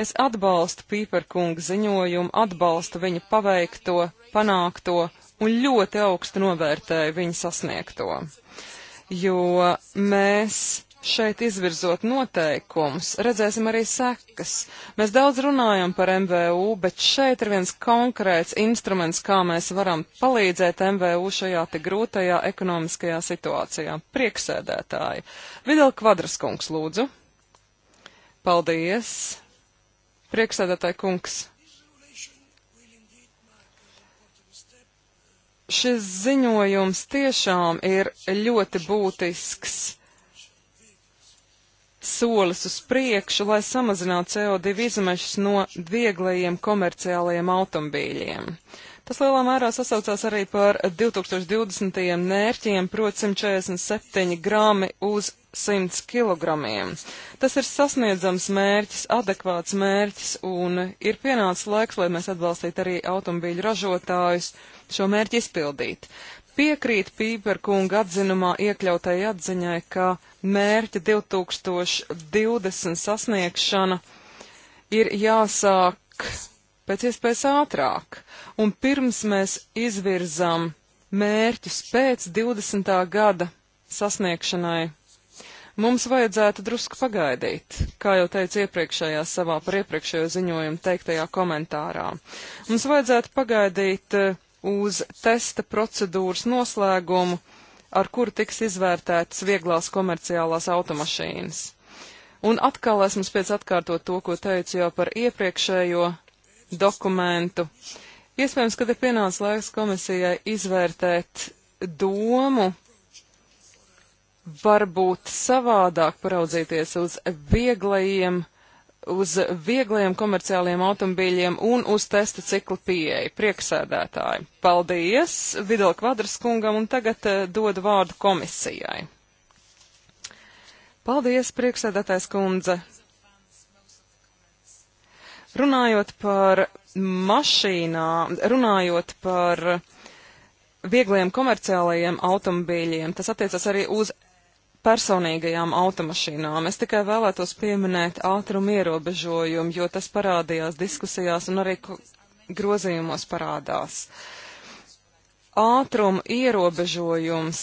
Es atbalstu Pīperkunga ziņojumu, atbalstu viņa paveikto, panākto un ļoti augstu novērtēju viņa sasniegto. Jo mēs šeit izvirzot noteikumus, redzēsim arī sekas. Mēs daudz runājam par MVU, bet šeit ir viens konkrēts instruments, kā mēs varam palīdzēt MVU šajā te grūtajā ekonomiskajā situācijā. Prieksēdētāji. Vidal Kvadraskungs, lūdzu. Paldies. Prieksēdētāji kungs. Šis ziņojums tiešām ir ļoti būtisks solis uz priekšu, lai samazinātu CO2 izmešus no vieglajiem komerciālajiem automobīļiem. Tas lielā mērā sasaucās arī par 2020. mērķiem, proti 147 grami uz 100 kg. Tas ir sasniedzams mērķis, adekvāts mērķis, un ir pienācis laiks, lai mēs atbalstītu arī automobīļu ražotājus šo mērķi izpildīt. Piekrīt Pīperkunga atzinumā iekļautai atziņai, ka mērķa 2020 sasniegšana ir jāsāk pēc iespējas ātrāk, un pirms mēs izvirzām mērķus pēc 20. gada sasniegšanai, mums vajadzētu drusku pagaidīt, kā jau teicu iepriekšējā savā par iepriekšējo ziņojumu teiktajā komentārā. Mums vajadzētu pagaidīt uh, uz testa procedūras noslēgumu, ar kuru tiks izvērtētas vieglās komerciālās automašīnas. Un atkal es mums pēc atkārtot to, ko teicu jau par iepriekšējo dokumentu. Iespējams, ka ir pienācis laiks komisijai izvērtēt domu, varbūt savādāk paraudzīties uz vieglajiem uh, uz viegliem komerciāliem automobīļiem un uz testa ciklu pieeja. Prieksēdētāji, paldies Vidal Kvadras kungam un tagad uh, eh, dodu vārdu komisijai. Paldies, prieksēdētājs kundze. Runājot par mašīnām, runājot par viegliem komerciālajiem automobīļiem, tas attiecas arī uz personīgajām automašīnām. Es tikai vēlētos pieminēt ātrumu ierobežojumu, jo tas parādījās diskusijās un arī grozījumos parādās. Ātrumu ierobežojums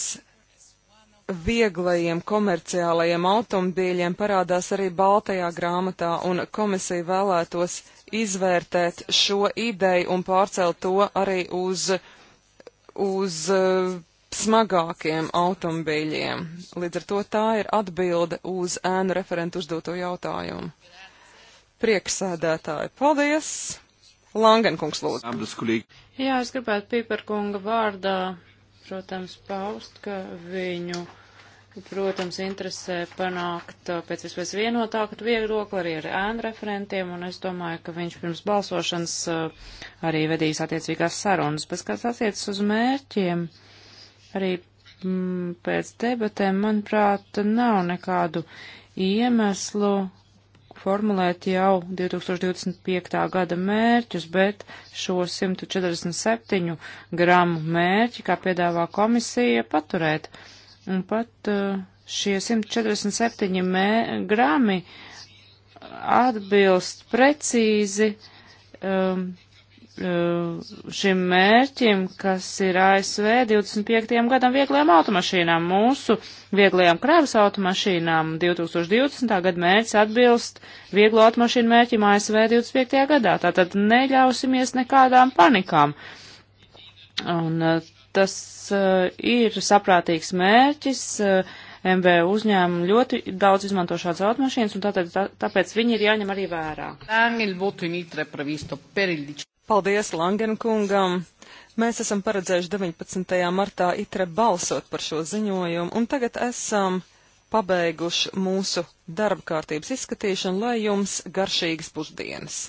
vieglajiem komerciālajiem automobīļiem parādās arī Baltajā grāmatā, un komisija vēlētos izvērtēt šo ideju un pārcelt to arī uz, uz uh, smagākiem automobīļiem. Līdz ar to tā ir atbilde uz ēnu referentu uzdoto jautājumu. Prieksēdētāji, paldies! Langenkungs lūdzu. Jā, es gribētu Pīperkunga vārdā, protams, paust, ka viņu, protams, interesē panākt uh, pēc vispēc vienotāku viedokli arī ar ēnu referentiem, un es domāju, ka viņš pirms balsošanas uh, arī vedīs attiecīgās sarunas, bet kas attiecas uz mērķiem. Uh, Arī m, mm, pēc debatēm, manuprāt, nav nekādu iemeslu formulēt jau 2025. gada mērķus, bet šo 147 gramu mērķi, kā piedāvā komisija, paturēt. Un pat eh, šie 147 mē, grami atbilst precīzi um, šim mērķim, kas ir ASV 25. gadam vieglajām automašīnām, mūsu vieglajām kravas automašīnām 2020. gada mērķis atbilst vieglo automašīnu mērķim ASV 25. gadā. Tātad neļausimies nekādām panikām. Un uh, tas uh, ir saprātīgs mērķis. Uh, MVU uzņēmumi ļoti daudz izmanto šādas automašīnas, un tātad, tā, tāpēc viņi ir jāņem arī vērā. Paldies Langen kungam! Mēs esam paredzējuši 19. martā itre balsot par šo ziņojumu, un tagad esam pabeiguši mūsu darba kārtības izskatīšanu, lai jums garšīgas pusdienas!